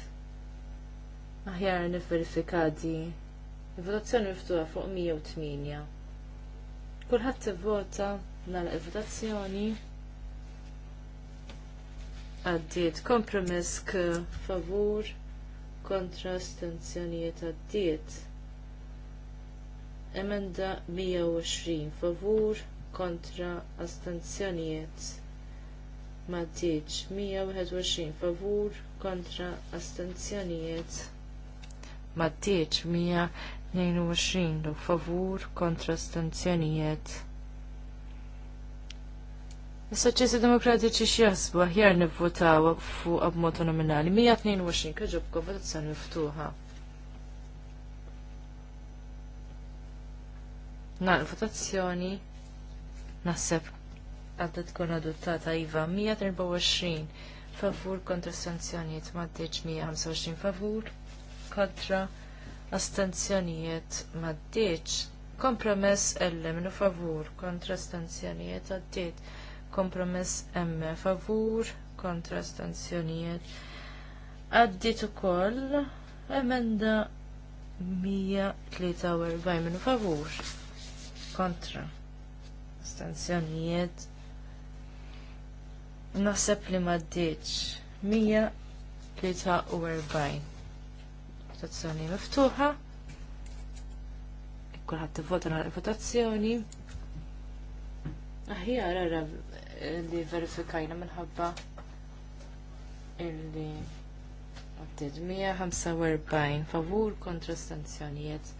Aħjar nifverifikadi. Il-votazzjoni miftuħa fuq 108. Kulħadd ivvota nagħlaq il-votazzjoni. Għaddiet kompromess favur kontra stenzjonijiet għaddiet. Emenda 120 favur kontra astenzjonijiet ma tiġ 121 favur kontra astenzjonijiet maddiċ 122 dawk favur kontra stanzjonijiet. Is-Soċjesti Demokratiċi x'jaħsbu aħjar nivvotaw fuq abmod nominali 122 kaġobkom votazzjoni miftuħa. Na votazzjoni naħseb għadda tkun adottata iva 124 favur kontra sanzjonijiet maddeċ 125 favur kontra astenzjonijiet maddiċ. Kompromess L minu favur kontra astenzjonijiet għaddiet. Kompromess M favur kontra astenzjonijiet. u ukoll emenda 143 minu favur kontra astenzjonijiet. Naħseb li maddiċ 143 Votazzjoni miftuħa. Kulħadd tivvota nara votazzjoni. Aħjar ara li verifikajna minħabba illi għaddid 145 favur kontra stanzjonijiet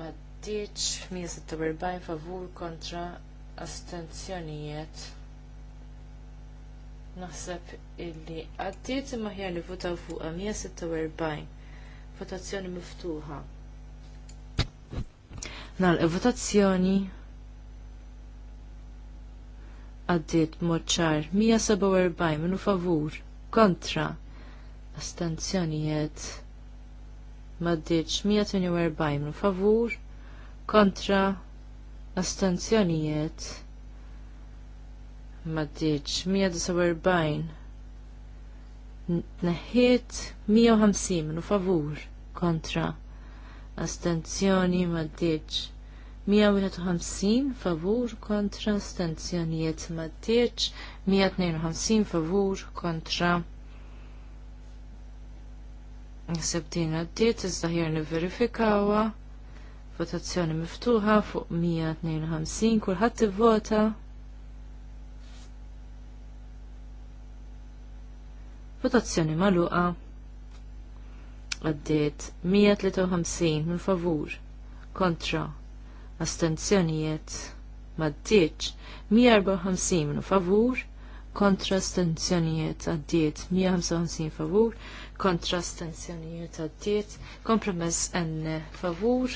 ma ddiċ 146 favur kontra astenzjonijiet naħseb illi għaddiet imma ħjar li votaw fuq 146 Votazzjoni miftuħa. Nal votazzjoni għaddit moċċar 147 minu favur kontra astenzjonijiet maddiċ 148 minu favur kontra astenzjonijiet maddiċ 149 neħiet 150 minu favur kontra astenzjoni maddiċ 151 favur kontra astenzjonijiet maddiċ 152 favur kontra Sebdina d-diet iżdaħjar niverifikawa votazzjoni miftuħa fuq 152 kulħadd ivvota vota votazzjoni maluqa għaddiet 153 minn favur kontra astenzjonijiet maddiċ 154 minn favur kontra astenzjonijiet għaddiet 155 favur kontra astenzjonijiet għaddiet kompromess n favur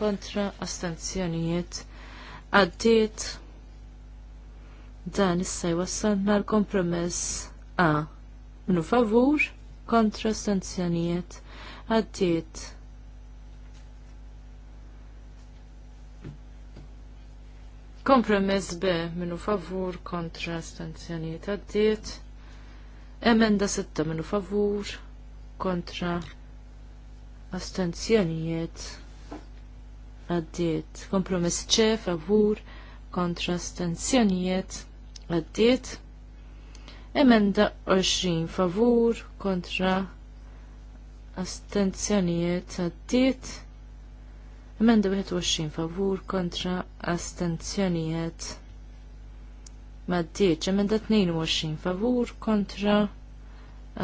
kontra astenzjonijiet għaddiet dan issa jwassalna l-kompromess A Minu favur kontra stanzjonijiet għaddiet. Kompromess B minu favur kontra stanzjonijiet għaddiet. Emenda 6 minu favur kontra astenzjonijiet għaddiet. Kompromess C favur kontra astenzjonijiet għaddiet. Emenda 20 favur kontra astenzjonijiet għaddiet. Emenda 21 favur kontra astenzjonijiet maddiet. Emenda 22 favur kontra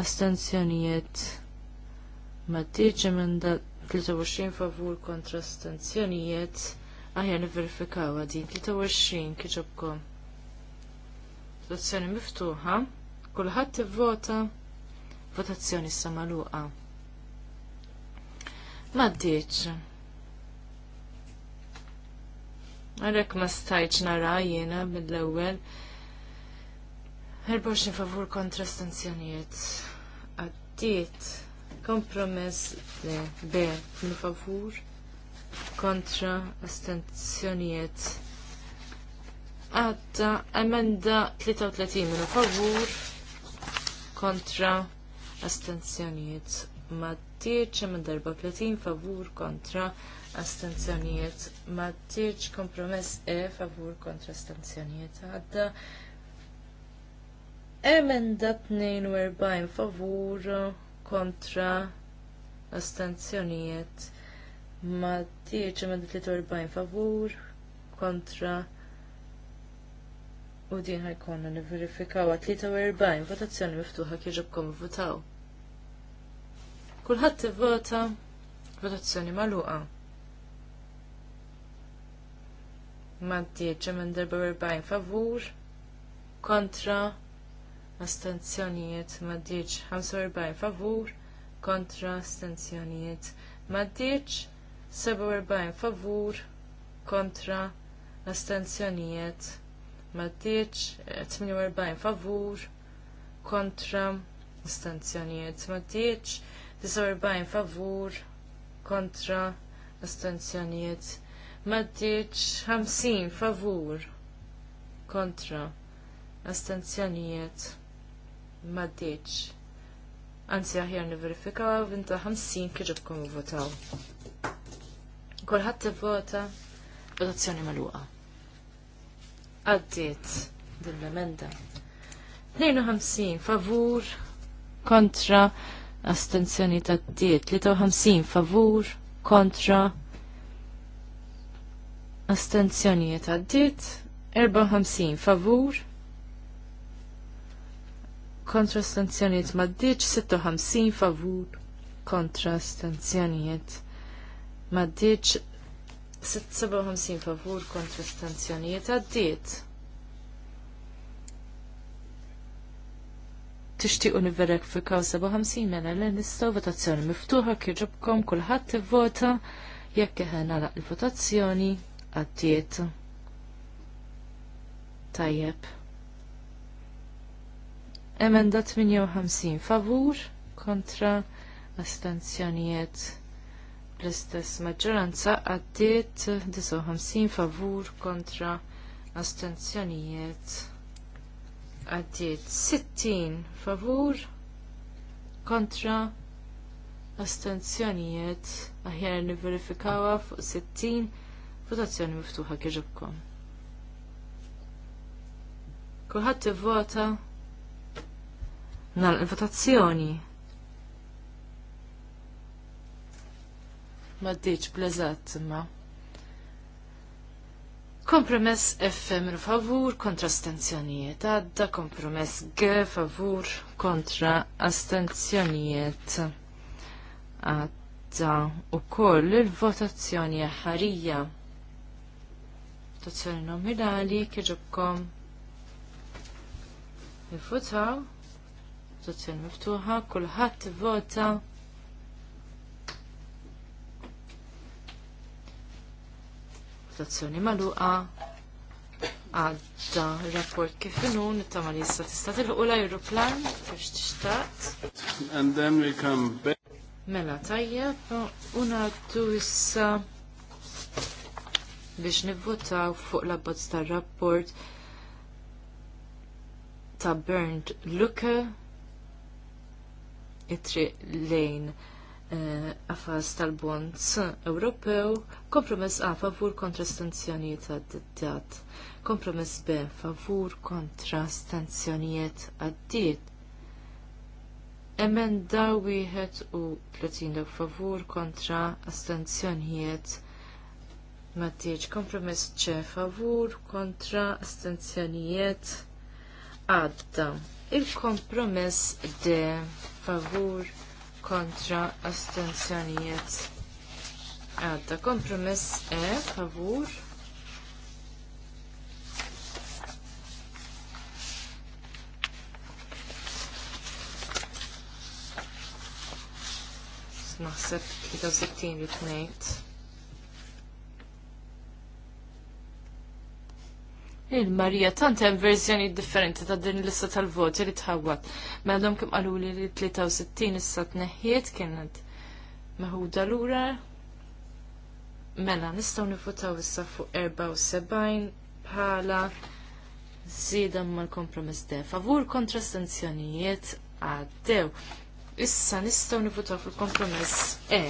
astenzjonijiet maddiet. Emenda 23 favur kontra astenzjonijiet aħja niverifikaw għadin 23 kieġobkom. Votazzjoni miftuħa. Kulħadd ivvota votazzjoni issa magħluqa. Maddiċ. Għarek ma stajċ nara jena mill-ewel. 24 favur kontra stanzjoniet. Għaddiet kompromess le B favur kontra astenzjonijiet. Għadda emenda 33 minn favur kontra astenzjonijiet maddiċ minn darba 30 favur kontra astenzjonijiet maddiċ kompromess E favur kontra astenzjonijiet għadda emenda 42 favur kontra astenzjonijiet maddiċ emenda 43 favur kontra U din ħajkonna niverifikaw għat erbajn votazzjoni miftuħa kom votaw. Kulħadd ivvota votazzjoni magħluqa. Maddieċ minn erbajn favur, kontra, astenzjonijiet, maddieċ 45 favur, kontra, astenzjonijiet, maddieċ 47 favur, kontra, astenzjonijiet, maddiċ, 48 favur, kontra, astenzjonijiet maddiċ, 49 favur, kontra, astenzjonijiet maddiċ, 50 favur, kontra, astenzjonijiet maddiċ. Anzi, aħjar niverifikaw, vinta 50 kħiġibkom votaw. Kolħat t-vota votazzjoni mal-uqa. Għaddiet din l-emenda. 52 favur kontra astenzjoni ta' diet. 53 favur kontra astenzjoni ta' diet. 54 favur kontra astenzjoniet ma' diet. 56 favur kontra astenzjoniet ma' diet. 57 favur kontra stanzjonijiet għaddiet. Tixtiequ kaw 57 mela li nistgħu votazzjoni miftuħa kullħat kulħadd ivvota jekk eħen laq il-votazzjoni għaddiet. Tajjeb. Emenda 58 favur kontra astenzjonijiet l istess maġġoranza għaddiet 59 favur kontra astenzjonijiet għaddiet 60 favur kontra astenzjonijiet aħjar niverifikawa fuq 60 votazzjoni miftuħa kieġibkom. Kulħadd ivvota nal votazzjoni ma ddiċ blazat ma. Kompromess FM favur kontra astenzjonijiet għadda, kompromess G favur kontra astenzjonijiet għadda u koll il-votazzjoni ħarija. Votazzjoni nominali kieġobkom il-votaw, votazzjoni miftuħa, kullħat vota. l-azzjoni maluqa għadda rapport kif inun it-tama li jista tista tilħu l-ajruplan biex tixtaqt. And then we come back. Mela tajjeb, unaddu issa biex nivvotaw fuq l-abbozz tar-rapport ta' Bernd Luke it-triq lejn Eh, għafas tal-bonds Ewropew, kompromess A favur kontra stanzjonijiet għaddit. Kompromess B favur kontra stanzjonijiet għaddit. Emenda wieħed u tletin dawk favur kontra astenzjonijiet Mattiċ kompromess C favur kontra astenzjonijiet għadda. Il-kompromess de favur kontra astenzjonijiet għadda kompromess E favur naħseb 63 li tnejt Il-Marija, tant hemm verżjoni differenti ta' din l issa tal-voti li tħawwat. Mellhom kim qalu li 63 issa tneħħiet kienet meħuda lura. Mela, nistgħu nifutaw issa fuq 74 bħala żieda mal-kompromess de favur kontra sanzjonijiet għaddew. Issa nistgħu nifutaw fuq kompromess E.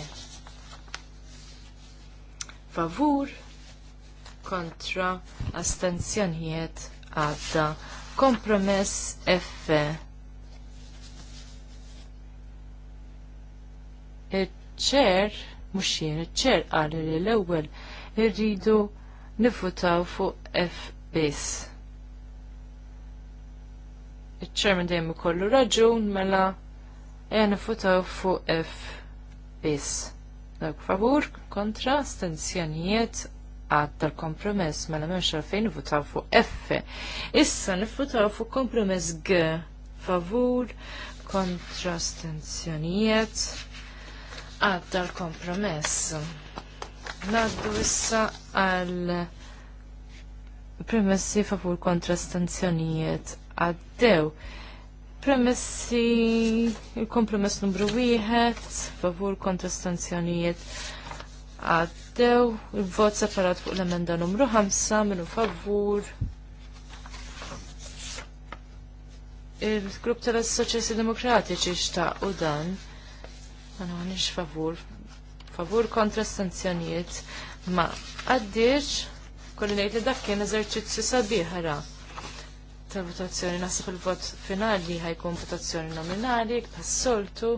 Favur kontra astenzjonijiet għadda. Kompromess F. Il-ċer, muxin, jien, il-ċer għalli li l-ewel irridu nifutaw fuq F bis. Il-ċer minn dejjem kollu raġun mela e nifutaw fuq F bis. Dak favur kontra stenzjonijiet għad tal-kompromess mela memx għalfejn votaw fuq F. Issa nifvotaw fu kompromess G favur kontra għad tal-kompromess. Naddu issa għal premessi favur kontra għaddew. Premessi il-kompromess numru wieħed favur kontra stenzjonijiet għaddew il-vot separat fuq l-emenda numru 5 minu favur il-grupp tal-Soċjalisti Demokratiċi xtaq u dan ma nħanix favur favur kontra sanzjoniet ma għaddiċ kolli ngħid li dak kien eżerċizzju sabiħara tal-votazzjoni nasib il-vot finali ħajkun votazzjoni nominali tas soltu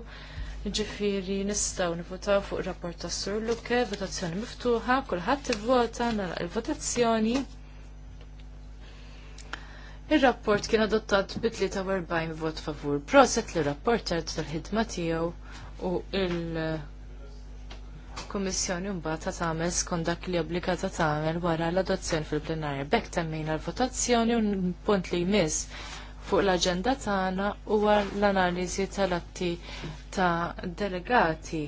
Ġifiri nistaw nifutaw fuq rapport ta' Sur Luke, votazzjoni miftuħa, kulħadd ivvota nara mela il-votazzjoni. Il-rapport kien adottat bi 43 vot favur. Proset li rapporter tal-ħidma tiegħu u il-Kummissjoni mbagħad ta' tagħmel skont dak li obbligata tagħmel wara l-adozzjoni fil-plenarja. Bekk temmejna l-votazzjoni u punt li jmiss fuq l-agenda tagħna huwa l-analiżi tal-atti ta' delegati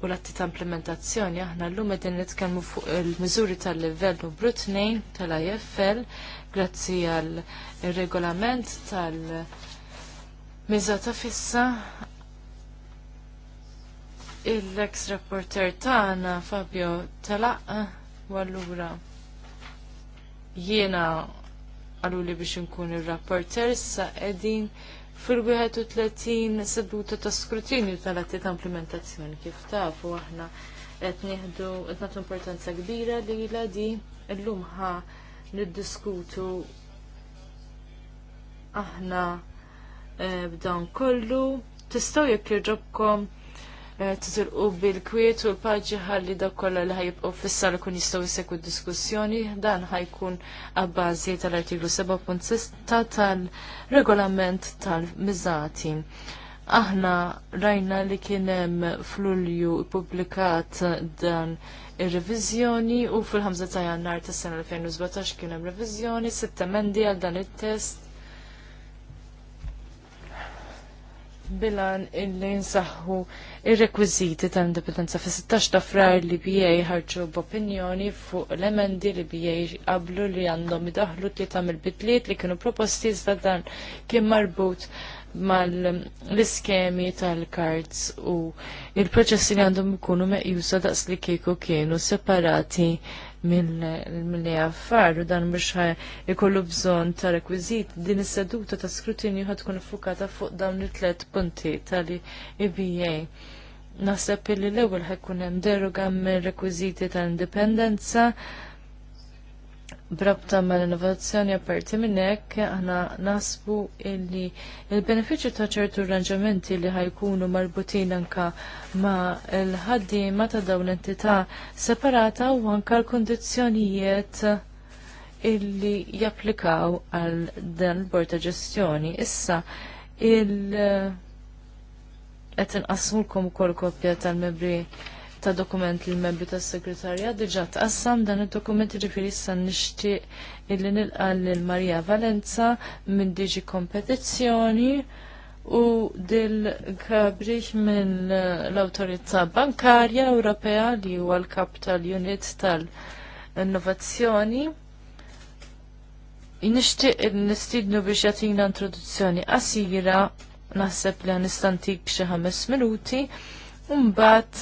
u l-atti ta' implementazzjoni aħna llum qegħdin nitkellmu fuq il-miżuri tal-livell numru tnejn tal-IFL grazzi għal regolament tal-miża ta' fissa il-ex rapporter tagħna Fabio Talaq u allura jiena għallu li biex nkun il-rapporter sa edin fil-31 seduta ta' skrutinju tal-atti ta' implementazzjoni kif taf u aħna qed nieħdu qed nagħtu importanza kbira li la l llum ħa niddiskutu aħna eh, b'dan kollu tistgħu jekk jirġobkom Eh, titilqu bil-kwiet u l-paġi ħalli dak kollha li ħajib u fissar kun jistgħu jsegwu diskussjoni dan ħajkun abbażi tal-artiklu 7.6 tal-regolament tal-miżati. Aħna rajna li kien hemm f'Lulju ppubblikat dan ir-reviżjoni u fil-5 ta' Jannar tas-sena 2017 kien hemm reviżjoni, sitt emendi għal dan it-test bilan illi nsaħħu ir-rekwiżiti tal-indipendenza fi 16 ta' frar li BA ħarġu b'opinjoni fuq l-emendi li BA qablu li għandhom idaħlu tlieta mill-bidliet li kienu proposti iżda dan kien marbut mal-iskemi tal-kards u il-proċessi li għandhom ikunu meqjusa daqs li kieku kienu separati mill-li għaffar u dan biex ikollu bżon ta' rekwizit din is-seduta ta' skrutinju ħad tkun fukata fuq dawn it-tlet punti tal-EBA. Naħseb li l-ewwel ħekkun hemm deroga mir-rekwiżiti tal-indipendenza brabta mal innovazzjoni apparti minnek, aħna nasbu illi il-beneficju ta' ċertu arranġamenti li ħajkunu marbutin anka ma' l ma ta' dawn entità separata u anka l-kondizjonijiet illi japplikaw għal dan il borta ġestjoni. Issa, il- qed inqasmulkom ukoll kopja tal-membri ta' dokument li membri tas segretarja diġa tqassam dan id-dokument ġifieri issa nixtieq illi nilqal lil Marija Valenza minn Diġi Kompetizzjoni u dil kabriħ minn l-Awtorità Bankarja Ewropea li huwa l-kap unit tal-Innovazzjoni. Nixtieq nistidnu biex jagħtina introduzzjoni qasira naħseb li għanistantik xi ħames minuti u mbagħad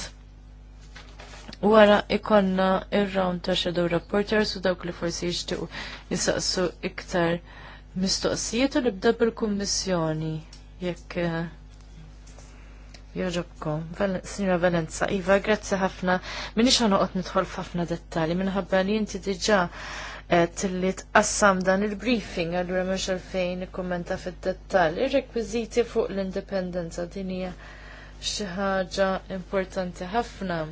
Wara ikonna il round ta' shadow reporters u dawk li forsi jixtiequ jisaqsu iktar mistoqsijiet u nibda bil-kummissjoni jekk eh, jogħġobkom. Signora Valenza, Iva, grazzi ħafna. xa noqot nidħol f'ħafna dettali, minħabba li inti diġa eh, tilli tqassam dan il-briefing għallura mhux għalfejn ikkummenta fid-dettall. Ir-rekwiżiti fuq l-indipendenza din hija xi ħaġa importanti ħafna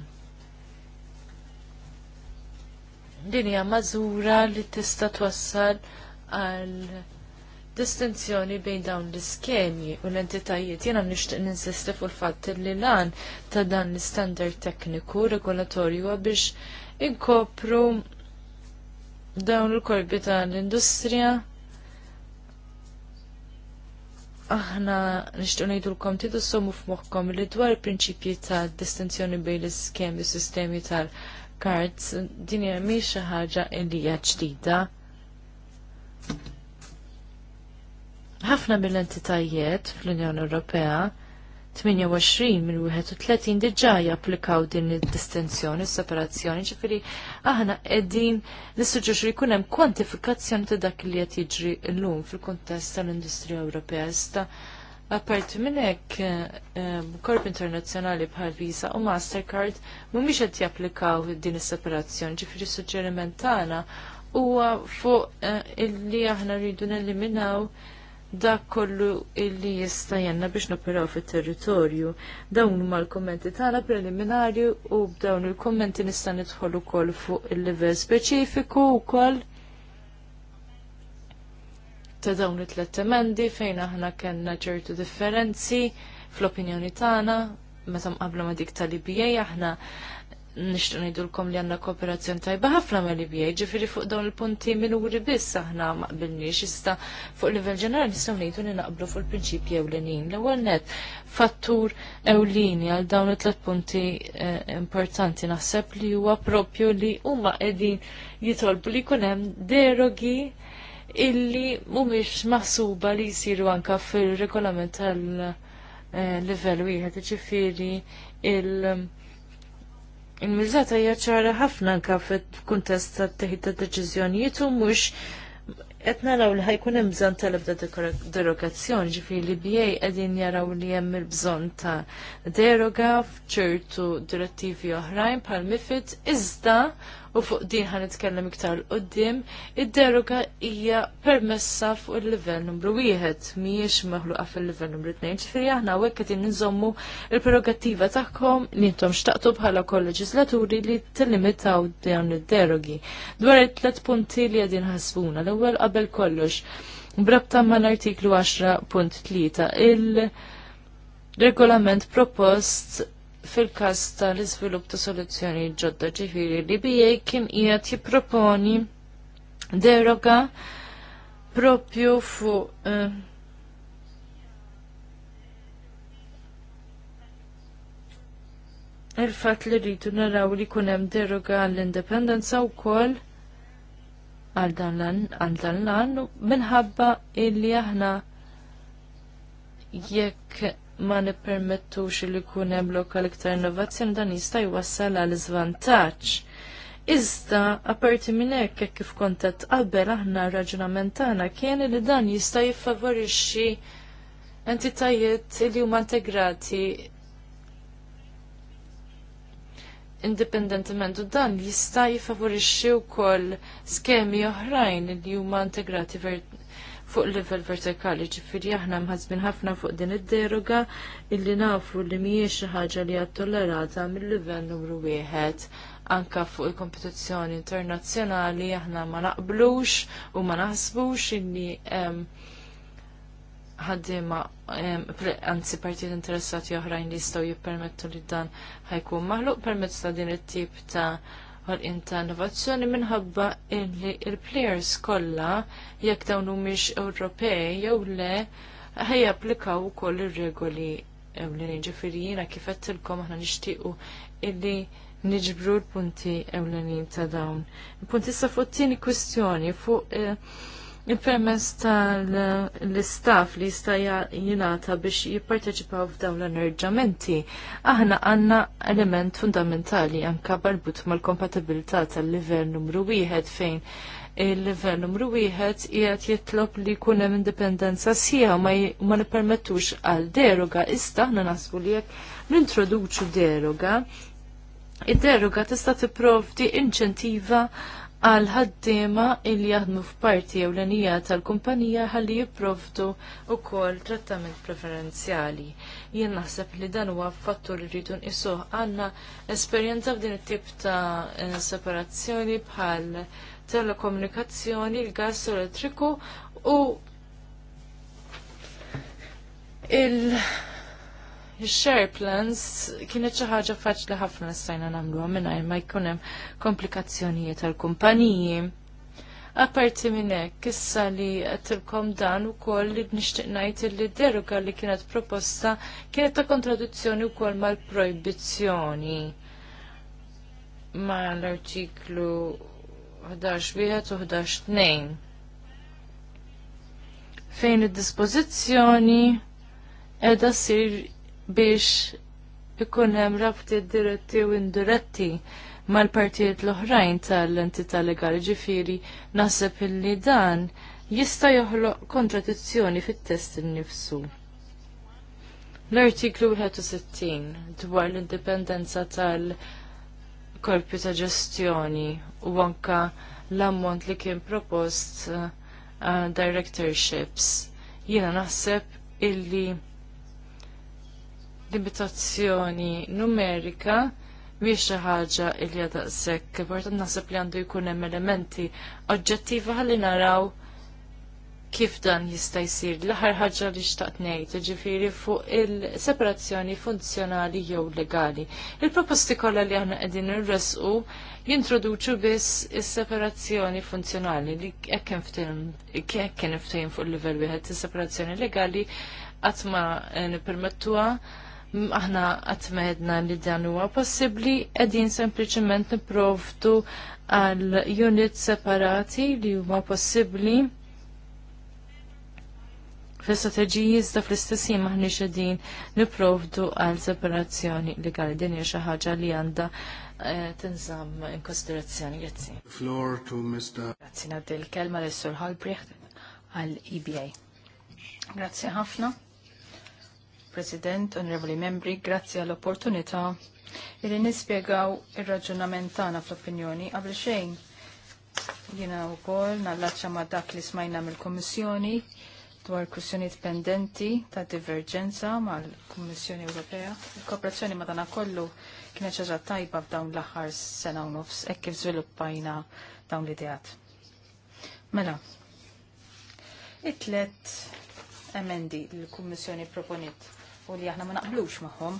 din hija mażura li tista' twassal għal distinzjoni bejn dawn l-iskemi u l-entitajiet jena nixtieq ninsisti fuq il-fatt li lan ta' dan l-standard tekniku regolatorju biex inkopru dawn il-korbi tal-industrija aħna nixtieq ngħidulkom tidu sommu f'moħħkom li dwar prinċipji ta' distinzjoni bejn l-iskemi u sistemi tal- cards din hija mhix xi ħaġa li hija ġdida. Ħafna mill-entitajiet fl-Unjoni Ewropea 28 minn 31 diġà japplikaw din id-distinzjoni, separazzjoni, ġifieri aħna qegħdin nissuġġerixu jkun hemm kwantifikazzjoni ta' dak li qed jiġri llum fil-kuntest tal-Industrija Ewropea. Apparti minn hekk eh, eh, korp internazzjonali bħal Visa u Mastercard mhumiex qed japplikaw din is-separazzjoni, ġifieri suġġeriment tagħna huwa fuq eh, illi aħna rridu neliminaw dak kollu illi jista' jenna biex noperaw fit-territorju. Dawn huma l-kummenti tagħna preliminari u b'dawn il-kummenti nista' nidħol ukoll fuq il-livell speċifiku wkoll ta' dawn it-tlet emendi fejn aħna kellna ċertu differenzi fl-opinjoni tagħna meta mqabbla ma' dik tal-IBA aħna nixtru ngħidulkom li għandna kooperazzjoni tajba ħafna mal iba ġifieri fuq dawn il-punti minuri biss aħna ma qbilniex issa fuq livell ġenerali nistgħu ngħidu li naqblu fuq il-prinċipji ewlenin. L-ewwel net fattur ewlieni għal dawn it-tlet punti eh, importanti naħseb li huwa propju li huma qegħdin jitolbu li jkun hemm derogi illi mhumiex maħsuba li jsiru anka fir-regolament tal-livell eh, wieħed, ġifieri il- il mizzata hija ċara ħafna anke f'kuntest tat-teħid ta' deċiżjonijiet u mhux qed naraw li ħajkun hemm bżonn tal-ebda derogazzjoni ġifiri li bjej qegħdin jaraw li hemm il-bżonn ta' deroga f'ċertu direttivi oħrajn bħal mifid iżda u fuq din ħan nitkellem iktar l-qoddim, id-deroga hija permessa fuq il-livell numru wieħed, mhijiex meħluqa fil-livell numru tnejn. Ġifieri aħna u qed inżommu l-prerogattiva tagħhom li intom xtaqtu bħala kol-leġislaturi li tillimitaw dawn id-derogi. Dwar it-tlet punti li qegħdin ħasbuna, l-ewwel qabel kollox. Brabta mal-artiklu 10.3 il- regolament propost fil-każ tal-iżvilupp ta' soluzzjoni ġodda ġifiri li bija kien qiegħed jipproponi deroga propju fu eh, il-fat li rridu naraw li kunem deroga għall independenza u kol għal dan l-għan minħabba illi aħna jekk ma nippermettux li jkun hemm lokal iktar innovazzjoni dan jista' jwassal għal iżvantaġġ. Iżda apparti minn hekk kif kont qed qabel aħna r-raġunament tagħna kien li dan jista' jiffavorixxi entitajiet li huma integrati Indipendentement u dan jista' jiffavorixxi wkoll skemi oħrajn li huma integrati fuq level vertikali, ġifiri aħna mħazmin ħafna fuq din id-deroga illi nafu li mhijiex xi ħaġa li għad tollerata mill-level numru wieħed anka fuq il-kompetizzjoni internazzjonali aħna ma naqblux u ma naħsbux illi ħaddima anzi partijiet interessati oħrajn li jistgħu jippermettu li dan ħajkun maħluq permezz ta' din it-tip ta' ħolqien ta' innovazzjoni minħabba illi il-plejers kollha jekk dawn mhumiex Ewropej jew le ħaj applikaw ukoll ir-regoli ewlenin ġifieri jiena kif qedtilkom aħna nixtiequ illi niġbru l-punti ewlenin ta' dawn. Il-punti sa' fuq tieni kwistjoni fuq eh, Il-permess tal l-istaf li jista jingħata biex jipparteċipaw f'dawn l enerġamenti aħna għandna element fundamentali anke barbut mal-kompatibilità tal-livell numru wieħed fejn il-livell numru wieħed qiegħed jitlob li jkun hemm indipendenza sieħa ma nippermettux għal deroga issa aħna nasbu li jekk nintroduċu deroga id-deroga tista' tipprovdi inċentiva għal ħaddiema illi jaħdmu f'parti ewlenija tal-kumpanija ħalli jipprovdu wkoll trattament preferenzjali. Jien naħseb li dan huwa fattur li rridu nqisuh għandna esperjenza f'din it-tip ta' eh, separazzjoni bħal telekomunikazzjoni, il-gas elettriku u il- Share plans kienet xi ħaġa faċli ħafna stajna nagħmlu mingħajr ma jkun hemm komplikazzjonijiet għall-kumpaniji. Apparti minn hekk, issa li qed tilkom dan ukoll li nixtieq ngħid li deroga li kienet proposta kienet ta' kontradizzjoni wkoll mal-projbizzjoni ma' l-artiklu 11 u 11 fejn id-dispożizzjoni edha sir biex ikun hemm rabti diretti u indiretti mal-partijiet l-oħrajn tal-entità legali ġifiri naħseb illi dan jista' joħloq kontradizzjoni fit-test innifsu. L-artiklu 61 dwar l-indipendenza tal-korpi ta' ġestjoni u anka l-ammont li kien propost uh, directorships. Jiena naħseb illi limitazzjoni numerika mhix xi ħaġa li hija daqshekk important naħseb li għandu jkun hemm elementi oġġettivi ħalli naraw kif dan jista' jsir l-aħħar ħaġa li xtaqt ngħid, jiġifieri fuq il-separazzjoni funzjonali jew legali. Il-proposti kollha li aħna qegħdin irresqu jintroduċu biss is-separazzjoni funzjonali li hekk kien ftehim fuq il-livell wieħed is-separazzjoni legali qatt ma nippermettuha aħna għatmedna li dan huwa possibbli qegħdin sempliċement nipprovdu għal unit separati li huma possibbli fl-istrateġiji iżda fl-istess jiem aħniex qegħdin nipprovdu għal separazzjoni legali din hija xi ħaġa li għandha eh, tinżamm in konsiderazzjoni. Grazzi. Floor to Mr. Grazzi nagħti l-kelma lis sur Halbricht għal EBA. Grazzi ħafna. President, Onorevoli Membri, grazzi għall-opportunità li nispjegaw ir-raġunament tagħna fl-opinjoni qabel xejn. Jiena wkoll nallaċċa ma' dak li smajna mill-Kummissjoni dwar kwistjonijiet pendenti ta' diverġenza mal-Kummissjoni Ewropea. Il-kooperazzjoni madanakollu kienet xi ħaġa tajba f'dawn l-aħħar sena u nofs hekk kif żviluppajna dawn l-ideat. Mela, it-tlet emendi l-Kummissjoni proponit u li aħna ma naqblux magħhom.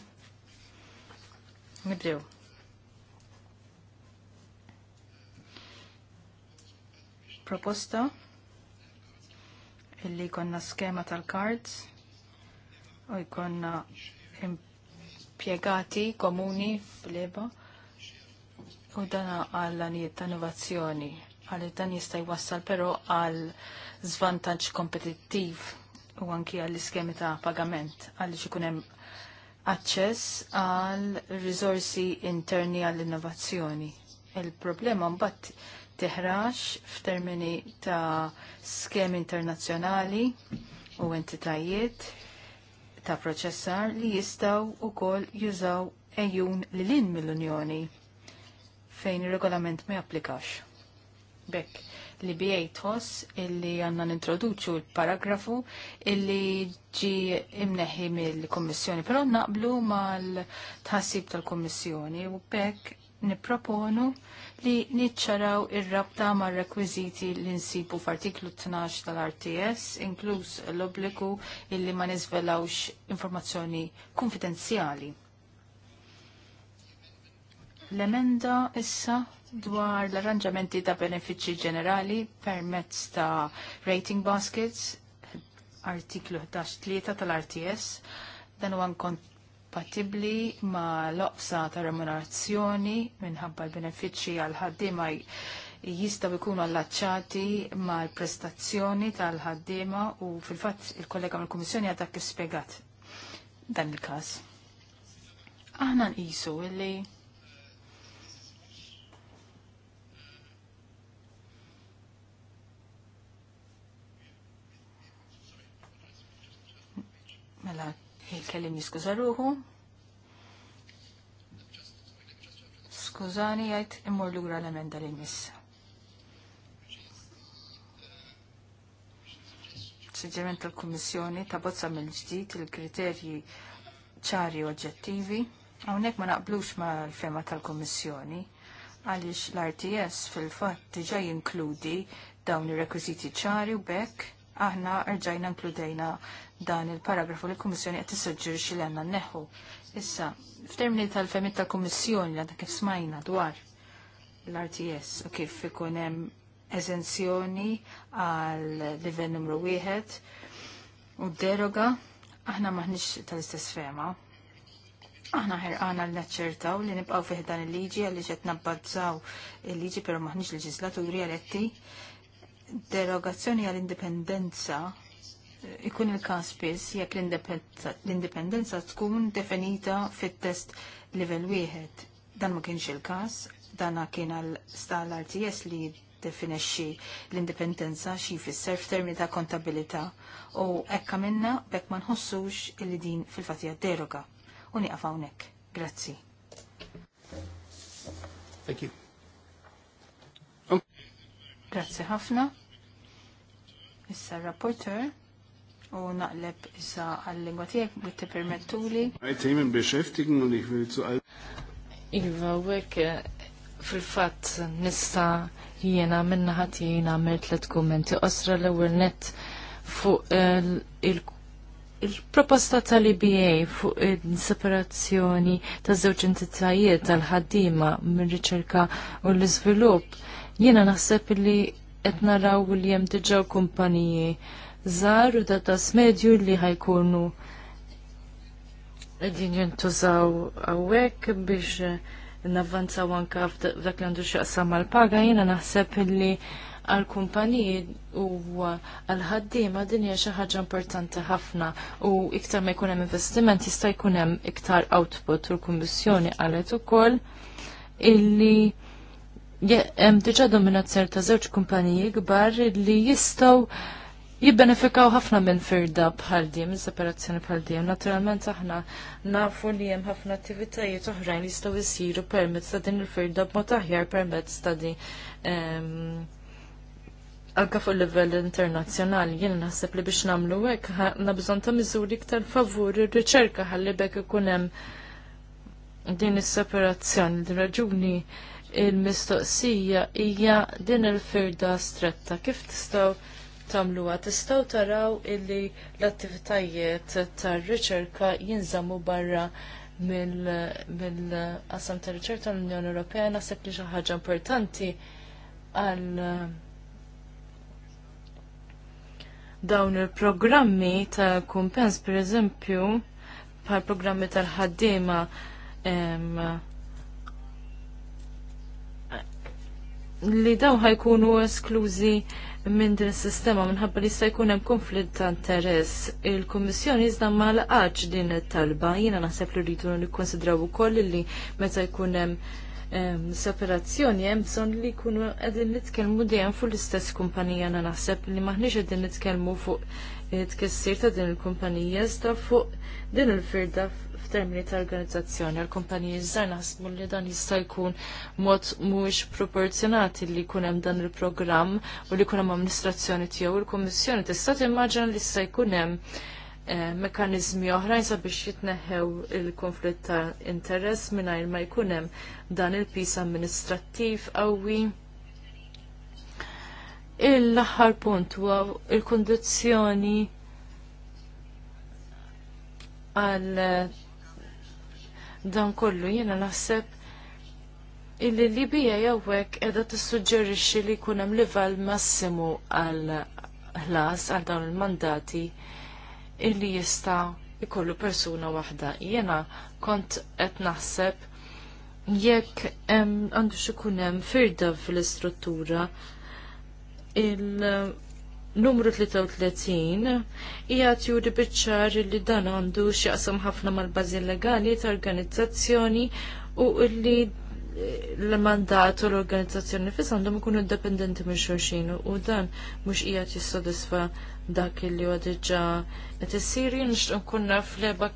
Nibdew. Proposta illi konna skema tal-cards u jkonna impiegati komuni f'leba u dana għall ta' innovazzjoni għal dan jista' jwassal però għal żvantaġġ kompetittiv u anki għall-iskemi ta' pagament għaliex ikun hemm aċċess għal risorsi interni għall-innovazzjoni. Il-problema mbagħad teħrax f'termini ta' skemi internazzjonali u entitajiet ta' proċessar li jistaw u kol jużaw ejjun li lin mill-Unjoni fejn il-regolament ma japplikax. Bekk, li bijaj tħoss illi għanna nintroduċu l-paragrafu illi ġi imneħi mill-Kommissjoni, pero naqblu mal-tħassib tal-Kommissjoni u bekk niproponu li niċċaraw ir-rabta ma' rekwiziti li nsibu f'artiklu 12 tal-RTS, inkluż l-obbligu illi ma nizvelawx informazzjoni konfidenzjali. L-emenda issa dwar l-arranġamenti ta' benefiċċji ġenerali permezz ta' rating baskets, artiklu 11.3 tal-RTS, dan huwa kompatibbli ma' loqsa ta' remunerazzjoni minħabba l-benefiċċji għal ħaddiema jistaw ikunu allaċċati mal prestazzjoni tal-ħaddiema u fil-fatt il-kollega mal kummissjoni għadak ispiegat dan il-każ. Aħna nqisu illi Mela, il-kellim jiskuza ruħu. Skużani jgħid immur lura l-emenda li miss. Suġġerment tal-Kummissjoni ta' bozza mill-ġdid il-kriterji ċari u oġġettivi. Hawnhekk ma naqblux ma' l-fema tal-Kummissjoni għaliex l-RTS fil-fatt diġà jinkludi dawn ir-rekwiżiti ċari u bekk aħna rġajna nkludejna dan il-paragrafu li l-Kummissjoni qed tissuġġirixi li għandna neħu. Issa, f'termini tal-femit tal-Kummissjoni li għandha kif smajna dwar l-RTS u kif ikun hemm eżenzjoni għal livell numru wieħed u deroga aħna maħniex tal-istess fema. Aħna ħerqana l naċċertaw li nibqaw fih dan il-liġi għalli ġet nabbazzaw il-liġi pero m'aħniex leġislaturi għaletti derogazzjoni għall-indipendenza ikun il-kas biss jekk l-indipendenza tkun definita fit-test level wieħed. Dan ma kienx il-kas, dan kien għal stal RTS li definisċi l-indipendenza xi fis-serf f'termi ta' kontabilità u hekk minna bekk ma nħossux illi din fil-fatija deroga. U nieqaf hawnhekk. Grazzi. Thank you. Grazzi ħafna. Issa rapporter u naqleb issa għal-lingwa tiegħek biex tippermettuli. Themen beschäftigen und ich will zu all Iva wek fil-fatt nista jiena minna ħadd jiena għamilt tliet kummenti osra l-ewwel net fuq eh, il-proposta tal-IBA fuq il-separazzjoni ta' żewġ entitajiet tal-ħaddiema mir-riċerka u l-iżvilupp Jiena naħseb li qed naraw li hemm diġà kumpaniji żgħar u datas medju li ħajkunu qegħdin jintużaw hawnhekk biex navvanzaw anka f'dak li għandu x'aqsam mal-paga jiena naħseb li għal kumpaniji u għal ħaddiema din hija xi ħaġa importanti ħafna u iktar ma jkun hemm investiment jista' jkun hemm iktar output u l-Kummissjoni qalet ukoll illi hemm diġà dominazzjoni ta' żewġ kumpaniji kbar li jistgħu jibbenefikaw ħafna minn firda bħal din, separazzjoni bħal Naturalment aħna nafu li hemm ħafna attivitajiet oħrajn li jistgħu jsiru permezz ta' din il-firda b'mod aħjar permezz ta' din anka fuq livell internazzjonali. Jien naħseb li biex nagħmlu hekk għandna bżonn ta' miżuri iktar favur ir-riċerka ħalli bekk ikun hemm din is-separazzjoni. Raġuni il-mistoqsija hija din il-firda stretta. Kif tistgħu tagħmluha? Tistgħu taraw illi l-attivitajiet tar-riċerka jinżammu barra mill-qasam tar-riċerka tal-Unjoni Ewropea naħseb li xi ħaġa importanti għal eh, dawn il-programmi ta' kumpens per eżempju bħal programmi tal-ħaddiema li daw ħajkunu esklużi minn din is-sistema minħabba li se jkun hemm konflitt ta' interess. Il-Kummissjoni iżda ma laqgħatx din it-talba, jiena naħseb li rridu nikkonsidraw ukoll li meta jkun hemm separazzjoni hemm bżonn li jkunu qegħdin nitkellmu dejjem fuq l-istess kumpanija na naħseb li maħniex qegħdin nitkellmu fuq tkessir ta' din il-kumpanija iżda fuq din il-firda f'termini ta' organizzazzjoni għal kumpaniji żgħar naħsmu li dan jista' jkun mod mhux proporzjonati li jkun hemm dan il-programm u li jkun hemm amministrazzjoni tiegħu il-Kummissjoni tista' timmaġina li jista' jkun hemm eh, mekanizmi oħrajn sabiex jitneħħew il-konflitt ta' interess mingħajr ma jkun hemm dan il-pis amministrattiv qawwi. Il-aħħar punt huwa il-kundizzjoni għal dan kollu jiena naħseb illi li bija jawwek edha tissuġġerixxi li jkun hemm livell massimu għal ħlas għal dawn il-mandati illi jista' ikollu persuna waħda. Jiena kont qed naħseb jekk għandu xi hemm firda fl-istruttura il- numru 33 hija juri bitċar li dan għandu x'jaqsam ħafna mal-bażi legali ta' organizzazzjoni u li eh, l-mandat u l-organizzazzjoni fis għandhom ikunu indipendenti minn xulxin u dan mhux qiegħed jissodisfa dak li għad diġà qed s jien nixtieq nkun naf leba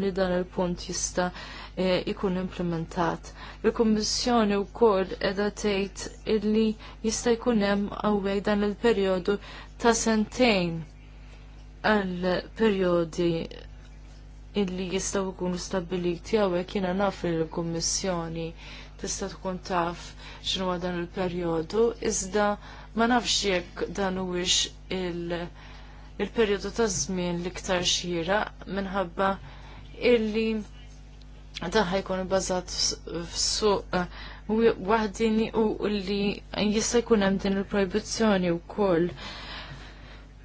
li dan il-punt jista' e, ikun implementat. Il-Kummissjoni wkoll qiegħda tgħid illi jista' jkun hemm dan il-perjodu ta' sentejn għal perjodi illi jistgħu jkunu stabbiliti hawnhekk jiena naf il-Kummissjoni tista' tkun taf x'inhu dan il-perjodu, iżda ma nafx jekk dan huwiex il- il-periodu ta' żmien l-iktar xira minħabba illi dan ħajkun bbażat f'suq eh, waħdini u li jista' jkun hemm din il-projbizzjoni wkoll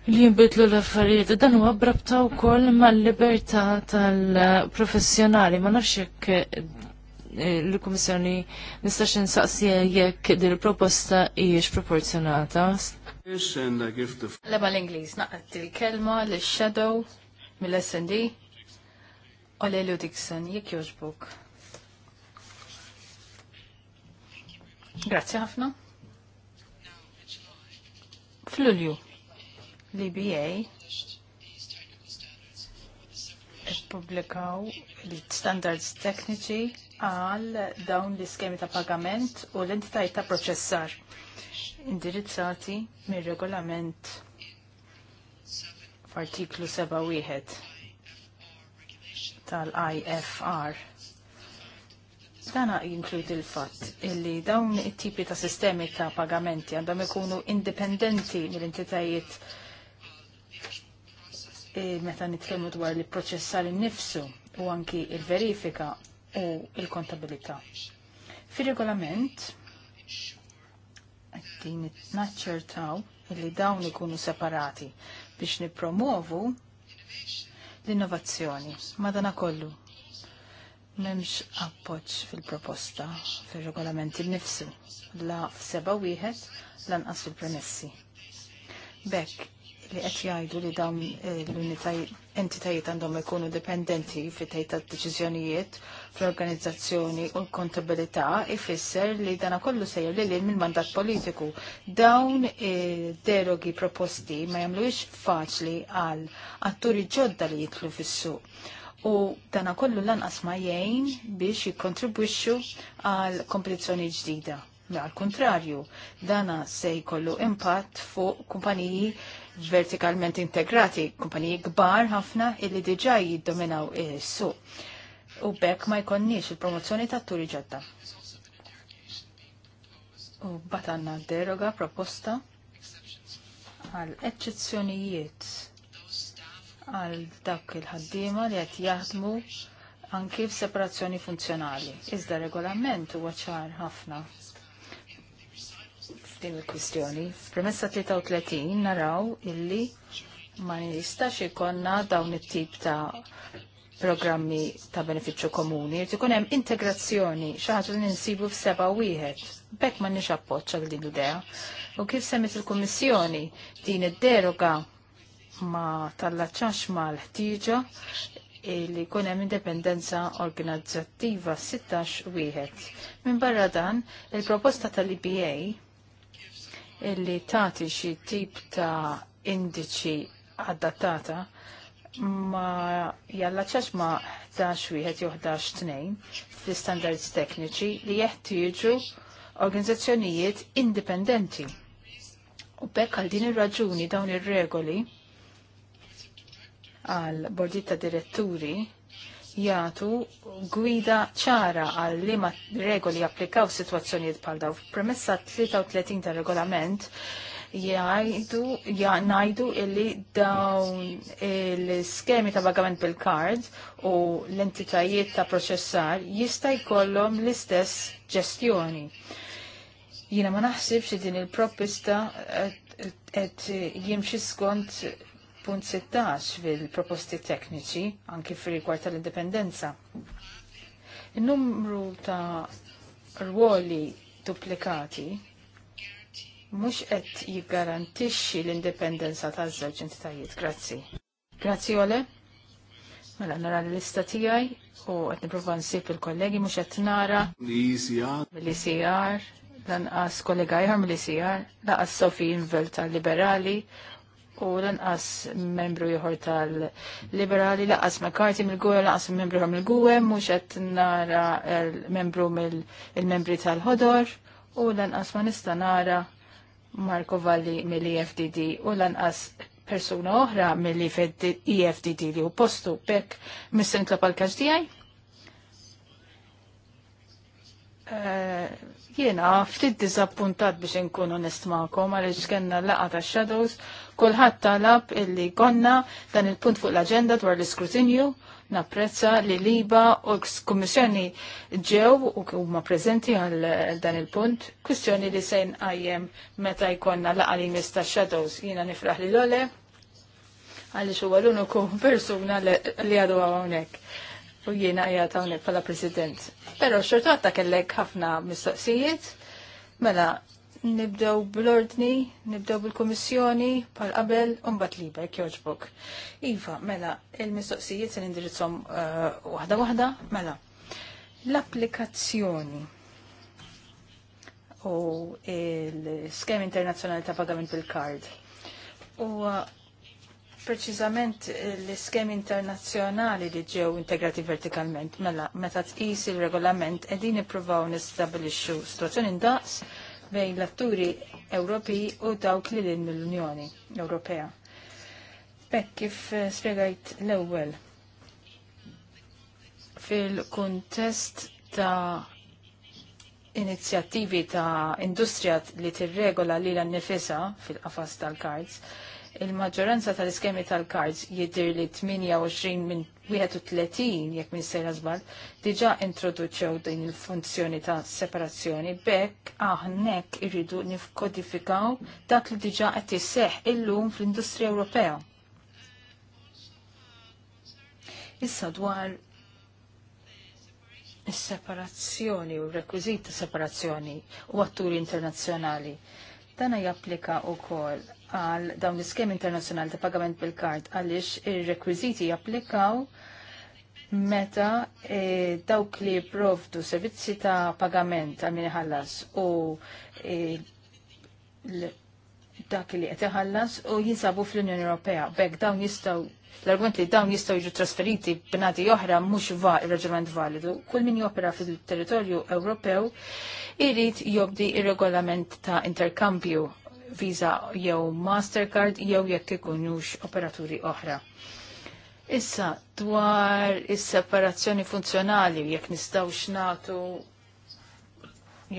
li jinbidlu l-affarijiet. Dan huwa brabta wkoll mal-libertà tal-professjonali. Ma nafx jekk l komissjoni nistax nsaqsi jekk din il-proposta hijiex proporzjonata. Leba l-Ingliż naqgħet il-kelma l shadow mill-SND l-Elio Dixon jekk jogħġbok. Grazzi ħafna. F'Lulju, l-IBA pubblikaw l-standards tekniċi għal dawn l-iskemi ta' pagament u l-entitajiet ta' proċessar indirizzati mir-regolament f'artiklu 7.1 tal-IFR. Dana jinkludi l-fatt illi dawn it-tipi ta' sistemi ta' pagamenti għandhom ikunu indipendenti mill-entitajiet eh, meta nitkellmu dwar li proċessar innifsu u anki il-verifika Eh, il-kontabilità. Fir-regolament, għaddin naċċertaw illi dawn ikunu separati biex nipromovu l-innovazzjoni. Madana kollu, memx appoċ fil-proposta fil il nifsu la f'seba wieħed lanqas fil-premessi. Bekk li qed jgħidu li dawn l-unitajiet entitajiet għandhom ikunu dipendenti fit-tejt tad-deċiżjonijiet fl-organizzazzjoni u l-kontabilità ifisser li dana kollu sejr li lil minn mandat politiku. Dawn derogi proposti ma jagħmluhiex faċli għal atturi ġodda li jitlu fissu. U dana kollu lanqas ma jgħin biex jikkontribwixxu għal kompetizzjoni ġdida. Għal kontrarju, dana se jkollu impatt fuq kumpaniji vertikalment integrati, kumpaniji kbar ħafna illi diġa jiddominaw is-suq. U bekk ma jkonniex il-promozzjoni ta' turi ġadda. U batanna deroga proposta għal eċċezzjonijiet għal dak il-ħaddima li qed jaħdmu anki f'separazzjoni funzjonali. Iżda regolament huwa ċar ħafna din il-kwistjoni. Premessa 33 naraw illi ma jistax ikonna dawn it-tip ta' programmi ta' beneficju komuni, jrid ikun hemm integrazzjoni xi ħaġa li nsibu f'seba' wieħed. Bekk ma nix appoġġa din l-idea. U kif semmet il-Kummissjoni din id-deroga ma tallaċċax mal ħtieġa li jkun hemm indipendenza organizzattiva 16 wieħed. Minn barra dan, il-proposta tal-IBA illi tagħti xi tip ta' indiċi adattata ma jallaċax ma 11 wieħed jew 11 tnejn fl-standards tekniċi li jeħtieġu organizzazzjonijiet indipendenti. U bekk għal din ir-raġuni dawn ir-regoli għal bordita ta' diretturi jagħtu gwida ċara għal li ma regoli japplikaw situazzjonijiet bħal daw. Premessa 33 ta' regolament jgħajdu, jgħidu illi dawn l-skemi ta' pagament bil-kard u l-entitajiet ta' proċessar jista' jkollhom l-istess ġestjoni. Jiena ma naħsibx din il-propista qed jimxi skont punt 16 fil-proposti tekniċi, anki fil-rigward tal-indipendenza. Il-numru ta' ruoli duplikati mux qed jiggarantixxi l-indipendenza ta' żewġ entitajiet. Grazzi. Grazzi Ole. Mela nara l-lista tiegħi u qed nipprova nsib il-kollegi mhux qed nara. Mill-ICR, e e lanqas kollega ieħor mill-ICR, e laqas Sofi Invel ta' liberali u lanqas membru ieħor tal-liberali, laqas McCarthy mill-gwe, laqas membru jħor mill-gwe, mhux qed nara membru mill-membri tal-ħodor u lanqas ma nista' nara Marko Valli mill-EFDD u lanqas persuna oħra mill-EFDD li u postu pek mis sen pal-kaġ Jiena ftit diżappuntat biex nkun onest magħkom għaliex kellna laqgħa tax-shadows Kulħadd talab illi konna dan il-punt fuq l-aġenda dwar l-iskrutinju napprezza li liba u kummissjoni ġew u huma prezenti għal dan il-punt. Kwistjoni li sejn għajem meta jkonna laqali li mista shadows jiena nifraħ li l-ole għaliex huwa l-uniku persuna li għadu hawnhekk. U jiena għajat hawnhekk bħala President. Però xorta kellek ħafna mistoqsijiet mela nibdew bl-ordni, nibdew bil-komissjoni, pal qabel, unbat liber kjoġbok. Iva, mela, il-mistoqsijiet se nindirizzom uh, wahda wahda, mela. L-applikazzjoni u l-skem internazzjonali ta' pagament bil-kard. U preċiżament l skem internazzjonali li ġew integrati vertikalment, mela, meta tqis il-regolament qegħdin nippruvaw nistabilixxu situazzjoni ndaqs bejn l-atturi Ewropej u dawk li l mill-Unjoni Ewropea. Bekk kif eh, spiegajt l-ewwel fil-kuntest ta' inizjattivi ta' industrija li tirregola li l-annifisa fil-qafas tal-kards, il-maġġoranza tal-iskemi tal-kards jidir li 28 minn 31 jekk minn sejra żball diġà introduċew din il-funzjoni ta' separazzjoni bekk aħnek irridu nifkodifikaw dak li diġà qed isseħ illum fl-industrija Ewropea. Issa dwar is-separazzjoni u r-rekwiżit ta' separazzjoni u atturi internazzjonali. Dana japplika wkoll għal dawn l-iskem internazzjonali ta' pagament bil-kart għaliex ir-rekwiżiti japplikaw meta e, dawk li provdu servizzi ta' pagament għal min iħallas u e, dak li qed iħallas u jinsabu fl-Unjoni Ewropea. Bek dawn jistgħu l-argument li dawn jistgħu jiġu trasferiti b'nadi oħra mhux va reġiment validu. Kull min jopera fil-territorju Ewropew irid jobdi ir-regolament ta' interkambju Visa jew Mastercard jew jekk ikunux operaturi oħra. Issa, dwar is-separazzjoni funzjonali jekk nistgħux nagħtu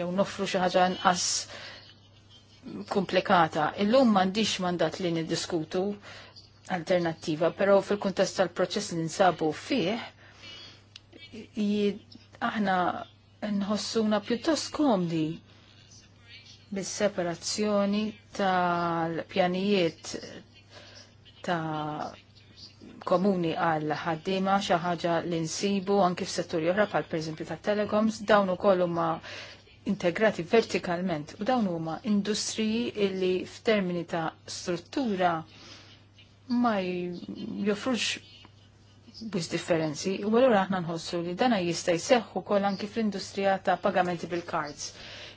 jew nofru xi ħaġa nqas komplikata. Illum m'għandix mandat li niddiskutu alternattiva, però fil-kuntest tal-proċess li nsabu fih, aħna nħossuna pjuttost komdi bis-separazzjoni tal-pjanijiet ta' komuni għal ħaddima xi ħaġa li nsibu anke f'setturi oħra bħal pereżempju tat-telecoms dawn ukoll huma integrati vertikalment u dawn huma industriji illi f'termini ta' struttura ma joffrux biss differenzi, u allura aħna nħossu li dana jista jseħħ ukoll anki fl-industrija ta' pagamenti bil-cards.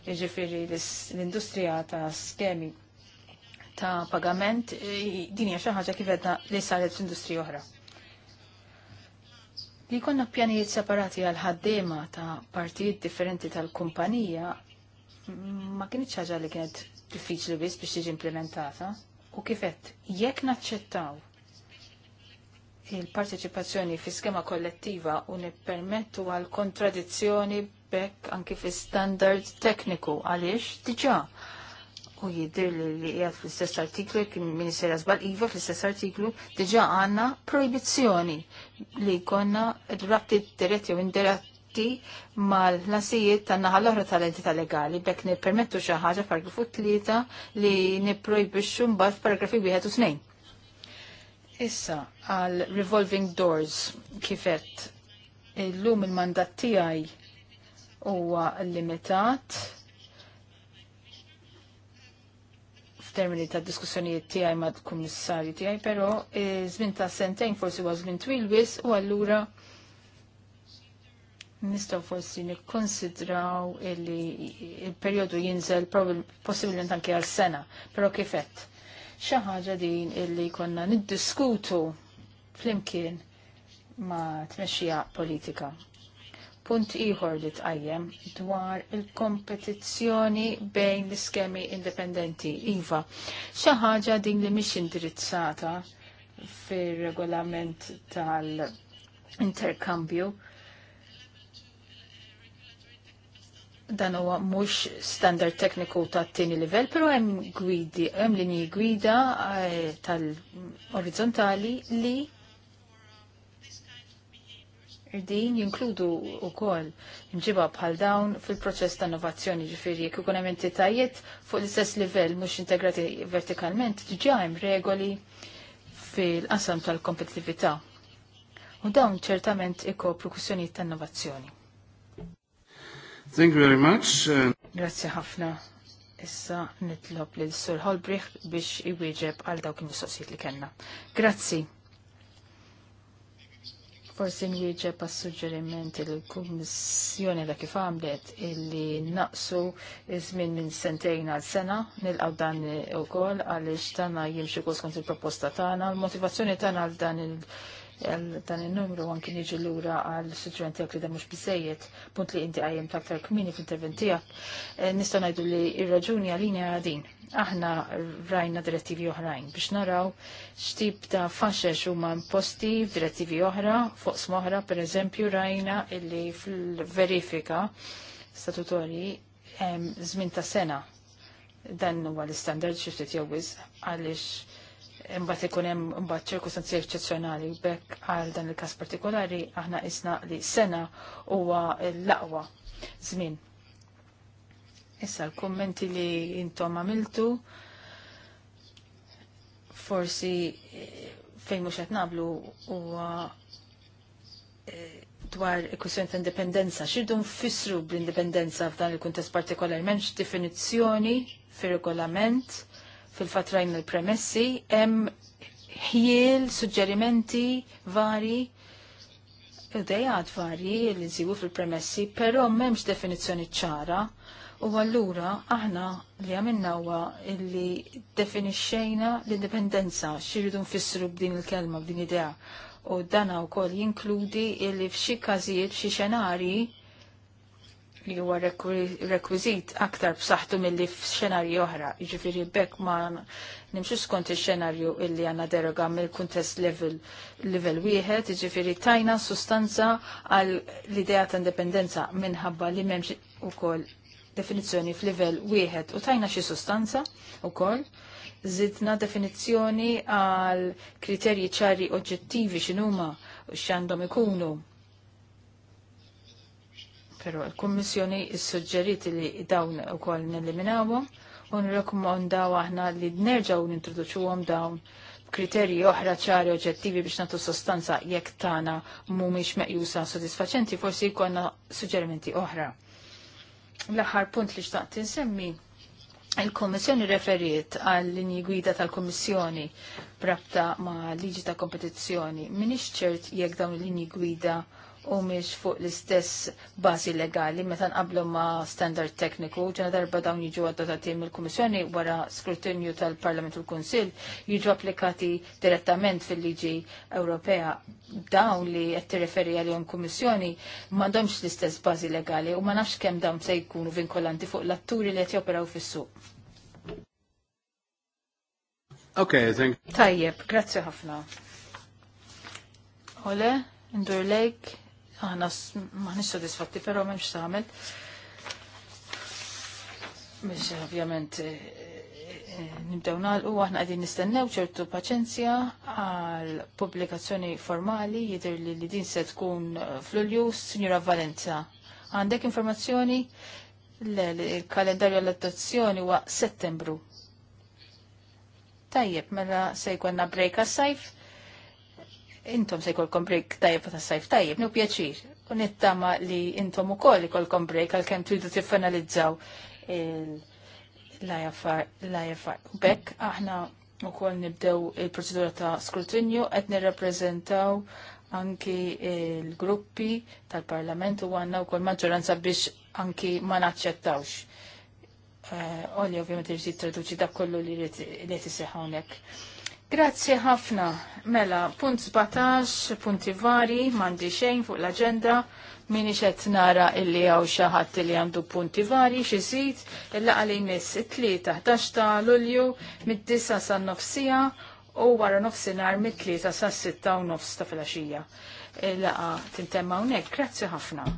Ġifiri l-industrija ta' skemi ta' pagament e, din hija xi ħaġa kif edna li saret f'industri oħra. Li konna pjanijiet separati għal ħaddema ta' partijiet differenti tal-kumpanija ma kienx ħaġa li kienet diffiċli biss biex tiġi implementata u kifet jekk naċċettaw il-parteċipazzjoni fi skema kollettiva u nippermettu għal kontradizzjoni bekk anki fi standard tekniku għaliex diġa u jidir li li jgħat fl-istess artiklu, kien ministeri għazbal iva fl-istess artiklu, diġa għanna proibizjoni li konna rabti diretti u indiretti mal-nasijiet tan naħal l-oħra tal-entità legali, bekk nipermettu xi ħaġa paragrafu tlieta li nipprojbixxu mbagħad paragrafi wieħed u snin. Issa għal revolving doors kifet illum il-mandat tiegħi huwa limitat f'termini ta' diskussjonijiet tiegħi mad kummissarju tiegħi, però e, żmien ta' sentejn forsi huwa żmien twil wis u allura nistgħu forsi nikkonsidraw li il-perjodu jinżel possibilment anke għal sena, però kif qed. Xi ħaġa din illi konna niddiskutu flimkien ma' tmexxija politika. Punt ieħor li tqajjem dwar il-kompetizzjoni bejn l-iskemi indipendenti iva. Xi ħaġa din li mhix indirizzata fir-regolament tal-interkambju dan huwa mhux standard tekniku ta' tieni livell, però hemm gwidi, hemm linji gwida eh, tal-orizzontali li Irdin jinkludu u kol nġiba bħal dawn fil-proċess ta' innovazzjoni ġifiri jek ikun hemm entitajiet fuq l-istess livell mhux integrati vertikalment diġà hemm regoli fil-qasam tal-kompetitività. U dawn ċertament ikopru kwistjonijiet ta' innovazzjoni. Thank you very much. Uh, Grazzi ħafna. Issa nitlob lil Sur Holbrich biex iwieġeb għal dawk il-mistoqsijiet li kellna. Grazzi. Forsi nwieġeb għas suġġerimenti li l-Kummissjoni da kif għamlet illi naqsu iż-żmien minn sentejn għal sena nilqgħu dan ukoll għaliex tagħna jimxi kont il-proposta tagħna. L-motivazzjoni tagħna għal dan il- dan il-numru anki niġu l-ura għal suġġerenti għak li damux bizzejiet, punt li inti għajem taktar kmini għak, eh, nistan għajdu li irraġuni raġuni għalini għadin. Aħna rajna direttivi oħrajn biex naraw xtib ta' faxex u imposti posti f'direttivi oħra, fuq smoħra per eżempju rajna illi fil-verifika statutori żmien ta' sena dan huwa l-istandard xi ftit jew għaliex imbat ikun hemm imbagħad ċirkustanzi eċċezzjonali bekk għal dan il-każ partikolari aħna isna li sena huwa l-aqwa żmien. Issa l-kummenti li intom għamiltu forsi eh, fejn mhux qed nablu huwa eh, dwar il-kwistjoni ta' indipendenza, xirdu nfissru bl-indipendenza f'dan il-kuntest partikolari, menx definizzjoni fir regolament fil-fatrajn il-premessi, hemm ħiel, suġġerimenti vari, idejat varji li nżibu fil-premessi, però m'hemmx definizzjoni ċara. U allura aħna li għamilna huwa li definixxejna l-indipendenza x'iridu nfissru b'din il-kelma b'din idea. U dana wkoll jinkludi li f'xi każijiet f'xi xenarji li huwa rekwizit aktar b'saħħtu milli f'xenarju oħra. Jiġifieri bekk ma nimxu skont ix-xenarju illi għandna deroga mill-kuntest level level wieħed, jiġifieri tajna sustanza għal l-idea ta' indipendenza minħabba li m'hemmx ukoll definizzjoni f'livell wieħed u tajna xi sustanza ukoll. Zidna definizzjoni għal kriterji ċari oġġettivi x'inhuma x'għandhom ikunu Pero l-Kommissjoni suġġeriti li dawn u koll neliminawhom u nirrakkomandaw aħna li nerġaw nintroduċuhom dawn kriterji oħra ċari oġġettivi biex natu sostanza jekk tana mhumiex meqjusa sodisfaċenti, forsi jkollna suġġerimenti oħra. L-aħħar punt li xtaqt insemmi Il-Kommissjoni referiet għal linji gwida tal-Kommissjoni brabta ma' liġi ta' kompetizzjoni. Minix ċert jekk dawn il-linji gwida u miex fuq l-istess bazi legali meta nqablu ma' standard tekniku ġena darba dawn jiġu għaddatati mill-Kummissjoni wara skrutinju tal-Parlament u l-Kunsill jiġu applikati direttament fil-liġi Ewropea dawn li qed tirreferi għalihom Kummissjoni m'għandhomx l-istess bażi legali u ma nafx kemm dawn se jkunu vinkolanti fuq l-atturi li qed joperaw fis-suq. Okay, Tajjeb, grazzi ħafna. Ole, ndur lejk Aħna maħniex sodisfatti, però m'hemmx tagħmel. Biex ovvjament eh, eh, eh, nibdew nagħlqu aħna qegħdin nistennew ċertu paċenzja għal pubblikazzjoni formali jidher li, li din se tkun fl-Ulju, Signora Valenza. Għandek informazzjoni? Le, il-kalendarju għall-adozzjoni huwa Settembru. Tajjeb, mela se brejka break għas-sajf intom se jkollkom break tajjeb ta' sajf tajjeb, nu pjaċir. U nittama li intom ukoll ikolkom break għalkemm tridu tiffinalizzaw l-IFR. Bek, aħna koll nibdew il-proċedura ta' skrutinju qed nirrappreżentaw anki il-gruppi tal-parlament u għanna u koll maġġoranza biex anki ma naċċettawx. Eh, Olli ovvjament irġi traduċi dak kollu li li tiseħawnek. Grazzi ħafna. Mela, punt 17, punti vari, mandi xejn fuq l-agenda, minni xet nara illi għaw xaħat illi għandu punti vari, xizit, illa għalli miss it-tli taħtax ta' lulju, mid-disa sa' nofsija, u wara nofsinar mid-tli sa' sitta u nofs ta' filaxija. Illa għa tintemma unek, grazzi ħafna.